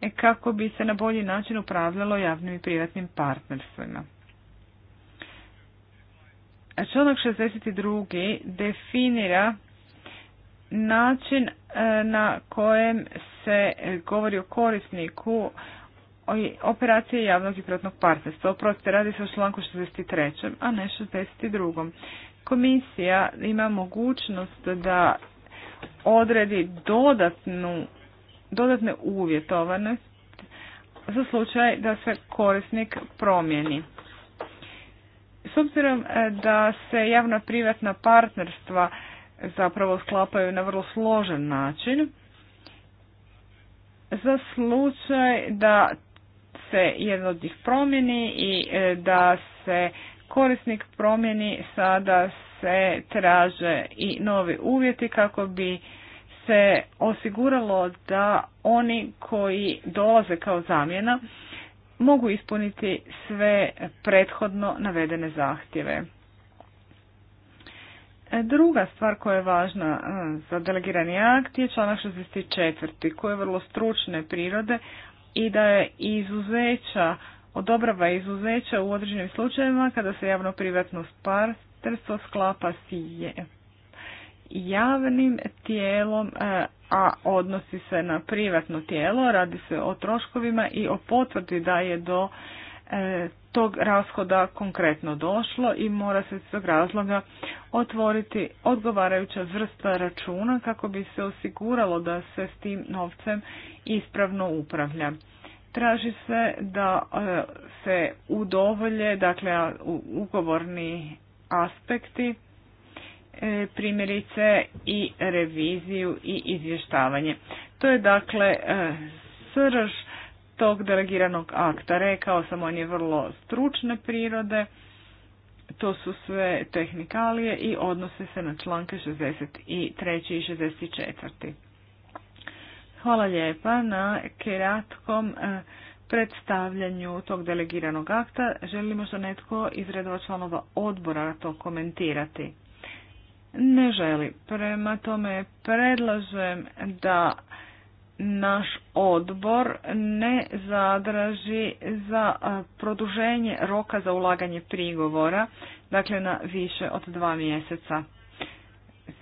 e, kako bi se na bolji način upravljalo javnim i privatnim partnerstvima. E, članak 62. definira način na kojem se govori o korisniku operacije javnog i privatnog partnerstva. Oprostite, radi se o članku 63. a ne 62. Komisija ima mogućnost da odredi dodatnu, dodatne uvjetovane za slučaj da se korisnik promijeni. S obzirom e, da se javna privatna partnerstva zapravo sklapaju na vrlo složen način, za slučaj da se od njih promjeni i e, da se korisnik promjeni sada se traže i novi uvjeti kako bi se osiguralo da oni koji dolaze kao zamjena mogu ispuniti sve prethodno navedene zahtjeve. E, druga stvar koja je važna e, za delegirani akt je članak 64. koji je vrlo stručne prirode, i da je izuzeća, odobrava izuzeća u određenim slučajevima kada se javno-privatno partnerstvo sklapa s javnim tijelom, e, a odnosi se na privatno tijelo, radi se o troškovima i o potvrdi da je do E, tog rashoda konkretno došlo i mora se iz tog razloga otvoriti odgovarajuća vrsta računa kako bi se osiguralo da se s tim novcem ispravno upravlja. Traži se da e, se udovolje, dakle ugovorni aspekti, e, primjerice i reviziju i izvještavanje. To je dakle srž tog delegiranog akta. Rekao sam, on je vrlo stručne prirode, to su sve tehnikalije i odnose se na članke 63. i 64. Hvala lijepa na kratkom e, predstavljanju tog delegiranog akta. Želi možda netko iz redova članova odbora to komentirati? Ne želi. Prema tome predlažem da naš odbor ne zadraži za produženje roka za ulaganje prigovora, dakle na više od dva mjeseca.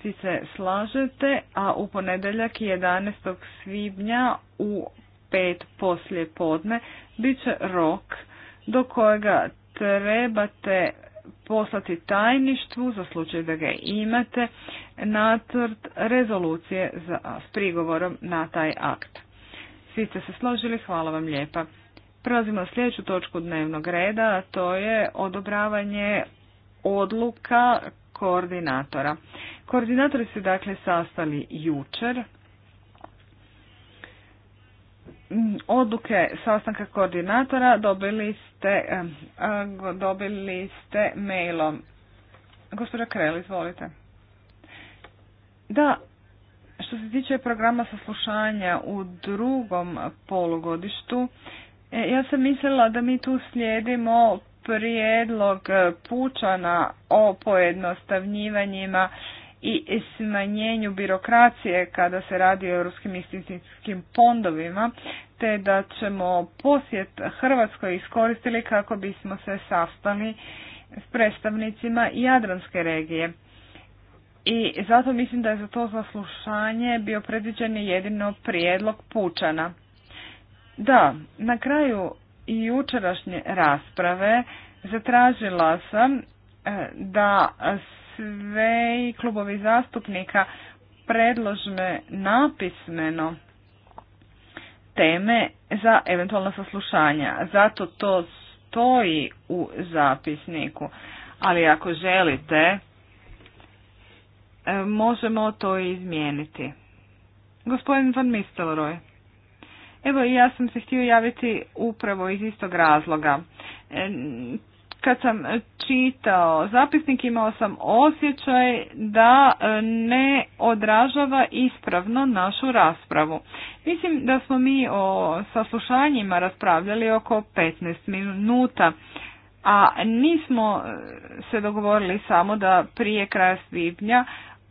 Svi se slažete, a u ponedeljak 11. svibnja u pet poslije podne bit će rok do kojega trebate poslati tajništvu za slučaj da ga imate nacrt rezolucije za, s prigovorom na taj akt. Svi ste se složili, hvala vam lijepa. Prelazimo na sljedeću točku dnevnog reda, a to je odobravanje odluka koordinatora. Koordinatori su dakle sastali jučer, odluke sastanka koordinatora dobili ste, dobili ste mailom. Gospođa Krel, izvolite. Da, što se tiče programa saslušanja u drugom polugodištu, e, ja sam mislila da mi tu slijedimo prijedlog e, pučana o pojednostavnjivanjima i smanjenju birokracije kada se radi o europskim investicijskim fondovima, te da ćemo posjet Hrvatskoj iskoristili kako bismo se sastali s predstavnicima Jadranske regije. I zato mislim da je za to zaslušanje bio predviđen jedino prijedlog Pučana. Da, na kraju i jučerašnje rasprave zatražila sam e, da sve klubovi zastupnika predložne napismeno teme za eventualna saslušanja. Zato to stoji u zapisniku. Ali ako želite, e, možemo to izmijeniti. Gospodin Van Mistelroj. Evo ja sam se htio javiti upravo iz istog razloga. E, kad sam čitao zapisnik imao sam osjećaj da e, ne odražava ispravno našu raspravu. Mislim da smo mi o saslušanjima raspravljali oko 15 minuta, a nismo e, se dogovorili samo da prije kraja svibnja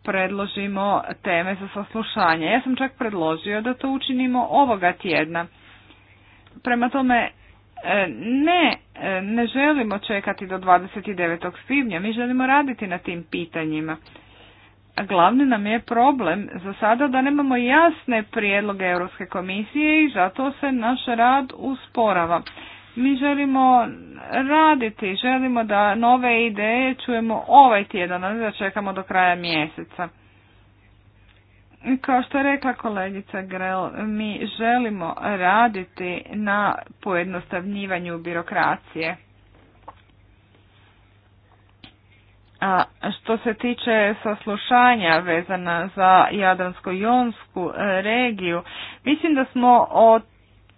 predložimo teme za saslušanje. Ja sam čak predložio da to učinimo ovoga tjedna. Prema tome, E, ne, e, ne želimo čekati do 29. svibnja, mi želimo raditi na tim pitanjima. glavni nam je problem za sada da nemamo jasne prijedloge Europske komisije i zato se naš rad usporava. Mi želimo raditi, želimo da nove ideje čujemo ovaj tjedan, ne da čekamo do kraja mjeseca. Kao što je rekla kolegica Grel, mi želimo raditi na pojednostavnjivanju birokracije. A što se tiče saslušanja vezana za Jadransko-Jonsku regiju, mislim da smo o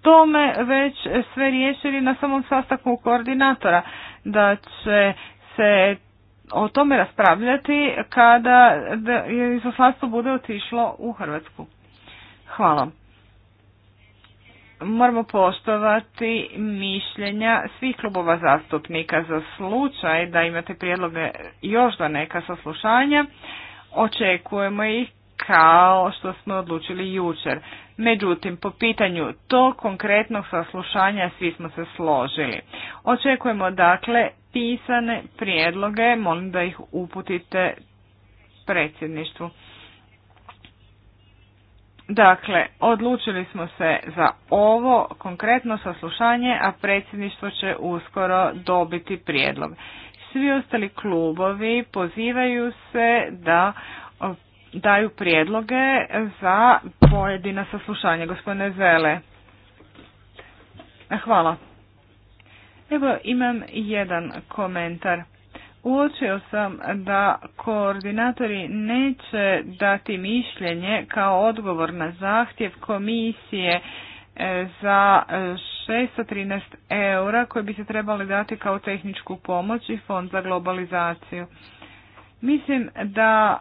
tome već sve riješili na samom sastaku koordinatora, da će se o tome raspravljati kada je izoslanstvo bude otišlo u Hrvatsku. Hvala. Moramo poštovati mišljenja svih klubova zastupnika za slučaj da imate prijedloge još do neka saslušanja. Očekujemo ih kao što smo odlučili jučer. Međutim, po pitanju tog konkretnog saslušanja svi smo se složili. Očekujemo dakle pisane prijedloge, molim da ih uputite predsjedništvu. Dakle, odlučili smo se za ovo konkretno saslušanje, a predsjedništvo će uskoro dobiti prijedlog. Svi ostali klubovi pozivaju se da daju prijedloge za pojedina saslušanje, Gospodine Zele. Hvala. Evo imam jedan komentar. Uočio sam da koordinatori neće dati mišljenje kao odgovor na zahtjev komisije e, za 613 eura koji bi se trebali dati kao tehničku pomoć i fond za globalizaciju. Mislim da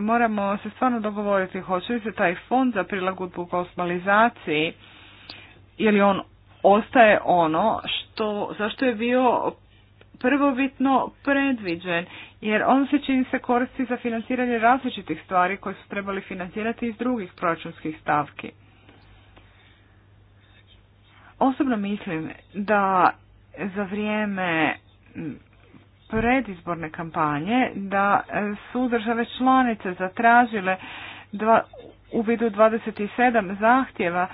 moramo se stvarno dogovoriti hoće li se taj fond za prilagodbu globalizaciji ili on ostaje ono što, zašto je bio prvobitno predviđen, jer on se čini se koristi za financiranje različitih stvari koje su trebali financirati iz drugih proračunskih stavki. Osobno mislim da za vrijeme predizborne kampanje da su države članice zatražile dva, u vidu 27 zahtjeva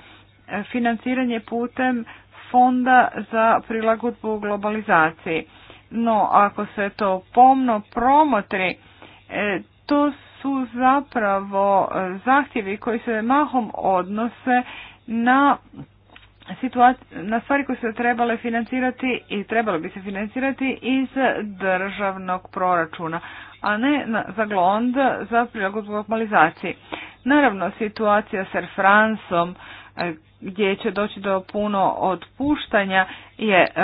financiranje putem fonda za prilagodbu globalizaciji. No, ako se to pomno promotri, e, to su zapravo e, zahtjevi koji se mahom odnose na na stvari koje se trebale financirati i trebalo bi se financirati iz državnog proračuna, a ne za glond za prilagodbu globalizaciji. Naravno, situacija s Air Franceom, E, gdje će doći do puno otpuštanja je e,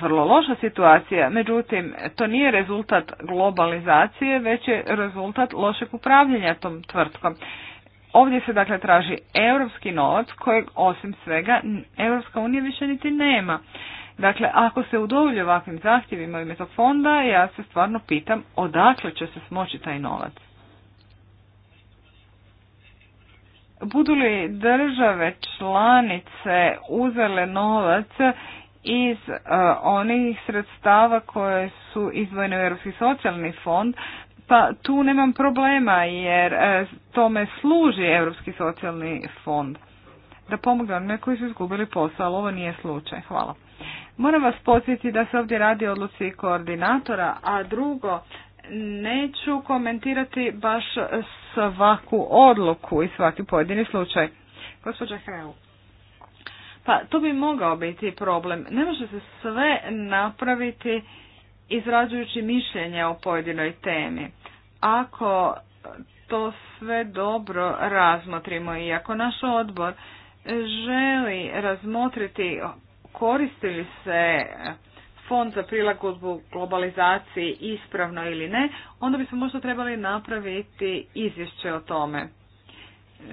vrlo loša situacija. Međutim, to nije rezultat globalizacije, već je rezultat lošeg upravljanja tom tvrtkom. Ovdje se dakle traži europski novac kojeg osim svega Europska unija više niti nema. Dakle, ako se udovolju ovakvim zahtjevima ime fonda, ja se stvarno pitam odakle će se smoći taj novac. Budu li države članice uzele novac iz e, onih sredstava koje su izdvojene u Europski socijalni fond, pa tu nemam problema jer e, tome služi Europski socijalni fond. Da pomogne onima koji su izgubili posao, ali ovo nije slučaj. Hvala. Moram vas podsjetiti da se ovdje radi o odluci koordinatora, a drugo Neću komentirati baš svaku odluku i svaki pojedini slučaj. Gospođa Hreu. Pa to bi mogao biti problem. Ne može se sve napraviti izrađujući mišljenje o pojedinoj temi. Ako to sve dobro razmotrimo i ako naš odbor želi razmotriti koristili se fond za prilagodbu globalizaciji ispravno ili ne, onda bi smo možda trebali napraviti izvješće o tome.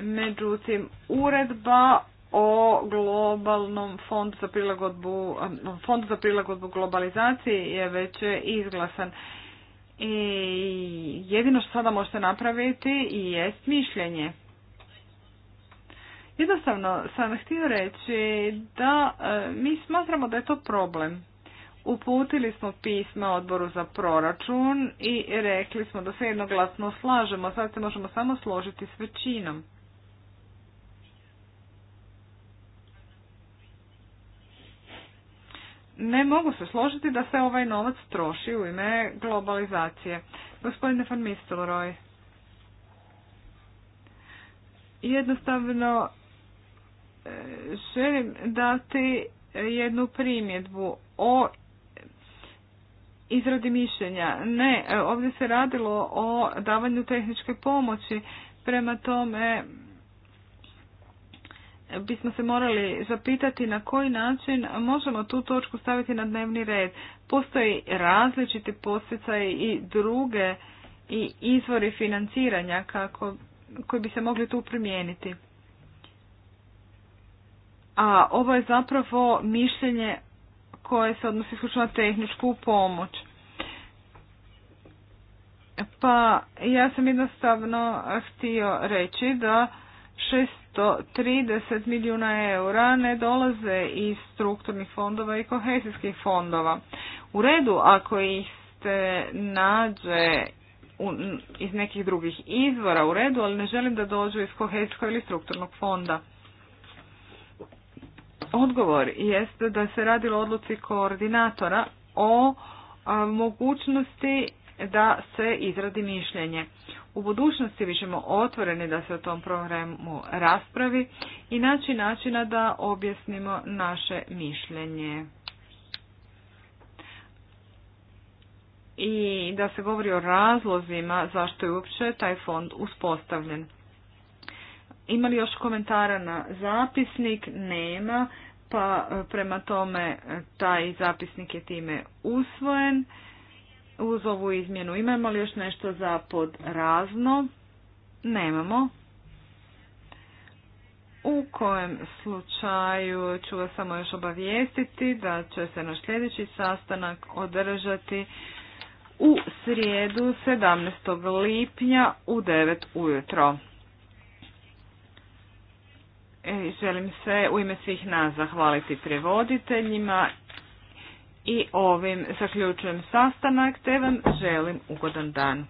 Međutim, uredba o globalnom fondu za prilagodbu, za prilagodbu globalizaciji je već izglasan. I jedino što sada možete napraviti je mišljenje. Jednostavno sam htio reći da e, mi smatramo da je to problem. Uputili smo pisma odboru za proračun i rekli smo da se jednoglasno slažemo, sad se možemo samo složiti s većinom. Ne mogu se složiti da se ovaj novac troši u ime globalizacije. Gospodine van Mistelroj, jednostavno e, želim dati jednu primjedbu o izradi mišljenja. Ne, e, ovdje se radilo o davanju tehničke pomoći. Prema tome bismo se morali zapitati na koji način možemo tu točku staviti na dnevni red. Postoji različiti posjecaj i druge i izvori financiranja kako, koji bi se mogli tu primijeniti. A ovo je zapravo mišljenje koje se odnosi isključno na tehničku pomoć. Pa ja sam jednostavno htio reći da 630 milijuna eura ne dolaze iz strukturnih fondova i kohezijskih fondova. U redu, ako ih se nađe iz nekih drugih izvora u redu, ali ne želim da dođu iz kohezijskog ili strukturnog fonda odgovor jest da se radilo odluci koordinatora o mogućnosti da se izradi mišljenje. U budućnosti bit ćemo otvoreni da se o tom programu raspravi i naći načina da objasnimo naše mišljenje. I da se govori o razlozima zašto je uopće taj fond uspostavljen. Ima li još komentara na zapisnik? Nema, pa e, prema tome e, taj zapisnik je time usvojen. Uz ovu izmjenu imamo li još nešto za podrazno? Nemamo. U kojem slučaju ću vas samo još obavijestiti da će se naš sljedeći sastanak održati u srijedu 17. lipnja u 9 ujutro. E, želim se u ime svih nas zahvaliti prevoditeljima i ovim zaključujem sastanak te vam želim ugodan dan.